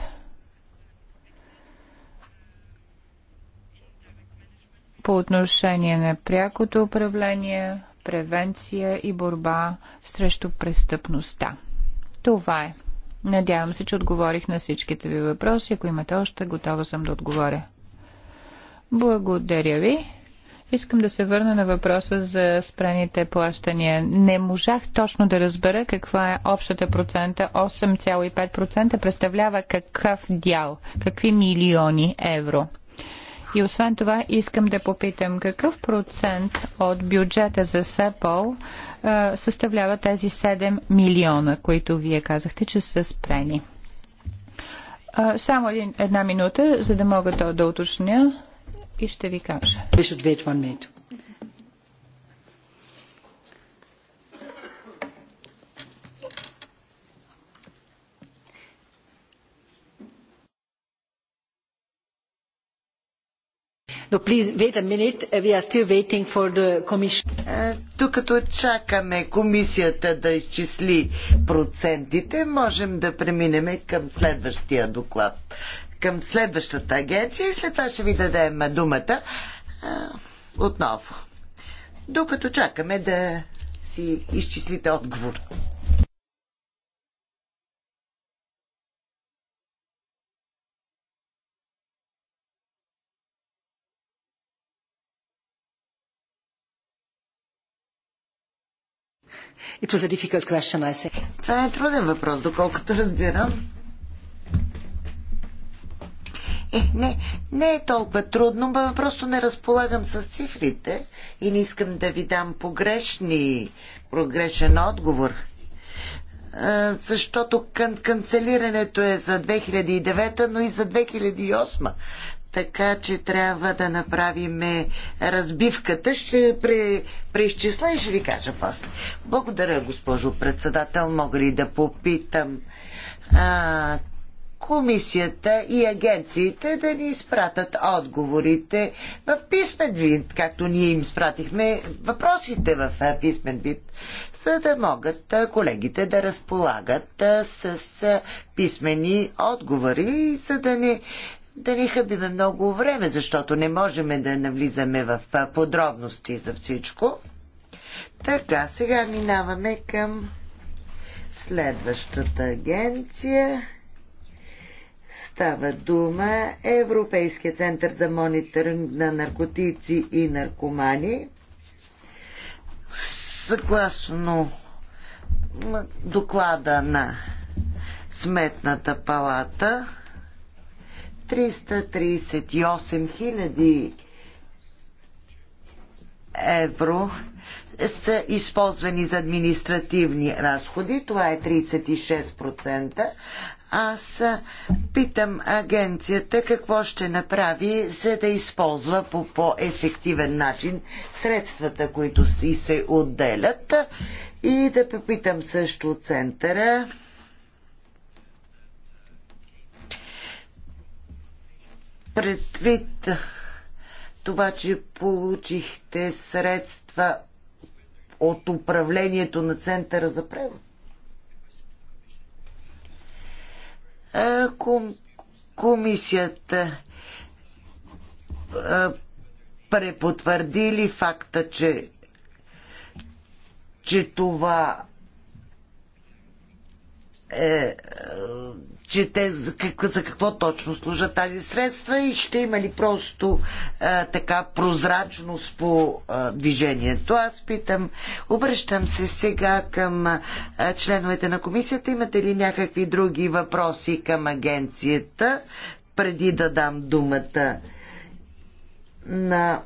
По отношение на прякото управление, превенция и борба срещу престъпността. Това е. Надявам се, че отговорих на всичките ви въпроси. Ако имате още, готова съм да отговоря. Благодаря ви. Искам да се върна на въпроса за спрените плащания. Не можах точно да разбера каква е общата процента. 8,5% представлява какъв дял, какви милиони евро. И освен това искам да попитам какъв процент от бюджета за СЕПОЛ съставлява тези 7 милиона, които вие казахте, че са спрени. Само един, една минута, за да мога да, да уточня и ще ви кажа. Е, докато чакаме комисията да изчисли процентите, можем да преминем към следващия доклад, към следващата агенция и след това ще ви дадем думата е, отново. Докато чакаме да си изчислите отговор. It was a difficult question, I say. Това е труден въпрос, доколкото разбирам. Е, не, не е толкова трудно, бе, просто не разполагам с цифрите и не искам да ви дам погрешни, прогрешен отговор. А, защото кан- канцелирането е за 2009, но и за 2008 така че трябва да направим разбивката. Ще пре, преизчисля и ще ви кажа после. Благодаря, госпожо председател. Мога ли да попитам а, комисията и агенциите да ни изпратят отговорите в писмен вид, както ние им спратихме въпросите в писмен вид, за да могат колегите да разполагат с писмени отговори, за да не да ни хъбиме много време, защото не можем да навлизаме в подробности за всичко. Така, сега минаваме към следващата агенция. Става дума Европейския център за мониторинг на наркотици и наркомани. Съгласно доклада на Сметната палата, 338 хиляди евро са използвани за административни разходи. Това е 36%. Аз питам агенцията какво ще направи, за да използва по по-ефективен начин средствата, които си се отделят. И да попитам също центъра предвид това, че получихте средства от управлението на Центъра за превод? Ком, комисията препотвърди ли факта, че, че това е, че те за, за какво точно служат тази средства и ще има ли просто а, така прозрачност по а, движението. Аз питам, обръщам се сега към а, членовете на комисията. Имате ли някакви други въпроси към агенцията, преди да дам думата на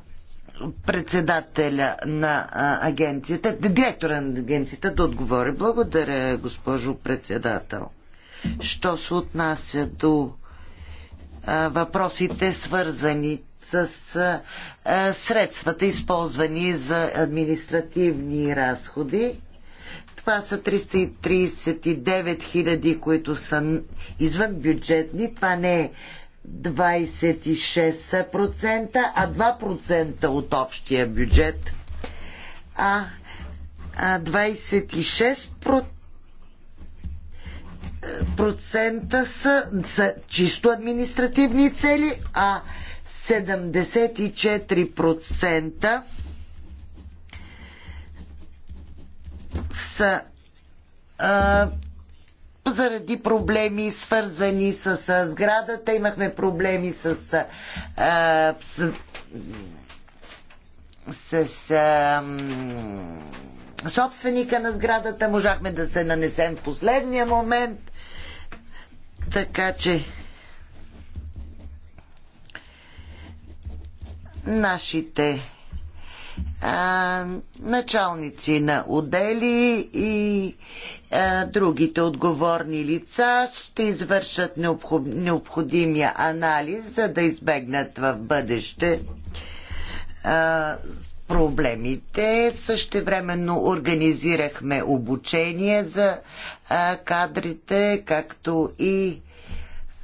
председателя на агенцията, директора на агенцията да отговори. Благодаря, госпожо председател що се отнася до въпросите свързани с средствата, използвани за административни разходи. Това са 339 000, които са извън бюджетни. Това не е 26%, а 2% от общия бюджет. А 26% процента са за чисто административни цели, а 74% са а, заради проблеми свързани с, с сградата. Имахме проблеми с, а, с, с, с а, собственика на сградата. Можахме да се нанесем в последния момент. Така че нашите а, началници на отдели и а, другите отговорни лица ще извършат необхо, необходимия анализ, за да избегнат в бъдеще а, проблемите. Същевременно организирахме обучение за а, кадрите, както и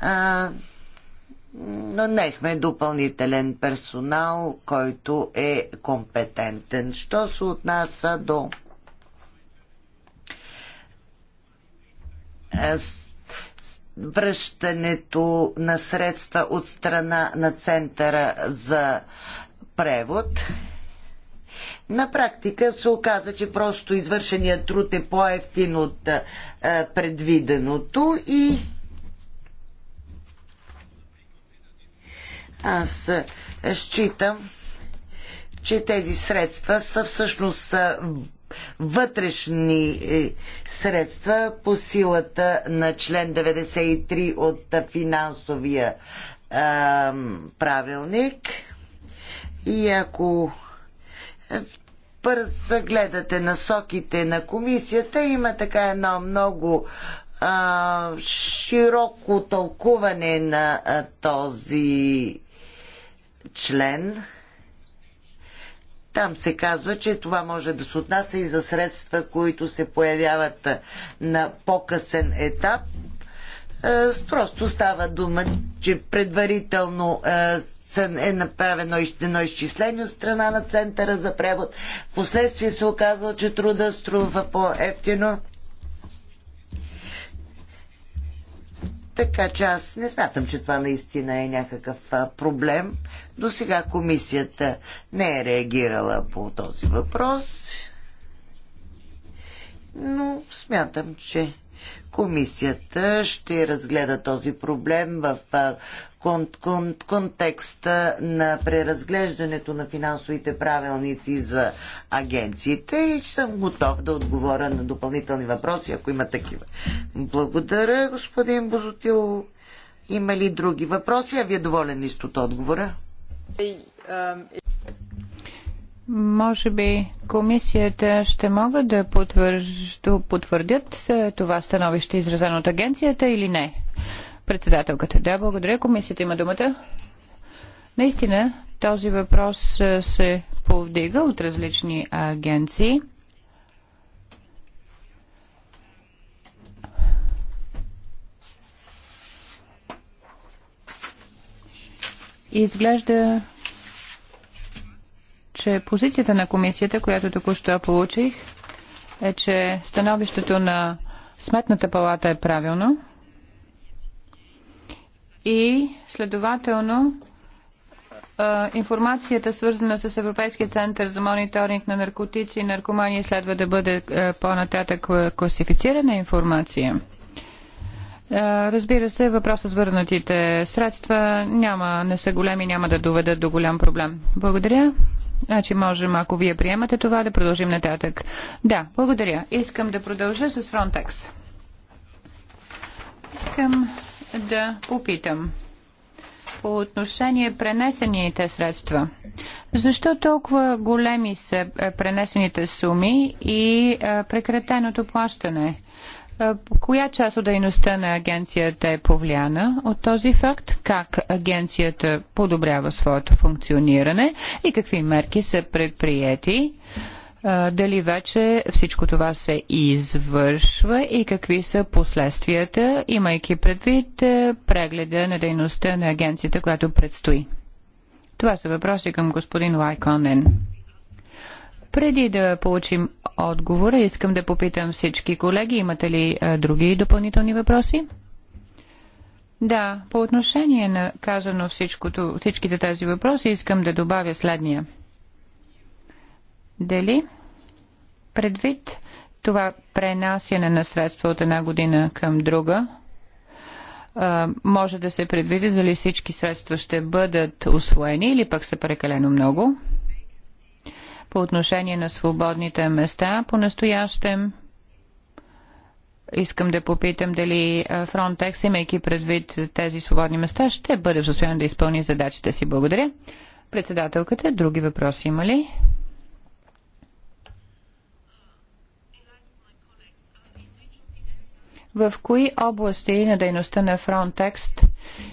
а, нанехме допълнителен персонал, който е компетентен. Що се отнася до връщането на средства от страна на Центъра за превод. На практика се оказа, че просто извършеният труд е по-ефтин от предвиденото и аз считам, че тези средства са всъщност вътрешни е, средства по силата на член 93 от финансовия правилник. И ако гледате насоките на комисията, има така едно много а, широко тълкуване на а, този член. Там се казва, че това може да се отнася и за средства, които се появяват на по-късен етап. Е, просто става дума, че предварително е, е направено едно изчисление от страна на центъра за превод. Впоследствие се оказва, че труда струва по-ефтино. Така че аз не смятам, че това наистина е някакъв проблем. До сега комисията не е реагирала по този въпрос. Но смятам, че Комисията ще разгледа този проблем в контекста на преразглеждането на финансовите правилници за агенциите и съм готов да отговоря на допълнителни въпроси, ако има такива. Благодаря, господин Бозотил. Има ли други въпроси? А вие доволен ли сте от отговора? Може би комисията ще могат да потвърдят е, това становище, изразено от агенцията или не? Председателката. Да, благодаря. Комисията има думата. Наистина, този въпрос е, се повдига от различни агенции. Изглежда че позицията на комисията, която току-що получих, е, че становището на Сметната палата е правилно и следователно информацията, свързана с Европейския център за мониторинг на наркотици и наркомания, следва да бъде по-нататък класифицирана информация. Разбира се, въпросът с върнатите средства няма, не са големи, няма да доведат до голям проблем. Благодаря. Значи можем, ако вие приемате това, да продължим нататък. Да, благодаря. Искам да продължа с Frontex. Искам да попитам по отношение пренесените средства. Защо толкова големи са е, пренесените суми и е, прекратеното плащане? Коя част от дейността на агенцията е повлияна от този факт? Как агенцията подобрява своето функциониране и какви мерки са предприяти? Дали вече всичко това се извършва и какви са последствията, имайки предвид прегледа на дейността на агенцията, която предстои? Това са въпроси към господин Лайконен. Преди да получим отговора, искам да попитам всички колеги, имате ли а, е, други допълнителни въпроси? Да, по отношение на казано всичкото, всичките тези въпроси, искам да добавя следния. Дали предвид това пренасяне на средства от една година към друга, е, може да се предвиди дали всички средства ще бъдат освоени или пък са прекалено много? по отношение на свободните места. По-настоящем искам да попитам дали Frontex, имайки предвид тези свободни места, ще бъде в състояние да изпълни задачите си. Благодаря. Председателката, други въпроси има ли? В кои области на дейността на Frontex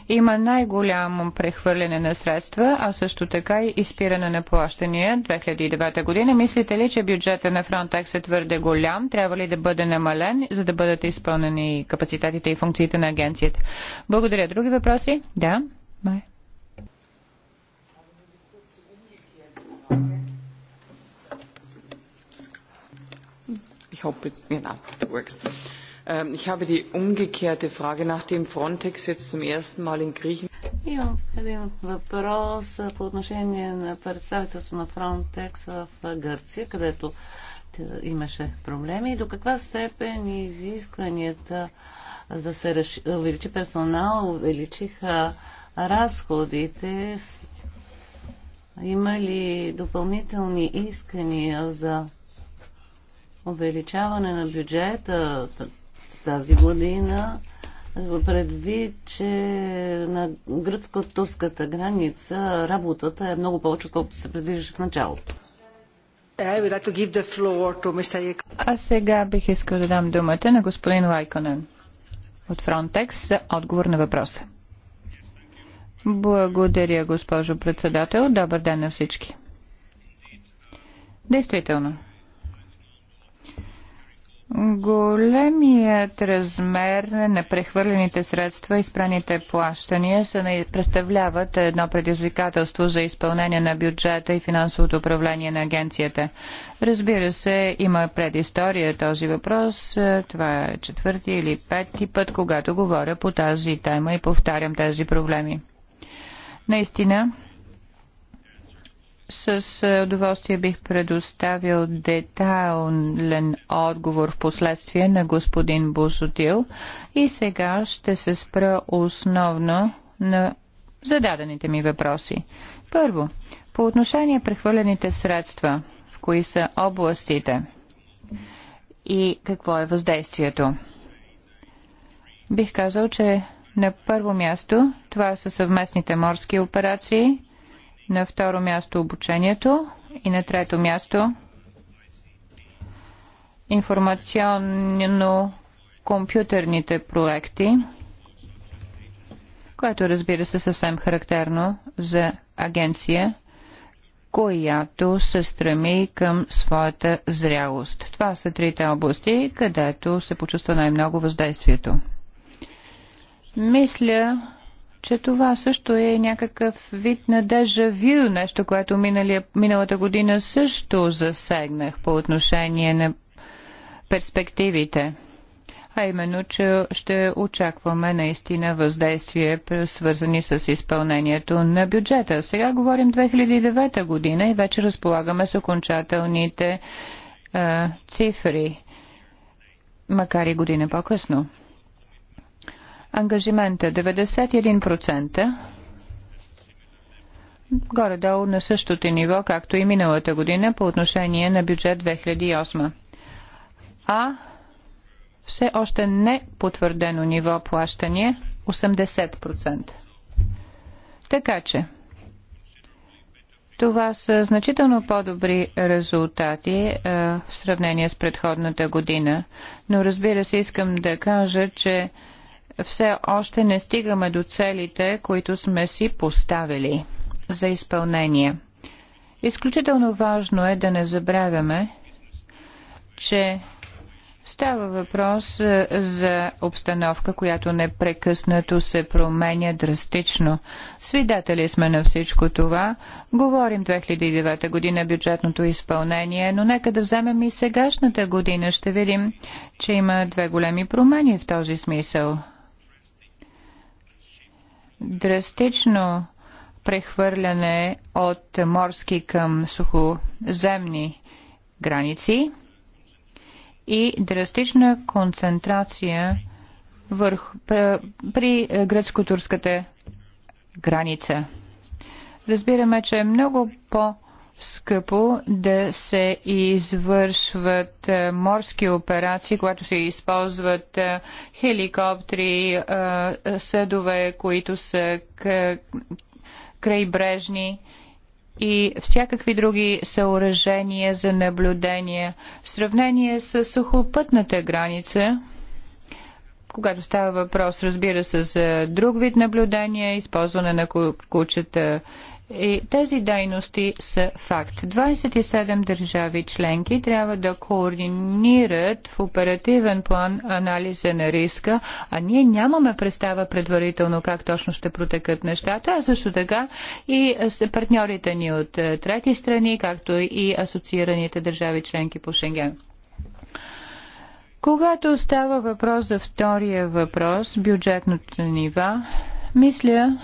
има най-голямо прехвърляне на средства, а също така и изпиране на плащания 2009 година. Мислите ли, че бюджета на Frontex е твърде голям? Трябва ли да бъде намален, за да бъдат изпълнени капацитетите и функциите на агенцията? Благодаря. Други въпроси? Да. Май. Ich hoffe, genau, works. Ähm, ich habe die umgekehrte Frage, nachdem Frontex jetzt zum ersten Mal in Griechenland. Имам един въпрос по отношение на представителство на Frontex в Гърция, където е, имаше проблеми. До каква степен изискванията за да се увеличи персонал, увеличиха разходите? Има ли допълнителни искания за увеличаване на бюджета, тази година, предвид, че на гръцко-турската граница работата е много повече, отколкото се предвиждаше в началото. А сега бих искал да дам думата на господин Лайконен от Frontex за отговор на въпроса. Благодаря, госпожо председател. Добър ден на всички. Действително. Големият размер на прехвърлените средства и спраните плащания се представляват едно предизвикателство за изпълнение на бюджета и финансовото управление на агенцията. Разбира се, има предистория този въпрос. Това е четвърти или пети път, когато говоря по тази тема и повтарям тези проблеми. Наистина, с е, удоволствие бих предоставил детайлен отговор в последствие на господин Бузотил и сега ще се спра основно на зададените ми въпроси. Първо, по отношение прехвърлените средства, в кои са областите и какво е въздействието? Бих казал, че на първо място това са съвместните морски операции, на второ място обучението и на трето място информационно-компютърните проекти, което разбира се съвсем характерно за агенция, която се стреми към своята зрялост. Това са трите области, където се почувства най-много въздействието. Мисля, че това също е някакъв вид на дежавю, нещо, което миналия, миналата година също засегнах по отношение на перспективите. А именно, че ще очакваме наистина въздействие, свързани с изпълнението на бюджета. Сега говорим 2009 година и вече разполагаме с окончателните е, цифри, макар и година по-късно. Ангажимента 91%, е горе-долу на същото ниво, както и миналата година по отношение на бюджет 2008. А все още не потвърдено ниво плащане 80%. Така че, това са значително по-добри резултати а, е, в сравнение с предходната година. Но разбира се, искам да кажа, че все още не стигаме до целите, които сме си поставили за изпълнение. Изключително важно е да не забравяме, че Става въпрос е, за обстановка, която непрекъснато се променя драстично. Свидетели сме на всичко това. Говорим 2009 година бюджетното изпълнение, но нека да вземем и сегашната година. Ще видим, че има две големи промени в този смисъл драстично прехвърляне от морски към сухоземни граници и драстична концентрация върху, при гръцко-турската граница. Разбираме, че е много по- скъпо да се извършват е, морски операции, когато се използват е, хеликоптери, е, съдове, които са крайбрежни и всякакви други съоръжения за наблюдение. В сравнение с сухопътната граница, когато става въпрос, разбира се, за друг вид наблюдение, използване на кучета и тези дейности са факт. 27 държави членки трябва да координират в оперативен план анализа на риска, а ние нямаме представа предварително как точно ще протекат нещата, а също така и партньорите ни от е, трети страни, както и асоциираните държави членки по Шенген. Когато става въпрос за втория въпрос, бюджетното нива, мисля,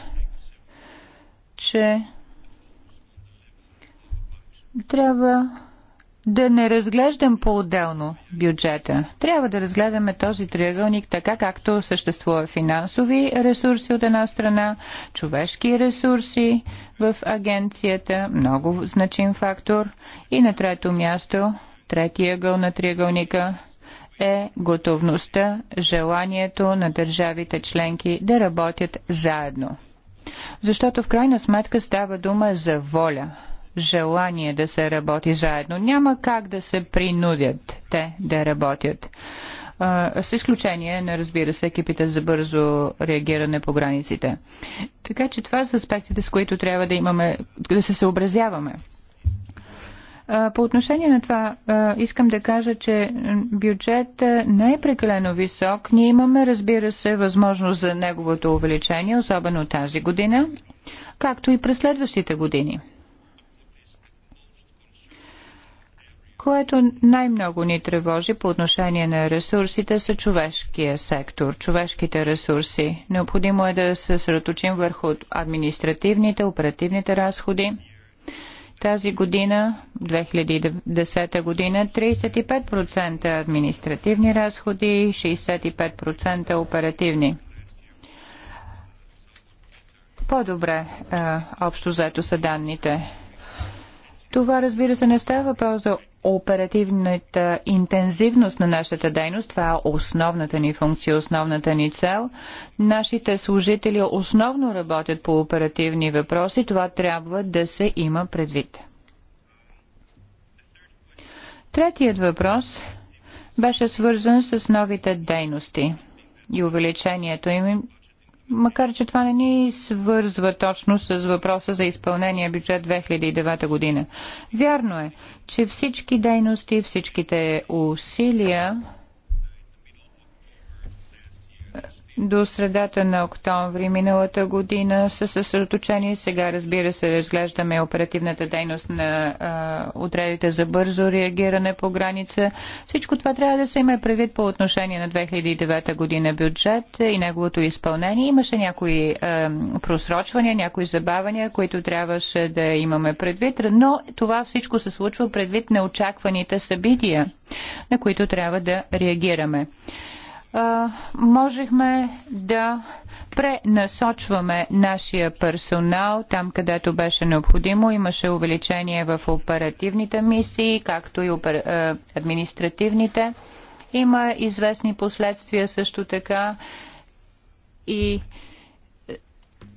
че трябва да не разглеждам по-отделно бюджета. Трябва да разгледаме този триъгълник така, както съществува финансови ресурси от една страна, човешки ресурси в агенцията, много значим фактор. И на трето място, третия ъгъл на триъгълника е готовността, желанието на държавите членки да работят заедно. Защото в крайна сметка става дума за воля – желание да се работи заедно. Няма как да се принудят те да работят. С изключение на, разбира се, екипите за бързо реагиране по границите. Така че това са аспектите, с които трябва да имаме, да се съобразяваме. По отношение на това, искам да кажа, че бюджет не е прекалено висок. Ние имаме, разбира се, възможност за неговото увеличение, особено тази година, както и през следващите години. което най-много ни тревожи по отношение на ресурсите са човешкия сектор, човешките ресурси. Необходимо е да се съсредоточим върху административните, оперативните разходи. Тази година, 2010 година, 35% административни разходи, 65% оперативни по-добре общо взето са данните. Това, разбира се, не става въпрос за оперативната интензивност на нашата дейност. Това е основната ни функция, основната ни цел. Нашите служители основно работят по оперативни въпроси. Това трябва да се има предвид. Третият въпрос беше свързан с новите дейности и увеличението им макар че това не ни свързва точно с въпроса за изпълнение бюджет 2009 година. Вярно е, че всички дейности, всичките усилия до средата на октомври миналата година са съсредоточени. Сега, разбира се, разглеждаме оперативната дейност на а, отредите за бързо реагиране по граница. Всичко това трябва да се има предвид по отношение на 2009 година бюджет и неговото изпълнение. Имаше някои а, просрочвания, някои забавания, които трябваше да имаме предвид, но това всичко се случва предвид на очакваните събития, на които трябва да реагираме можехме да пренасочваме нашия персонал там, където беше необходимо. Имаше увеличение в оперативните мисии, както и административните. Има известни последствия също така и е,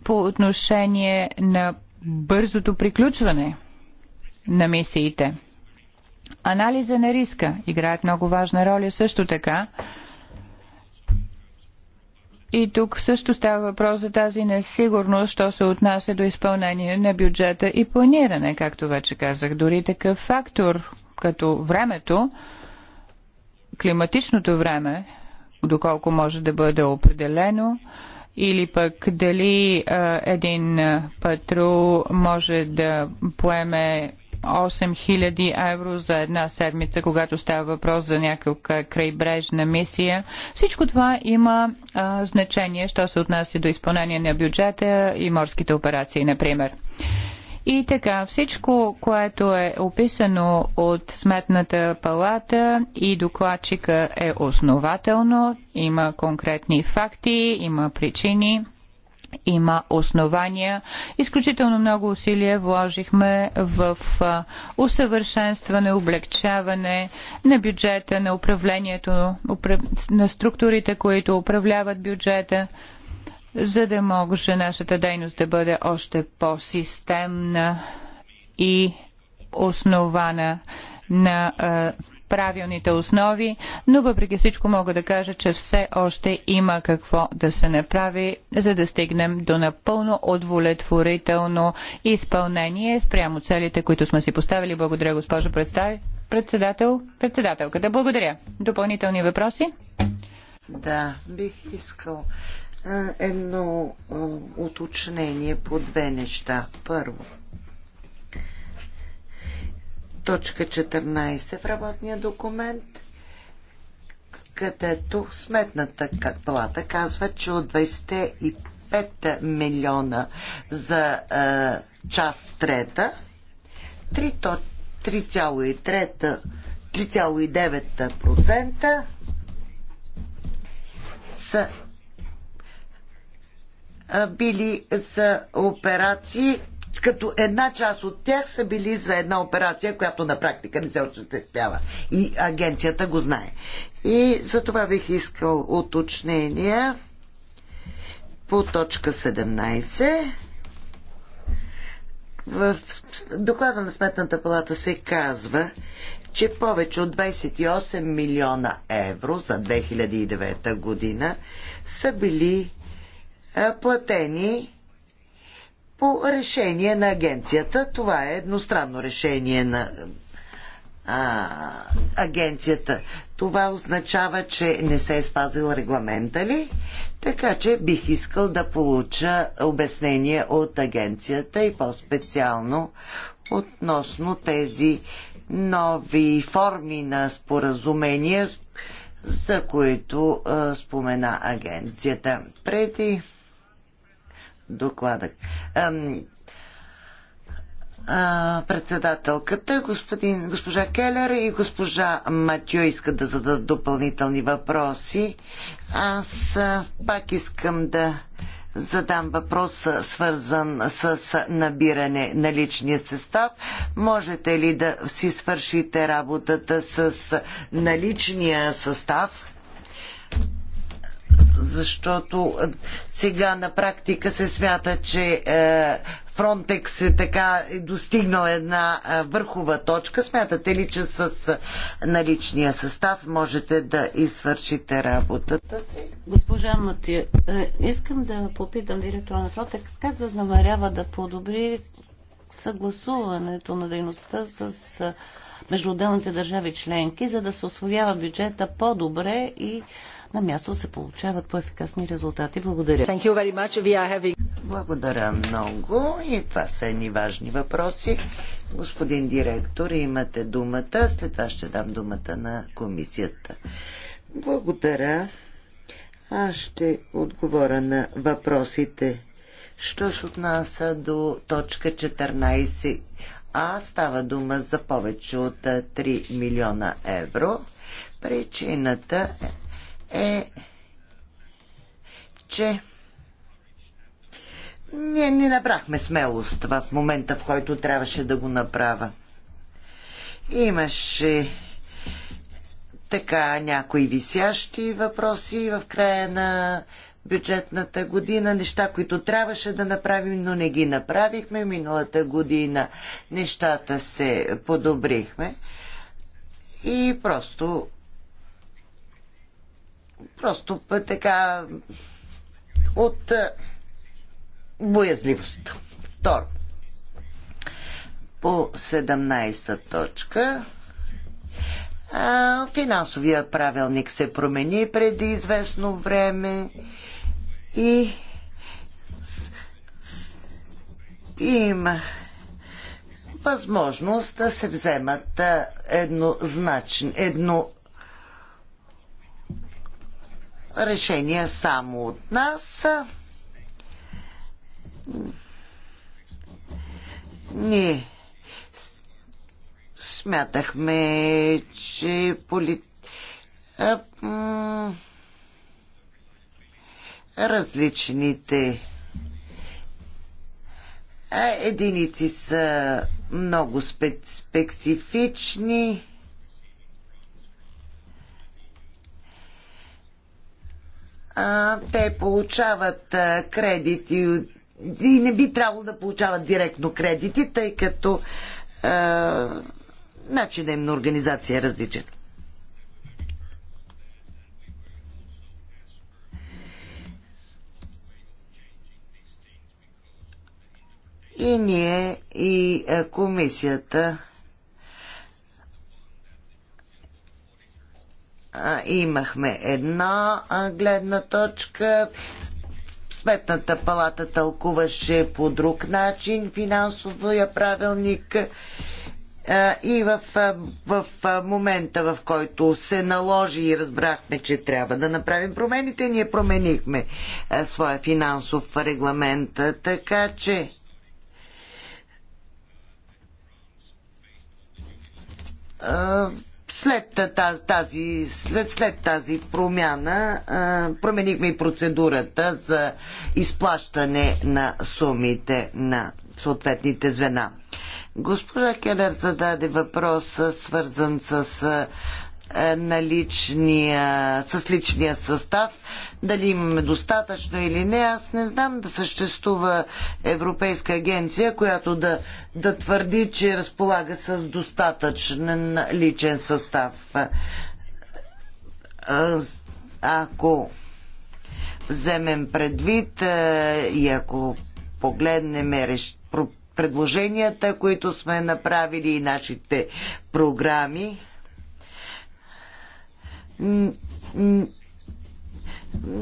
по отношение на бързото приключване на мисиите. Анализа на риска играят много важна роля също така. И тук също става въпрос за тази несигурност, що се отнася до изпълнение на бюджета и планиране, както вече казах. Дори такъв фактор, като времето, климатичното време, доколко може да бъде определено, или пък дали а, един патрул може да поеме 8000 евро за една седмица, когато става въпрос за някаква крайбрежна мисия. Всичко това има а, значение, що се отнася до изпълнение на бюджета и морските операции, например. И така, всичко, което е описано от Сметната палата и докладчика е основателно, има конкретни факти, има причини – има основания. Изключително много усилия вложихме в усъвършенстване, облегчаване на бюджета, на управлението, на структурите, които управляват бюджета, за да може нашата дейност да бъде още по-системна и основана на правилните основи, но въпреки всичко мога да кажа, че все още има какво да се направи, за да стигнем до напълно удовлетворително изпълнение спрямо целите, които сме си поставили. Благодаря, госпожо председател, председателката. Благодаря. Допълнителни въпроси? Да, бих искал е, едно е, уточнение по две неща. Първо, точка 14 в работния документ, където сметната плата казва, че от 25 милиона за а, част трета, 3,9% са били за операции като една част от тях са били за една операция, която на практика не се осъществява. И агенцията го знае. И за това бих искал уточнения по точка 17. В доклада на Сметната палата се казва, че повече от 28 милиона евро за 2009 година са били платени по решение на агенцията. Това е едностранно решение на а, агенцията. Това означава, че не се е спазил регламента ли? Така че бих искал да получа обяснение от агенцията и по-специално относно тези нови форми на споразумения, за които а, спомена агенцията. Преди докладах. Ам, а, председателката, господин, госпожа Келер и госпожа Матю искат да зададат допълнителни въпроси. Аз а, пак искам да задам въпрос, свързан с набиране на личния състав. Можете ли да си свършите работата с наличния състав? защото е, сега на практика се смята, че е, Фронтекс е така е достигнал една е, върхова точка. Смятате ли, че с наличния състав можете да извършите работата си? Госпожа Мати, искам да попитам директора на Фронтекс как възнамерява да подобри съгласуването на дейността с между отделните държави членки, за да се освоява бюджета по-добре и на място се получават по-ефикасни резултати. Благодаря. Having... Благодаря много и това са едни важни въпроси. Господин директор, имате думата. След това ще дам думата на комисията. Благодаря. Аз ще отговоря на въпросите. Що се отнася до точка 14 а става дума за повече от 3 милиона евро. Причината е е, че ние не набрахме смелост в момента, в който трябваше да го направя. Имаше така някои висящи въпроси в края на бюджетната година, неща, които трябваше да направим, но не ги направихме. Миналата година нещата се подобрихме и просто просто така от е, боязливост. Второ. По 17 та точка а, финансовия правилник се промени преди известно време и с, с, има възможност да се вземат е, еднозначни, едно, Решения само от нас. Ние смятахме, че поли... различните единици са много специфични те получават кредити и не би трябвало да получават директно кредити, тъй като а, начинът им на организация е различен. И ние, и комисията имахме една гледна точка. Сметната палата тълкуваше по друг начин финансовия правилник и в, в, в момента, в който се наложи и разбрахме, че трябва да направим промените, ние променихме своя финансов регламент. Така че. А, след тази, след, след тази промяна променихме и процедурата за изплащане на сумите на съответните звена. Госпожа Келер зададе въпрос, свързан с е, на личния, с личния състав. Дали имаме достатъчно или не, аз не знам да съществува Европейска агенция, която да, да твърди, че разполага с достатъчен личен състав. Е, ако вземем предвид е, и ако погледнем предложенията, които сме направили и нашите програми.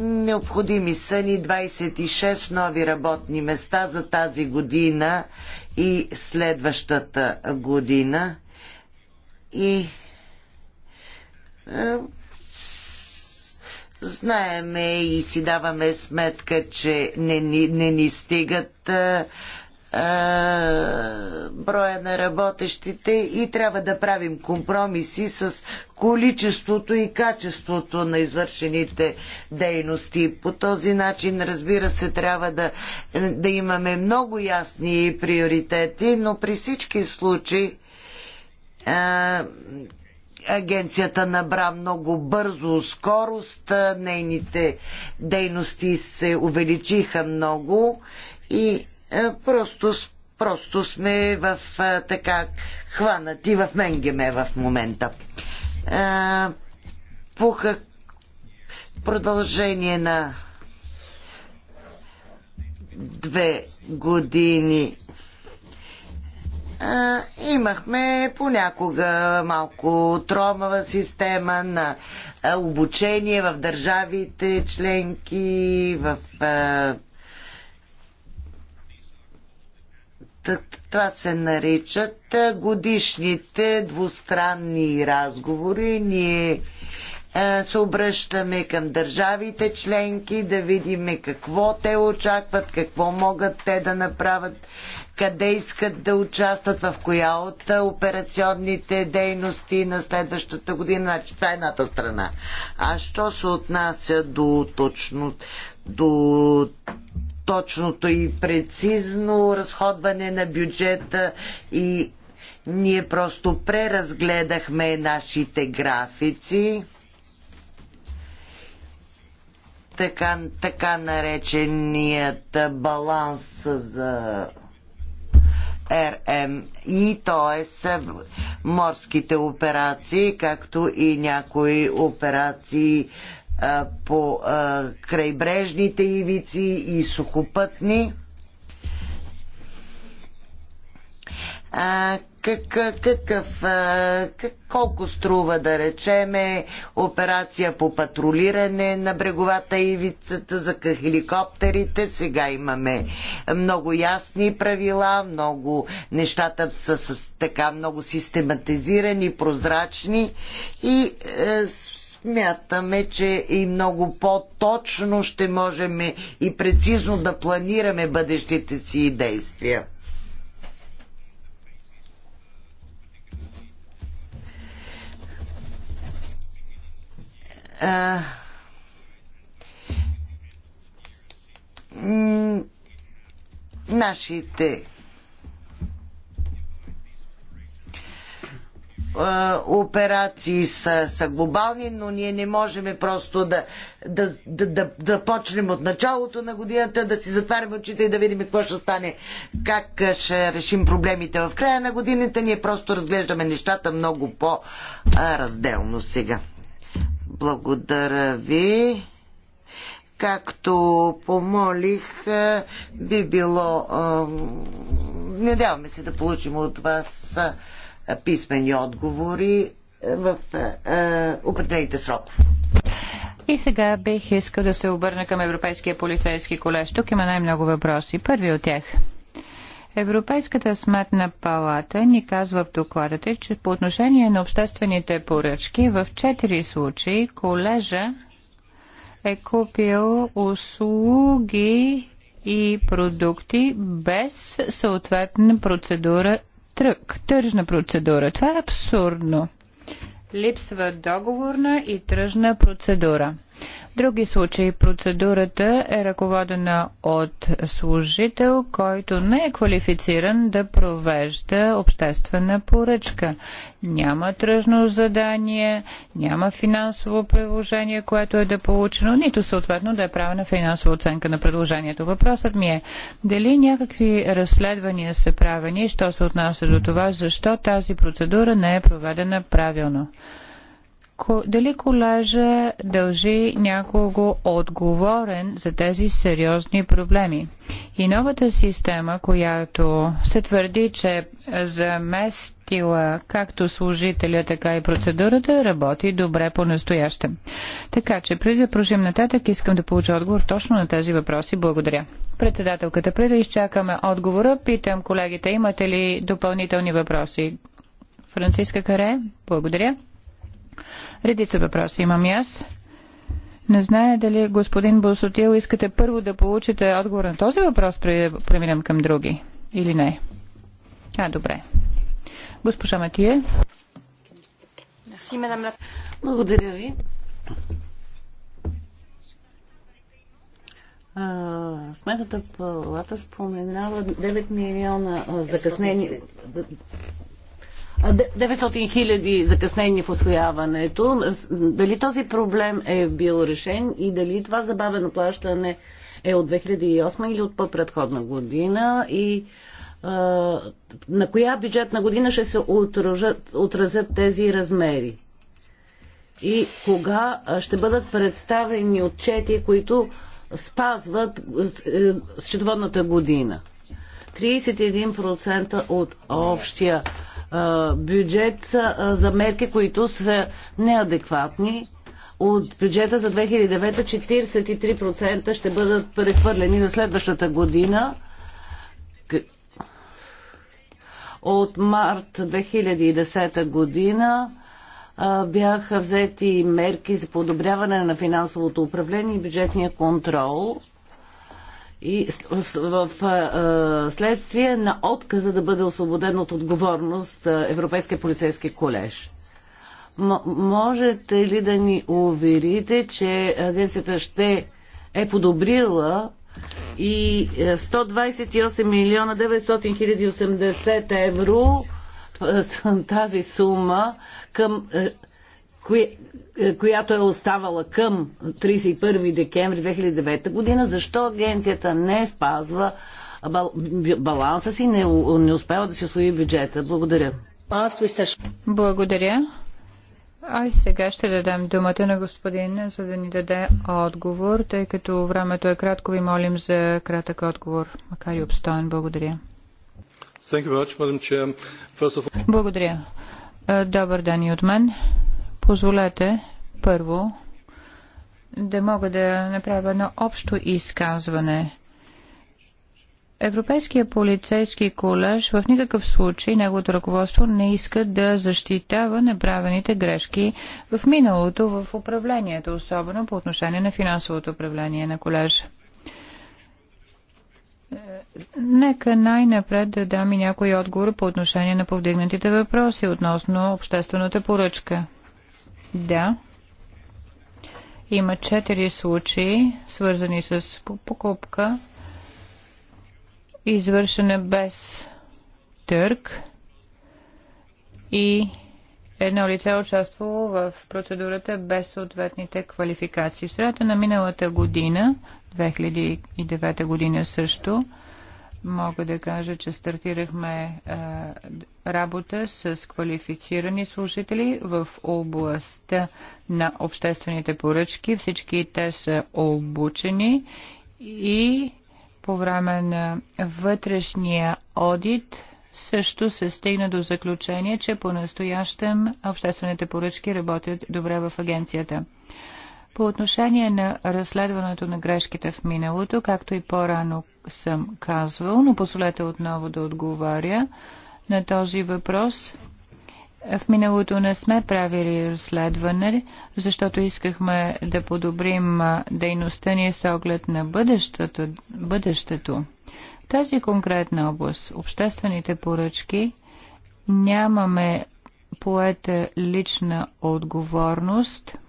Необходими са ни 26 нови работни места за тази година и следващата година. И е, знаеме и си даваме сметка, че не ни, не ни стигат а, е, броя на работещите и трябва да правим компромиси с количеството и качеството на извършените дейности. По този начин, разбира се, трябва да, да имаме много ясни приоритети, но при всички случаи а, агенцията набра много бързо скорост, нейните дейности се увеличиха много и е, просто, просто сме в е, така хванати в Менгеме в момента. Е, пуха продължение на две години а, имахме понякога малко тромава система на обучение в държавите членки, в а, това се наричат годишните двустранни разговори. Ние се обръщаме към държавите членки, да видим какво те очакват, какво могат те да направят, къде искат да участват, в коя от операционните дейности на следващата година. Значи това е едната страна. А що се отнася до точно до точното и прецизно разходване на бюджета и ние просто преразгледахме нашите графици. Така, така нареченият баланс за и e, т.е. морските операции, както и някои операции по крайбрежните ивици и сухопътни. А, какъв, как, колко струва да речеме операция по патрулиране на бреговата ивицата за хеликоптерите. Сега имаме много ясни правила, много нещата са, така много систематизирани, прозрачни и е, Смятаме, че и много по-точно ще можем и прецизно да планираме бъдещите си действия. А... Нашите операции са, са глобални, но ние не можем просто да, да, да, да, да почнем от началото на годината, да си затваряме очите и да видим какво ще стане, как ще решим проблемите в края на годината. Ние просто разглеждаме нещата много по-разделно сега. Благодаря ви. Както помолих, би било. Надяваме се да получим от вас е, писмени отговори е, в е, определените срокове. И сега бих искал да се обърна към Европейския полицейски колеж. Тук има най-много въпроси. Първи от тях. Европейската сметна палата ни казва в докладата, че по отношение на обществените поръчки в четири случаи колежа е купил услуги и продукти без съответна процедура тръг, тръжна процедура. Това е абсурдно. Липсва договорна и тръжна процедура. В други случаи процедурата е ръководена от служител, който не е квалифициран да провежда обществена поръчка. Няма тръжно задание, няма финансово приложение, което е да получено, нито съответно да е правена финансова оценка на предложението. Въпросът ми е дали някакви разследвания са правени, що се отнася до това, защо тази процедура не е проведена правилно дали колежа дължи някого отговорен за тези сериозни проблеми. И новата система, която се твърди, че заместила както служителя, така и процедурата, работи добре по-настоящем. Така че, преди да прожим нататък, искам да получа отговор точно на тези въпроси. Благодаря. Председателката, преди да изчакаме отговора, питам колегите, имате ли допълнителни въпроси? Франциска Каре, благодаря. Редица въпроси имам и аз. Не знае дали господин Босотил искате първо да получите отговор на този въпрос, преди да преминем към други или не. А, добре. Госпожа Матие. Благодаря ви. Сметата палата споменава 9 милиона закъснени 900 хиляди закъснени в освояването. Дали този проблем е бил решен и дали това забавено плащане е от 2008 или от по-предходна година и а, на коя бюджетна година ще се отражат, отразят тези размери? И кога ще бъдат представени отчети, които спазват е, счетоводната година? 31% от общия бюджет за мерки, които са неадекватни. От бюджета за 2009 43% ще бъдат прехвърлени за следващата година. От март 2010 година бяха взети мерки за подобряване на финансовото управление и бюджетния контрол и в, в, в следствие на отказа да бъде освободен от отговорност Европейския полицейски колеж. М- можете ли да ни уверите, че агенцията ще е подобрила и 128 е, милиона 900 хиляди 80 евро е, тази сума към е, е, която е оставала към 31 декември 2009 година, защо агенцията не спазва баланса си, не, не успява да си освои бюджета. Благодаря. Благодаря. А и сега ще дадем думата на господин, за да ни даде отговор, тъй като времето е кратко, ви молим за кратък отговор, макар и обстоен. Благодаря. Благодаря. Е, добър ден и от мен. Позволете първо да мога да направя едно общо изказване. Европейския полицейски колеж в никакъв случай неговото ръководство не иска да защитава направените грешки в миналото в управлението, особено по отношение на финансовото управление на колежа. Нека най-напред да дам и някой отговор по отношение на повдигнатите въпроси относно обществената поръчка. Да. Има четири случаи, свързани с покупка, извършена без търг и едно лице е участвало в процедурата без съответните квалификации. В средата на миналата година, 2009 година също, мога да кажа, че стартирахме е, работа с квалифицирани служители в областта на обществените поръчки. Всички те са обучени и по време на вътрешния одит също се стигна до заключение, че по-настоящем обществените поръчки работят добре в агенцията. По отношение на разследването на грешките в миналото, както и по-рано съм казвал, но позволете отново да отговоря на този въпрос. В миналото не сме правили разследване, защото искахме да подобрим дейността ни с оглед на бъдещето. бъдещето. Тази конкретна област, обществените поръчки, нямаме поета лична отговорност –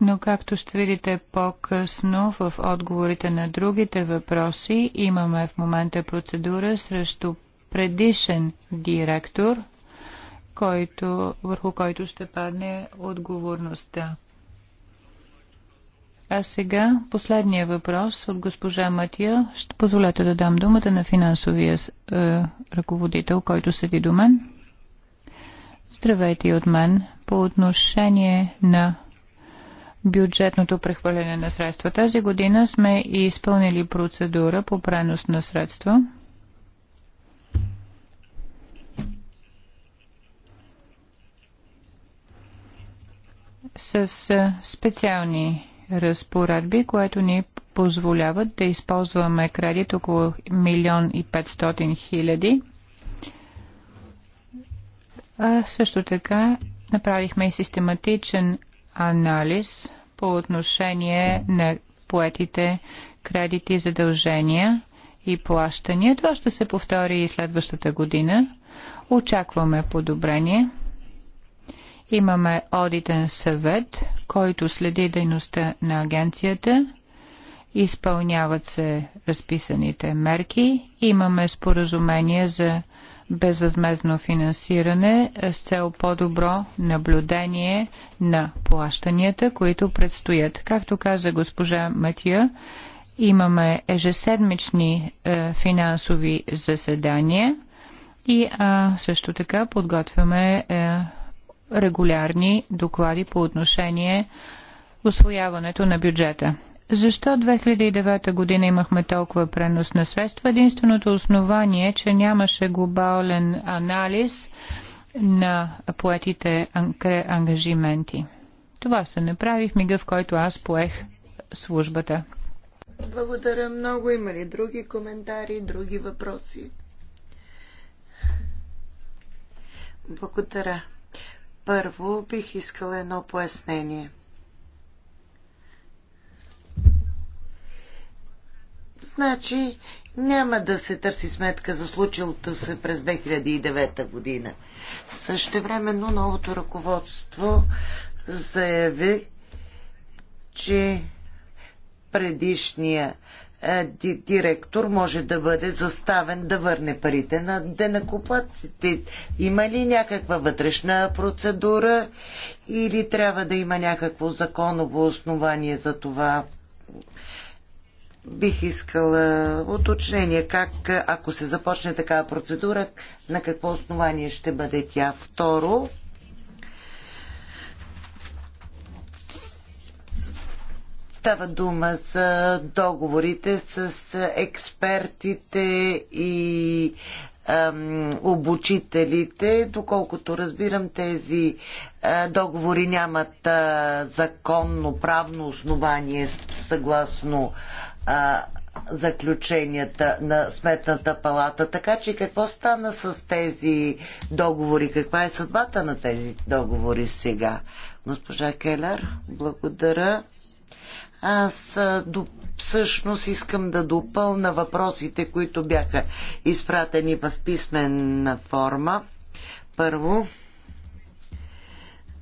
но както ще видите по-късно в отговорите на другите въпроси, имаме в момента процедура срещу предишен директор, който, върху който ще падне отговорността. А сега последния въпрос от госпожа Матия. Ще позволете да дам думата на финансовия е, ръководител, който седи до мен. Здравейте от мен по отношение на бюджетното прехвърляне на средства. Тази година сме и изпълнили процедура по пренос на средства. с специални разпоредби, което ни позволяват да използваме кредит около 1 милион и 500 хиляди. А също така направихме и систематичен анализ по отношение на поетите кредити, задължения и плащания. Това ще се повтори и следващата година. Очакваме подобрение. Имаме одитен съвет, който следи дейността на агенцията. Изпълняват се разписаните мерки. Имаме споразумение за безвъзмезно финансиране с цел по-добро наблюдение на плащанията, които предстоят. Както каза госпожа Матия, имаме ежеседмични е, финансови заседания и а, също така подготвяме е, регулярни доклади по отношение освояването на бюджета. Защо 2009 година имахме толкова пренос на средства? Единственото основание е, че нямаше глобален анализ на поетите ангажименти. Това се направи в мига, в който аз поех службата. Благодаря много. Има ли други коментари, други въпроси? Благодаря. Първо бих искала едно пояснение. Значи няма да се търси сметка за случилото се през 2009 година. Същевременно новото ръководство заяви, че предишния е, директор може да бъде заставен да върне парите на денакоплатците. Има ли някаква вътрешна процедура или трябва да има някакво законово основание за това? Бих искала уточнение как, ако се започне такава процедура, на какво основание ще бъде тя. Второ, Става дума за договорите с експертите и ам, обучителите. Доколкото разбирам, тези а, договори нямат а, законно правно основание съгласно а, заключенията на Сметната палата. Така че какво стана с тези договори? Каква е съдбата на тези договори сега? Госпожа Келер, благодаря. Аз всъщност искам да допълна въпросите, които бяха изпратени в писменна форма. Първо,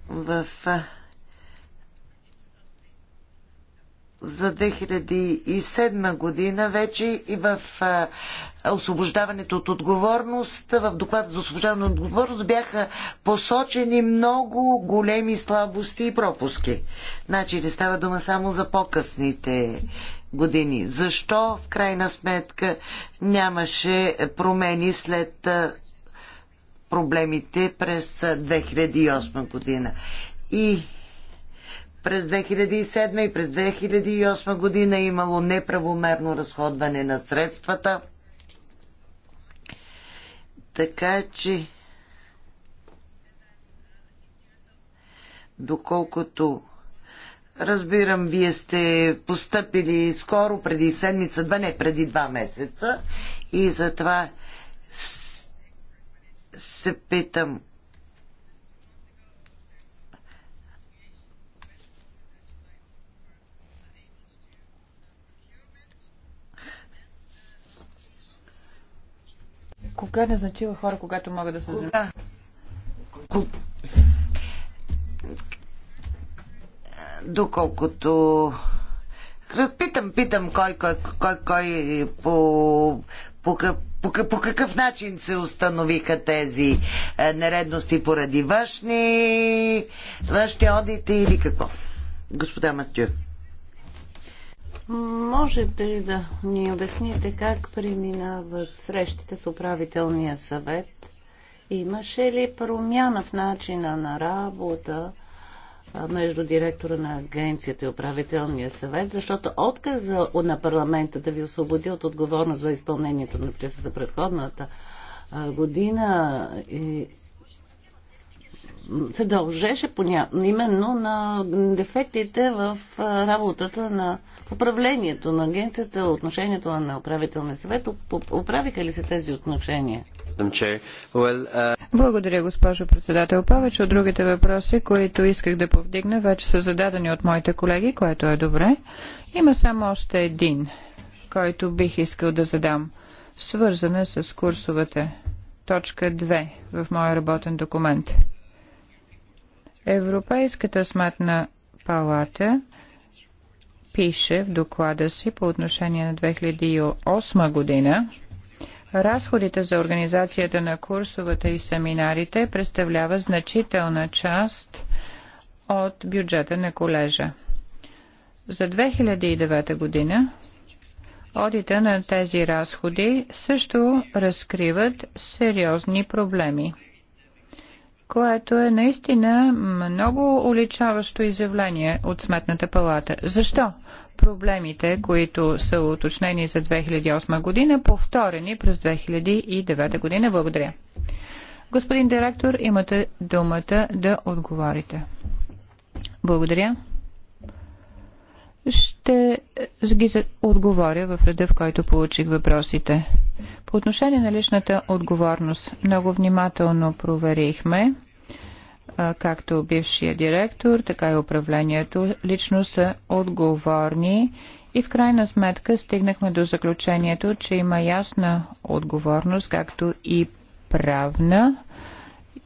в за 2007 година вече и в освобождаването от отговорност, в доклада за освобождаване от отговорност бяха посочени много големи слабости и пропуски. Значи не става дума само за по-късните години. Защо в крайна сметка нямаше промени след проблемите през 2008 година? И през 2007 и през 2008 година е имало неправомерно разходване на средствата. Така че, доколкото разбирам, вие сте постъпили скоро, преди седмица, два не, преди два месеца и затова се питам Кога не назначила хора, когато могат да се Кога? Доколкото Разпитам, питам кой, кой, кой, кой по, по, по, по какъв начин се установиха тези е, нередности поради външни, външни одити или какво? Господа Матю. Може би да ни обясните как преминават срещите с управителния съвет? Имаше ли промяна в начина на работа между директора на агенцията и управителния съвет, защото отказа на парламента да ви освободи от отговорност за изпълнението на бюджета за предходната година и се дължеше поня... именно на дефектите в работата на управлението на агенцията, отношението на управителния съвет. Оправиха ли се тези отношения? Uh, Благодаря, госпожо председател. Повече от другите въпроси, които исках да повдигна, вече са зададени от моите колеги, което е добре. Има само още един, който бих искал да задам. Свързане с курсовете. Точка 2 в моя работен документ. Европейската сметна палата пише в доклада си по отношение на 2008 година, Разходите за организацията на курсовете и семинарите представлява значителна част от бюджета на колежа. За 2009 година одита на тези разходи също разкриват сериозни проблеми – което е наистина много уличаващо изявление от Сметната палата. Защо? проблемите, които са уточнени за 2008 година, повторени през 2009 година. Благодаря. Господин директор, имате думата да отговорите. Благодаря. Ще ги отговоря в реда, в който получих въпросите. По отношение на личната отговорност, много внимателно проверихме както бившия директор, така и управлението лично са отговорни и в крайна сметка стигнахме до заключението, че има ясна отговорност, както и правна.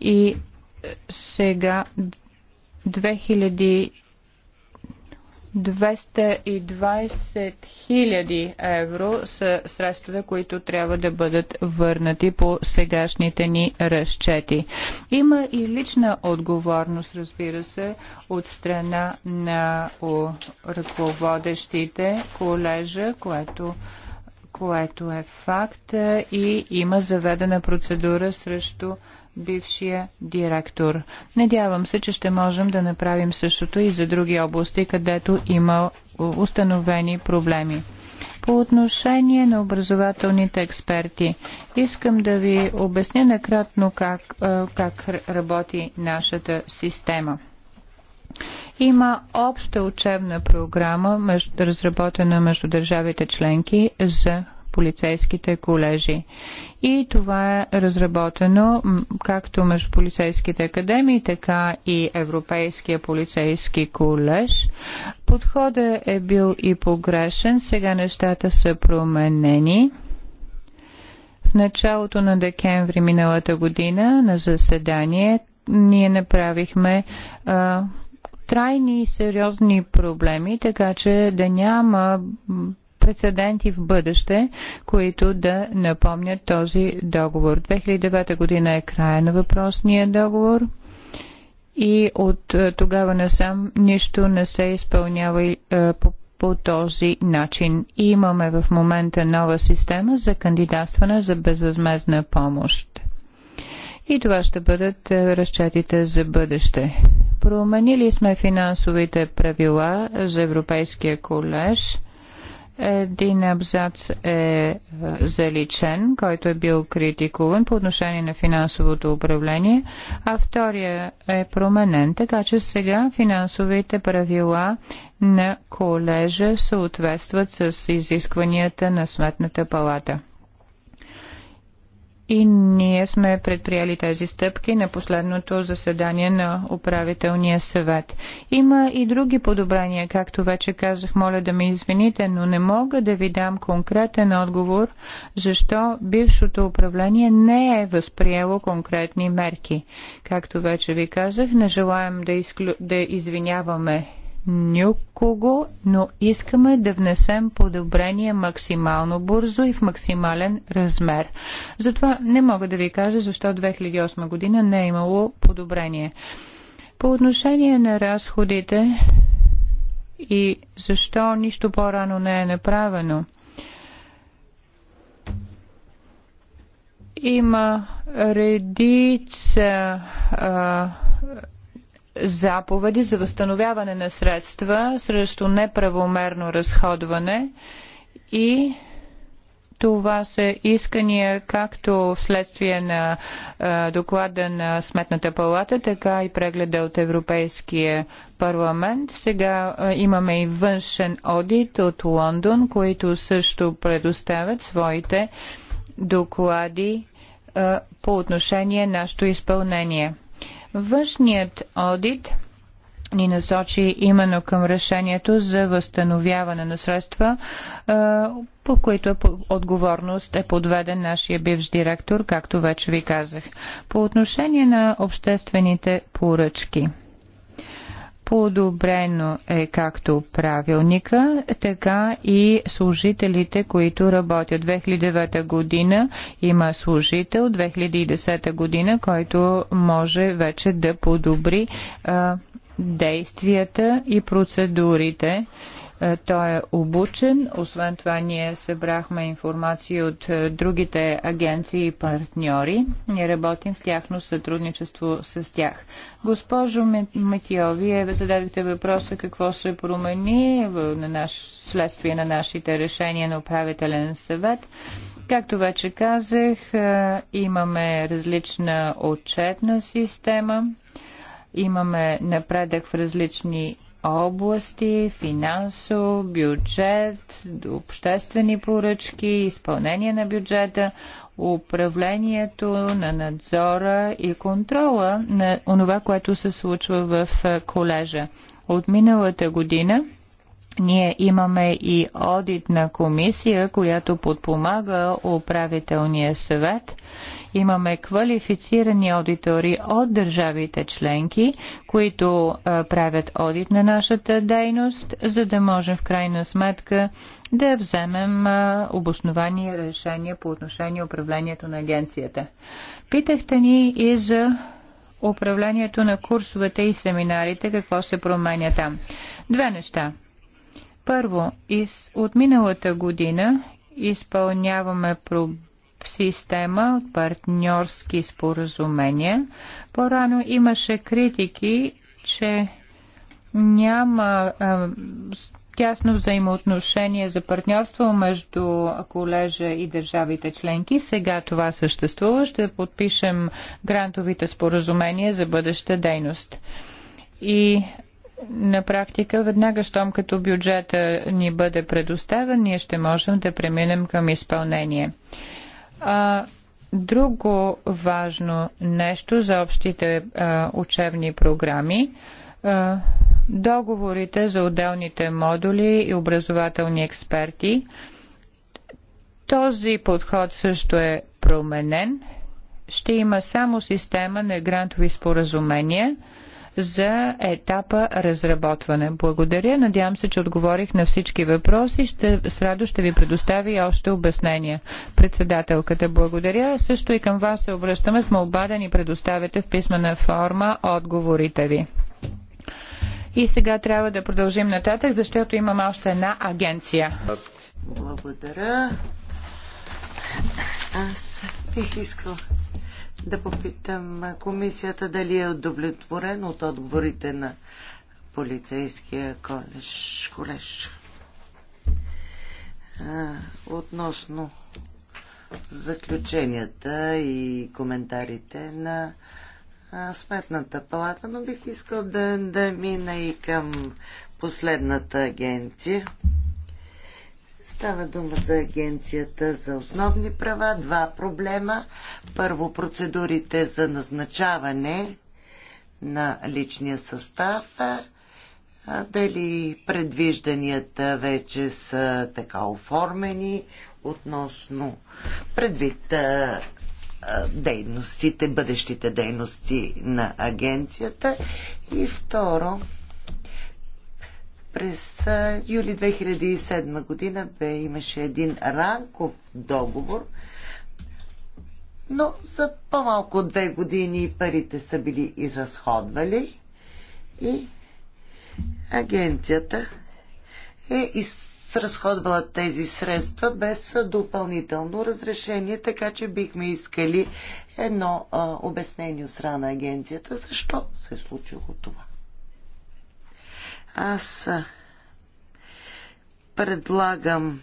И е, сега 220 хиляди евро са средствата, които трябва да бъдат върнати по сегашните ни разчети. Има и лична отговорност, разбира се, от страна на ръководещите колежа, което което е факт е, и има заведена процедура срещу бившия директор. Надявам се, че ще можем да направим същото и за други области, където има установени проблеми. По отношение на образователните експерти, искам да ви обясня накратно как, как работи нашата система. Има обща учебна програма, разработена между държавите членки за полицейските колежи. И това е разработено както между полицейските академии, така и Европейския полицейски колеж. Подходът е бил и погрешен, сега нещата са променени. В началото на декември миналата година на заседание ние направихме а, трайни и сериозни проблеми, така че да няма прецеденти в бъдеще, които да напомнят този договор. 2009 година е края на въпросния договор и от е, тогава насам нищо не се изпълнява е, по по този начин. И имаме в момента нова система за кандидатстване за безвъзмезна помощ. И това ще бъдат е, разчетите за бъдеще. Променили сме финансовите правила за Европейския колеж – един абзац е, е заличен, който е бил критикуван по отношение на финансовото управление, а втория е променен, така че сега финансовите правила на колежа съответстват с изискванията на Сметната палата. И ние сме предприели тези стъпки на последното заседание на управителния съвет. Има и други подобрения, както вече казах, моля да ме извините, но не мога да ви дам конкретен отговор, защо бившото управление не е възприело конкретни мерки. Както вече ви казах, не желаем да, изклю... да извиняваме никого, но искаме да внесем подобрение максимално бързо и в максимален размер. Затова не мога да ви кажа защо 2008 година не е имало подобрение. По отношение на разходите и защо нищо по-рано не е направено – има редица а, заповеди за възстановяване на средства срещу неправомерно разходване и това са искания както вследствие на доклада на Сметната палата, така и прегледа от Европейския парламент. Сега имаме и външен одит от Лондон, които също предоставят своите доклади по отношение нашето изпълнение. Външният одит ни насочи именно към решението за възстановяване на средства, е, по които е отговорност е подведен нашия бивш директор, както вече ви казах. По отношение на обществените поръчки – Подобрено е както правилника, така и служителите, които работят. 2009 година има служител, 2010 година, който може вече да подобри а, действията и процедурите е, той е обучен. Освен това, ние събрахме информация от е, другите агенции и партньори. Ние работим в тяхно сътрудничество с тях. Госпожо Метио, вие зададете въпроса какво се промени на наш, следствие на нашите решения на управителен съвет. Както вече казах, е, имаме различна отчетна система, имаме напредък в различни области, финансо, бюджет, обществени поръчки, изпълнение на бюджета, управлението на надзора и контрола на онова, което се случва в колежа. От миналата година ние имаме и одитна комисия, която подпомага управителния съвет Имаме квалифицирани аудитори от държавите членки, които а, правят одит на нашата дейност, за да можем в крайна сметка да вземем а, обосновани решения по отношение управлението на агенцията. Питахте ни и за управлението на курсовете и семинарите, какво се променя там. Две неща. Първо, из, от миналата година изпълняваме проблеми система от партньорски споразумения. По-рано имаше критики, че няма а, тясно взаимоотношение за партньорство между колежа и държавите членки. Сега това съществува. Ще подпишем грантовите споразумения за бъдеща дейност. И на практика, веднага, щом като бюджета ни бъде предоставен, ние ще можем да преминем към изпълнение. А, друго важно нещо за общите а, учебни програми а, договорите за отделните модули и образователни експерти. Този подход също е променен. Ще има само система на грантови споразумения – за етапа разработване. Благодаря. Надявам се, че отговорих на всички въпроси. Ще, с радост ще ви предоставя и още обяснения. Председателката, благодаря. Също и към вас се обръщаме с молба да ни предоставяте в писмена форма отговорите ви. И сега трябва да продължим нататък, защото имам още една агенция. Благодаря. Аз бих искала да попитам комисията дали е удовлетворен от отговорите на полицейския колеж, колеж. относно заключенията и коментарите на Сметната палата, но бих искал да, да мина и към последната агенция. Става дума за Агенцията за основни права. Два проблема. Първо, процедурите за назначаване на личния състав. Дали предвижданията вече са така оформени относно предвид дейностите, бъдещите дейности на агенцията. И второ, през юли 2007 година бе, имаше един ранков договор, но за по-малко от две години парите са били изразходвали и агенцията е изразходвала тези средства без допълнително разрешение, така че бихме искали едно а, обяснение от страна на агенцията, защо се е случило това. Аз предлагам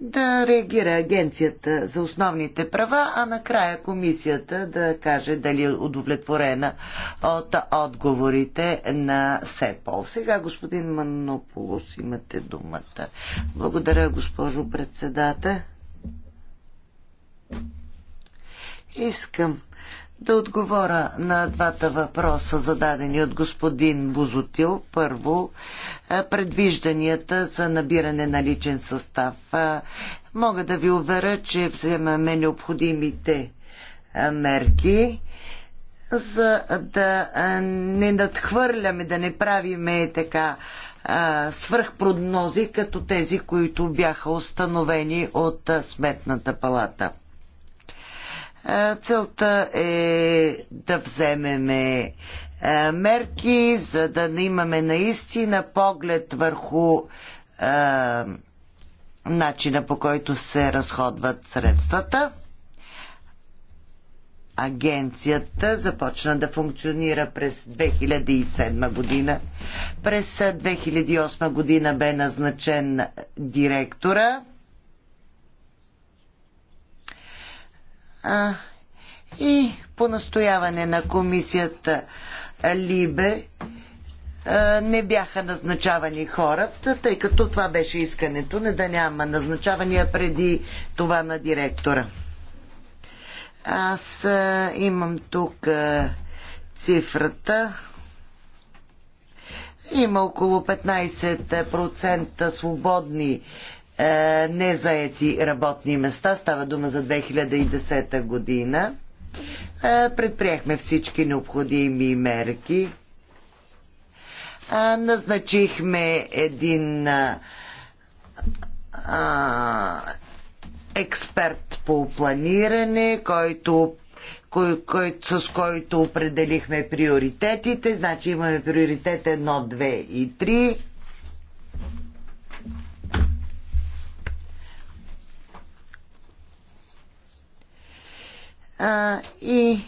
да реагира Агенцията за основните права, а накрая комисията да каже дали е удовлетворена от отговорите на СЕПОЛ. Сега, господин Манополос, имате думата. Благодаря, госпожо председател. Искам да отговоря на двата въпроса, зададени от господин Бузотил. Първо, е, предвижданията за набиране на личен състав. Е, мога да ви уверя, че вземаме необходимите е, мерки за да не надхвърляме, да не правиме така свръхпрогнози, като тези, които бяха установени от Сметната палата. Е, целта е да вземеме е, мерки, за да имаме наистина поглед върху е, начина по който се разходват средствата. Агенцията започна да функционира през 2007 година. През 2008 година бе назначен директора. а, и по настояване на комисията Либе а, не бяха назначавани хора, тъй като това беше искането, не да няма назначавания преди това на директора. Аз а, имам тук а, цифрата. Има около 15% свободни е, незаети работни места. Става дума за 2010 година. Е, предприехме всички необходими мерки. Е, назначихме един експерт по планиране, който кой, кой, с който определихме приоритетите. Значи имаме приоритет 1, 2 и 3. а, и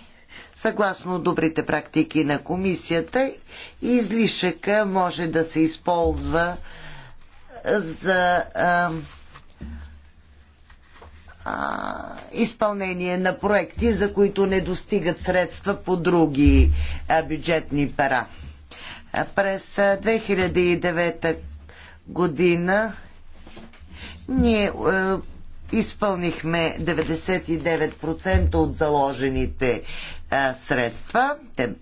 съгласно добрите практики на комисията, излишъка може да се използва за а, а, изпълнение на проекти, за които не достигат средства по други а, бюджетни пера. През 2009 година ние изпълнихме 99% от заложените а, средства. Те...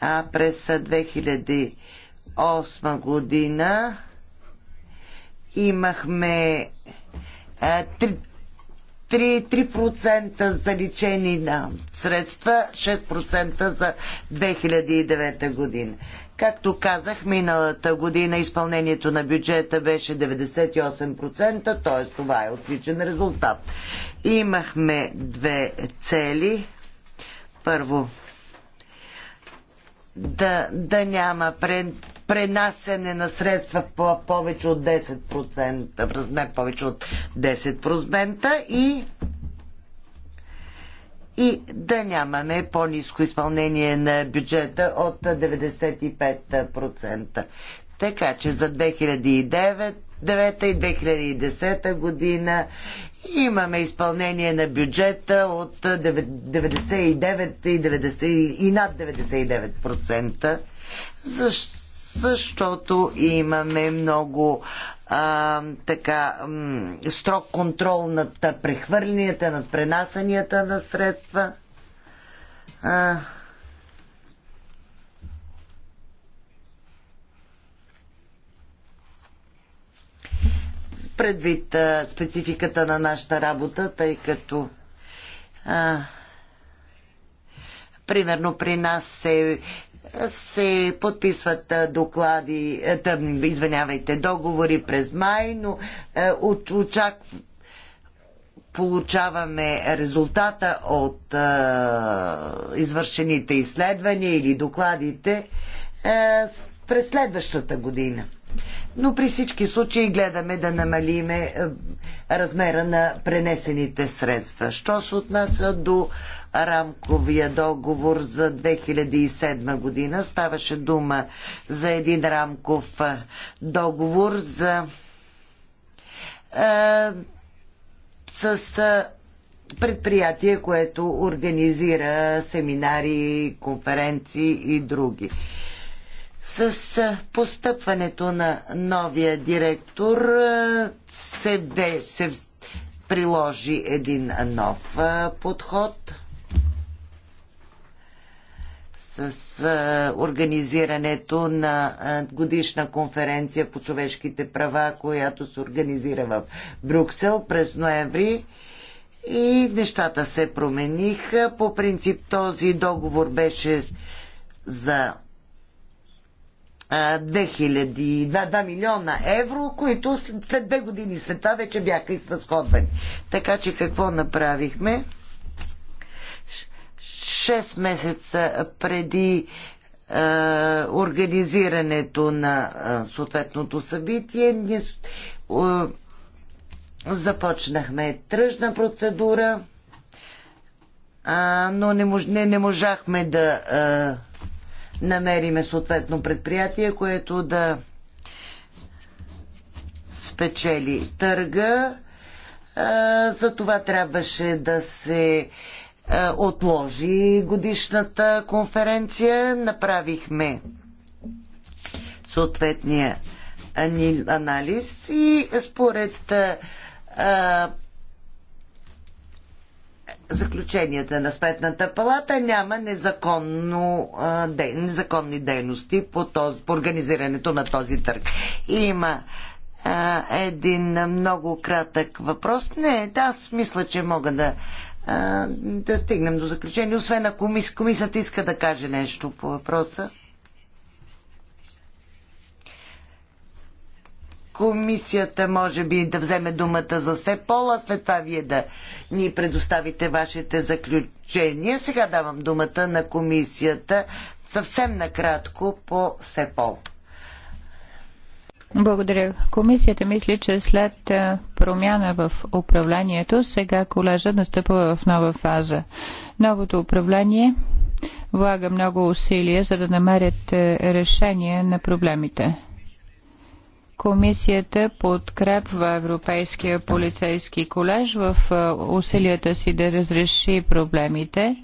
А през 2008 година имахме а, 3, 3% за лечени на средства, 6% за 2009 година. Както казах, миналата година изпълнението на бюджета беше 98%, т.е. това е отличен резултат. Имахме две цели. Първо, да, да няма пред, пренасене на средства по повече от 10%, в размер повече от 10% и и да нямаме по-низко изпълнение на бюджета от 95%. Така че за 2009 и 2010 година имаме изпълнение на бюджета от 99 и, 90, и над 99%. Защо? защото имаме много а, така строг контрол над прехвърлянията, над пренасанията на средства. А, предвид а, спецификата на нашата работа, тъй като а, примерно при нас се се подписват доклади, е, извинявайте, договори през май, но е, очак получаваме резултата от е, извършените изследвания или докладите през следващата година. Но при всички случаи гледаме да намалиме е, размера на пренесените средства. Що се отнася до рамковия договор за 2007 година, ставаше дума за един рамков е, договор за а, е, с предприятие, което организира семинари, конференции и други. С постъпването на новия директор се, бе, се приложи един нов подход с организирането на годишна конференция по човешките права, която се организира в Брюксел през ноември. И нещата се промениха. По принцип този договор беше за 2 милиона евро, които след две години след това вече бяха изразходвани. Така че какво направихме? 6 месеца преди е, организирането на е, съответното събитие, ние е, започнахме тръжна процедура, а, но не, мож, не, не можахме да. Е, намериме съответно предприятие, което да спечели търга. За това трябваше да се отложи годишната конференция. Направихме съответния анализ и според заключенията на Сметната палата няма незаконно, де, незаконни дейности по, този, по организирането на този търг. Има а, един много кратък въпрос. Не, да, аз мисля, че мога да, а, да стигнем до заключение, освен ако комис, комисията иска да каже нещо по въпроса. комисията може би да вземе думата за СЕПОЛ, а след това вие да ни предоставите вашите заключения. Сега давам думата на комисията съвсем накратко по СЕПОЛ. Благодаря. Комисията мисли, че след е, промяна в управлението, сега колежа настъпва в нова фаза. Новото управление влага много усилия, за да намерят е, решение на проблемите. Комисията подкрепва Европейския полицейски колеж в е, усилията си да разреши проблемите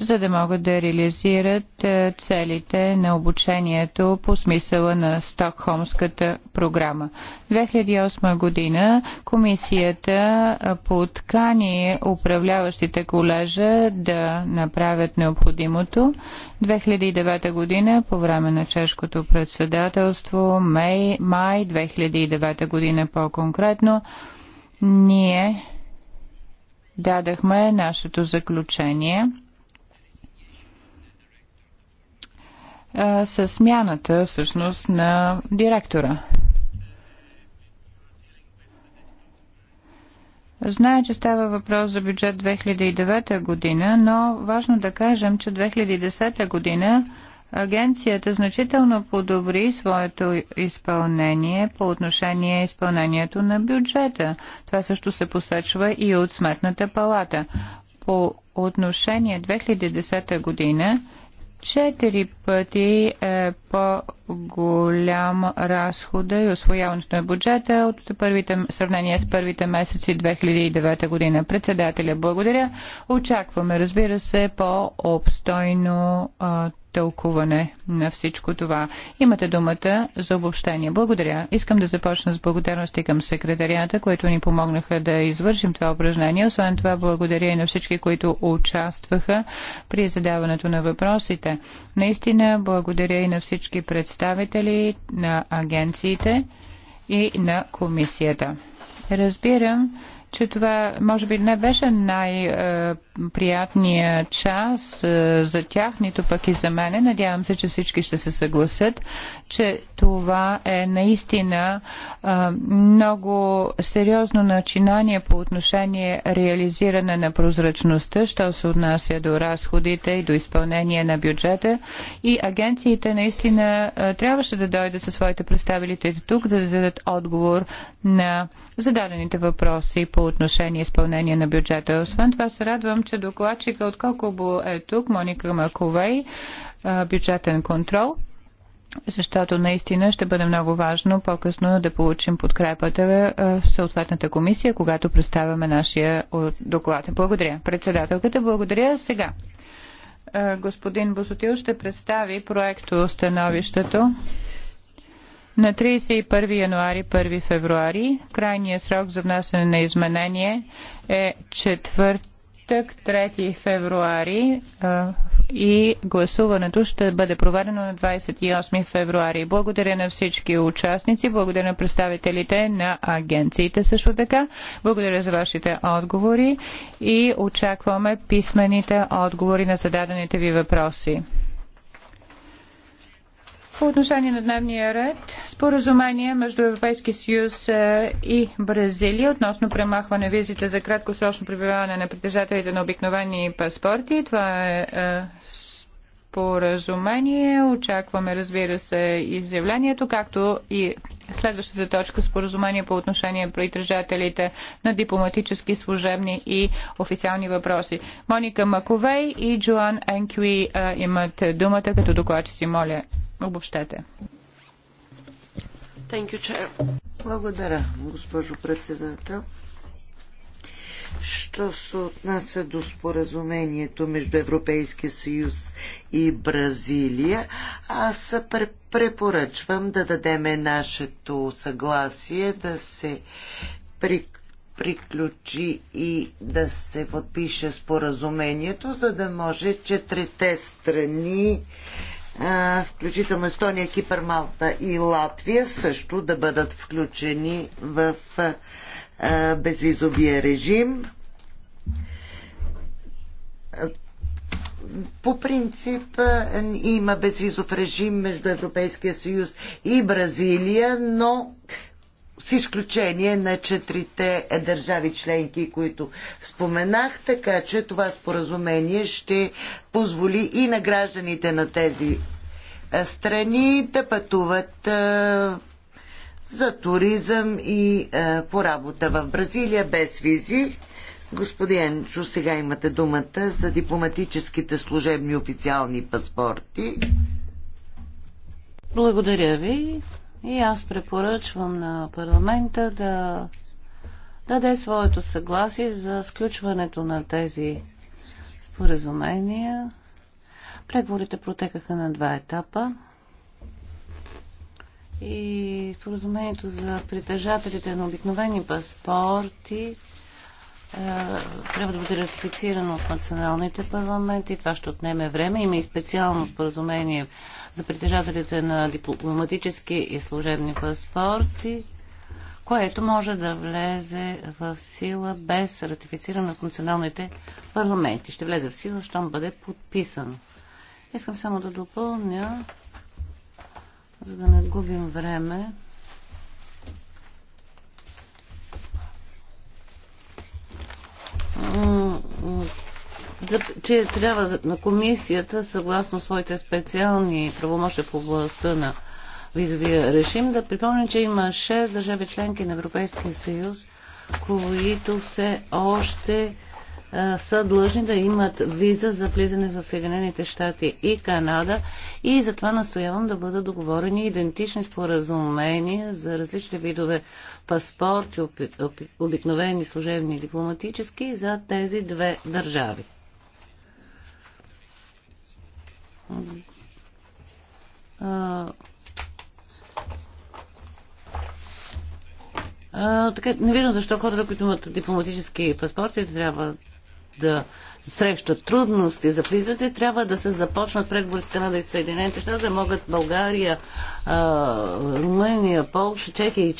за да могат да реализират е, целите на обучението по смисъла на Стокхолмската програма. 2008 година комисията е, подкани управляващите колежа да направят необходимото. 2009 година по време на чешкото председателство, май, май 2009 година по-конкретно, ние дадахме нашето заключение – със смяната всъщност на директора. Зная, че става въпрос за бюджет 2009 година, но важно да кажем, че 2010 година агенцията значително подобри своето изпълнение по отношение изпълнението на бюджета. Това също се посечва и от Сметната палата. По отношение 2010 година четири пъти е по голям разхода е и освояването на бюджета от първите, сравнение с първите месеци 2009 година. Председателя, благодаря. Очакваме, разбира се, по-обстойно тълкуване на всичко това. Имате думата за обобщение. Благодаря. Искам да започна с благодарности към секретарията, които ни помогнаха да извършим това упражнение. Освен това, благодаря и на всички, които участваха при задаването на въпросите. Наистина, благодаря и на всички представители представители на агенциите и на комисията. Разбирам, че това може би не беше най- е, приятния час е, за тях, нито пък и за мене. Надявам се, че всички ще се съгласят, че това е наистина е, много сериозно начинание по отношение реализиране на прозрачността, що се отнася до разходите и до изпълнение на бюджета. И агенциите наистина е, трябваше да дойдат със своите представители тук, да дадат отговор на зададените въпроси по отношение изпълнение на бюджета. Освен това се радвам, че докладчика отколко бо е тук, Моника Маковей, бюджетен контрол защото наистина ще бъде много важно по-късно да получим подкрепата в съответната комисия, когато представяме нашия доклад. Благодаря. Председателката, благодаря. Сега господин Босотил ще представи проекто становището на 31 януари, 1 февруари. Крайният срок за внасяне на изменение е 4 петък, 3 февруари и гласуването ще бъде проведено на 28 февруари. Благодаря на всички участници, благодаря на представителите на агенциите също така, благодаря за вашите отговори и очакваме писмените отговори на зададените ви въпроси. По отношение на дневния ред, споразумение между Европейски съюз е, и Бразилия относно премахване визите за краткосрочно пребиваване на притежателите на обикновени паспорти. Това е, е споразумение. Очакваме, разбира се, изявлението, както и следващата точка споразумение по отношение на притежателите на дипломатически, служебни и официални въпроси. Моника Маковей и Джоан Енкюи е, имат думата като докладчици. Моля, обобщете. You, Благодаря, госпожо председател. Що се отнася до споразумението между Европейския съюз и Бразилия, аз препоръчвам да дадеме нашето съгласие да се при, приключи и да се подпише споразумението, за да може четирите страни включително Естония, Кипър, Малта и Латвия също да бъдат включени в безвизовия режим. По принцип има безвизов режим между Европейския съюз и Бразилия, но с изключение на четирите държави членки, които споменах, така че това споразумение ще позволи и на гражданите на тези страни да пътуват за туризъм и по работа в Бразилия без визи. Господин Чу, сега имате думата за дипломатическите служебни официални паспорти. Благодаря ви. И аз препоръчвам на парламента да даде своето съгласие за сключването на тези споразумения. Преговорите протекаха на два етапа. И споразумението за притежателите на обикновени паспорти е, трябва да бъде ратифицирано от националните парламенти. Това ще отнеме време. Има и специално споразумение за притежателите на дипломатически и служебни паспорти, което може да влезе в сила без ратифициране от националните парламенти. Ще влезе в сила, щом бъде подписано. Искам само да допълня, за да не губим време. че трябва на комисията, съгласно своите специални правомощи в областта на визовия режим, да припомня, че има 6 държави членки на Европейския съюз, които все още са длъжни да имат виза за влизане в Съединените щати и Канада и затова настоявам да бъдат договорени идентични споразумения за различни видове паспорти, обикновени, служебни и дипломатически за тези две държави. А, така, не виждам защо хората, които имат дипломатически паспорти, трябва да срещат трудности за влизате, трябва да се започнат преговори с Канада и Съединените щати, да могат България, Румъния, Полша, Чехия и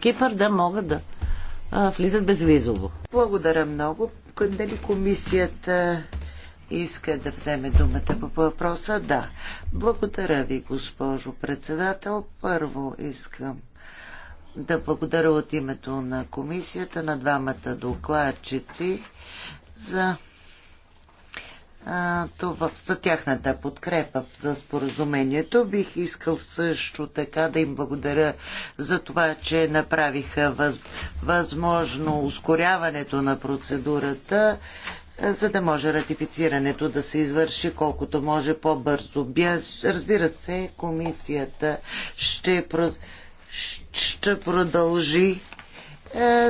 Кипър да могат да влизат безвизово. Благодаря много. Дали комисията иска да вземе думата по въпроса? Да. Благодаря ви, госпожо председател. Първо искам да благодаря от името на комисията на двамата докладчици за това, за тяхната подкрепа за споразумението. Бих искал също така да им благодаря за това, че направиха въз, възможно ускоряването на процедурата, за да може ратифицирането да се извърши колкото може по-бързо. Разбира се, комисията ще, про, ще продължи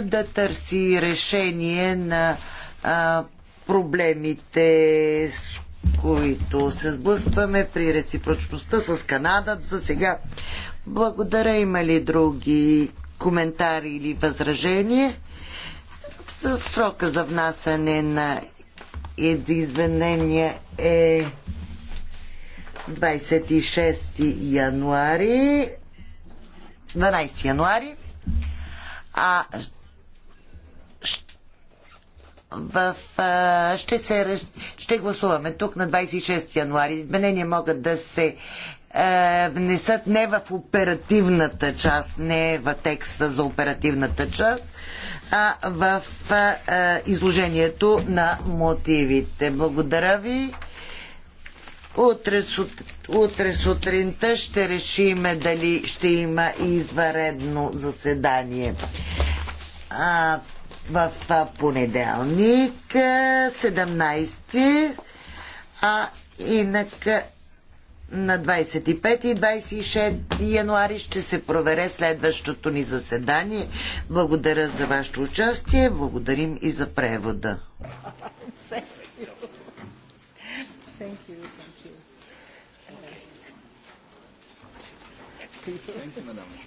да търси решение на а, проблемите, с които се сблъскваме при реципрочността с Канада за сега. Благодаря. Има ли други коментари или възражения? За срока за внасяне на изменения е 26 януари 12 януари а в, ще, се, ще гласуваме тук на 26 януари. Изменения могат да се внесат не в оперативната част, не в текста за оперативната част, а в изложението на мотивите. Благодаря ви. Утре, сут... Утре сутринта ще решиме дали ще има изваредно заседание. А, в понеделник 17 а инак на 25 и 26 януари ще се провере следващото ни заседание. Благодаря за вашето участие. Благодарим и за превода. Thank you, madam.